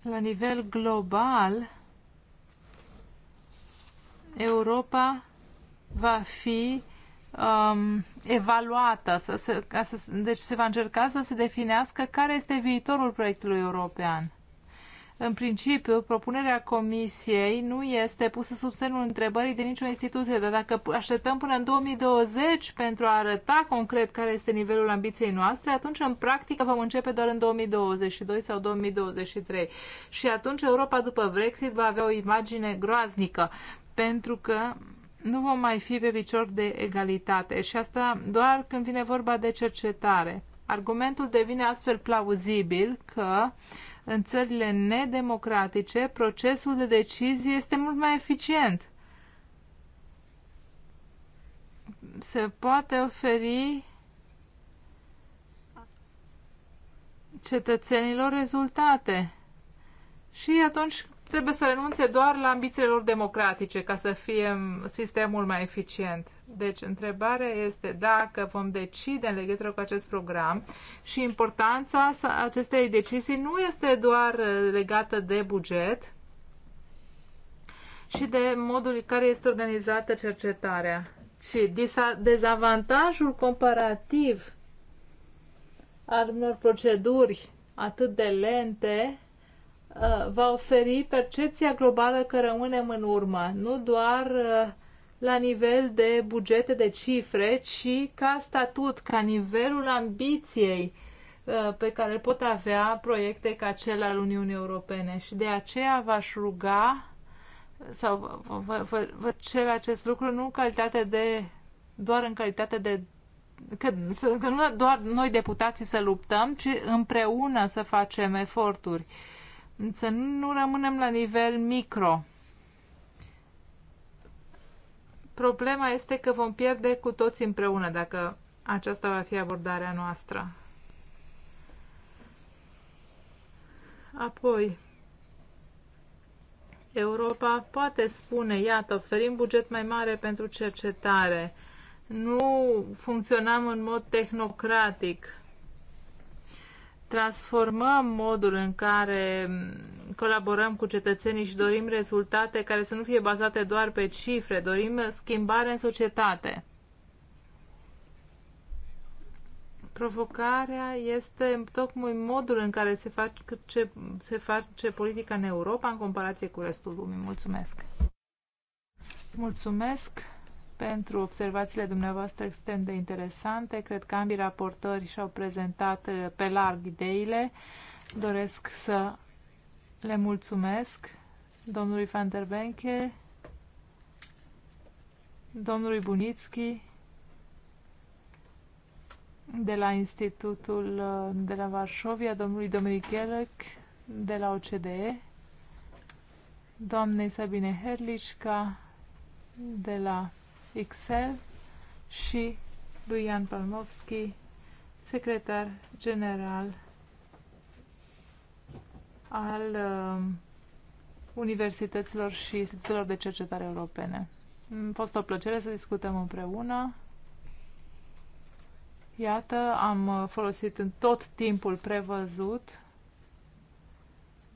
la nivel global, Europa va fi um, evaluată, să se, ca să, deci se va încerca să se definească care este viitorul proiectului european. În principiu, propunerea comisiei nu este pusă sub semnul întrebării de nicio instituție, dar dacă așteptăm până în 2020 pentru a arăta concret care este nivelul ambiției noastre, atunci în practică vom începe doar în 2022 sau 2023. Și atunci Europa după Brexit va avea o imagine groaznică, pentru că nu vom mai fi pe picior de egalitate și asta doar când vine vorba de cercetare. Argumentul devine astfel plauzibil că în țările nedemocratice, procesul de decizie este mult mai eficient. Se poate oferi cetățenilor rezultate. Și atunci trebuie să renunțe doar la ambițiile lor democratice ca să fie sistemul mai eficient. Deci, întrebarea este dacă vom decide în legătură cu acest program și importanța acestei decizii nu este doar uh, legată de buget și de modul în care este organizată cercetarea, ci dezavantajul comparativ al unor proceduri atât de lente uh, va oferi percepția globală că rămânem în urmă, nu doar uh, la nivel de bugete de cifre, ci ca statut, ca nivelul ambiției uh, pe care îl pot avea proiecte ca cel al Uniunii Europene. Și de aceea v-aș ruga sau vă, vă, vă cer acest lucru nu în calitate de doar în calitate de că, să, că nu doar noi deputații să luptăm, ci împreună să facem eforturi. Să nu rămânem la nivel micro Problema este că vom pierde cu toți împreună dacă aceasta va fi abordarea noastră. Apoi, Europa poate spune, iată, oferim buget mai mare pentru cercetare, nu funcționăm în mod tehnocratic, transformăm modul în care colaborăm cu cetățenii și dorim rezultate care să nu fie bazate doar pe cifre, dorim schimbare în societate. Provocarea este tocmai modul în care se face, se face politica în Europa în comparație cu restul lumii. Mulțumesc! Mulțumesc! pentru observațiile dumneavoastră extrem de interesante. Cred că ambii raportori și-au prezentat eh, pe larg ideile. Doresc să le mulțumesc domnului Van der Benke, domnului Bunitski de la Institutul eh, de la Varșovia, domnului Dominic Ghelec de la OCDE, doamnei Sabine Herlișca de la Excel și lui Ian Palmovski, secretar general al uh, universităților și instituțiilor de cercetare europene. A fost o plăcere să discutăm împreună. Iată, am uh, folosit în tot timpul prevăzut,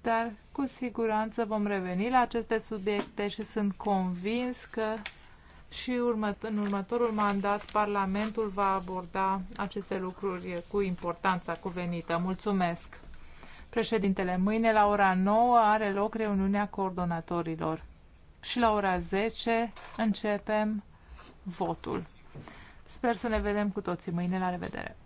dar cu siguranță vom reveni la aceste subiecte și sunt convins că și următ în următorul mandat Parlamentul va aborda aceste lucruri cu importanța cuvenită. Mulțumesc! Președintele, mâine la ora 9 are loc reuniunea coordonatorilor și la ora 10 începem votul. Sper să ne vedem cu toții mâine. La revedere!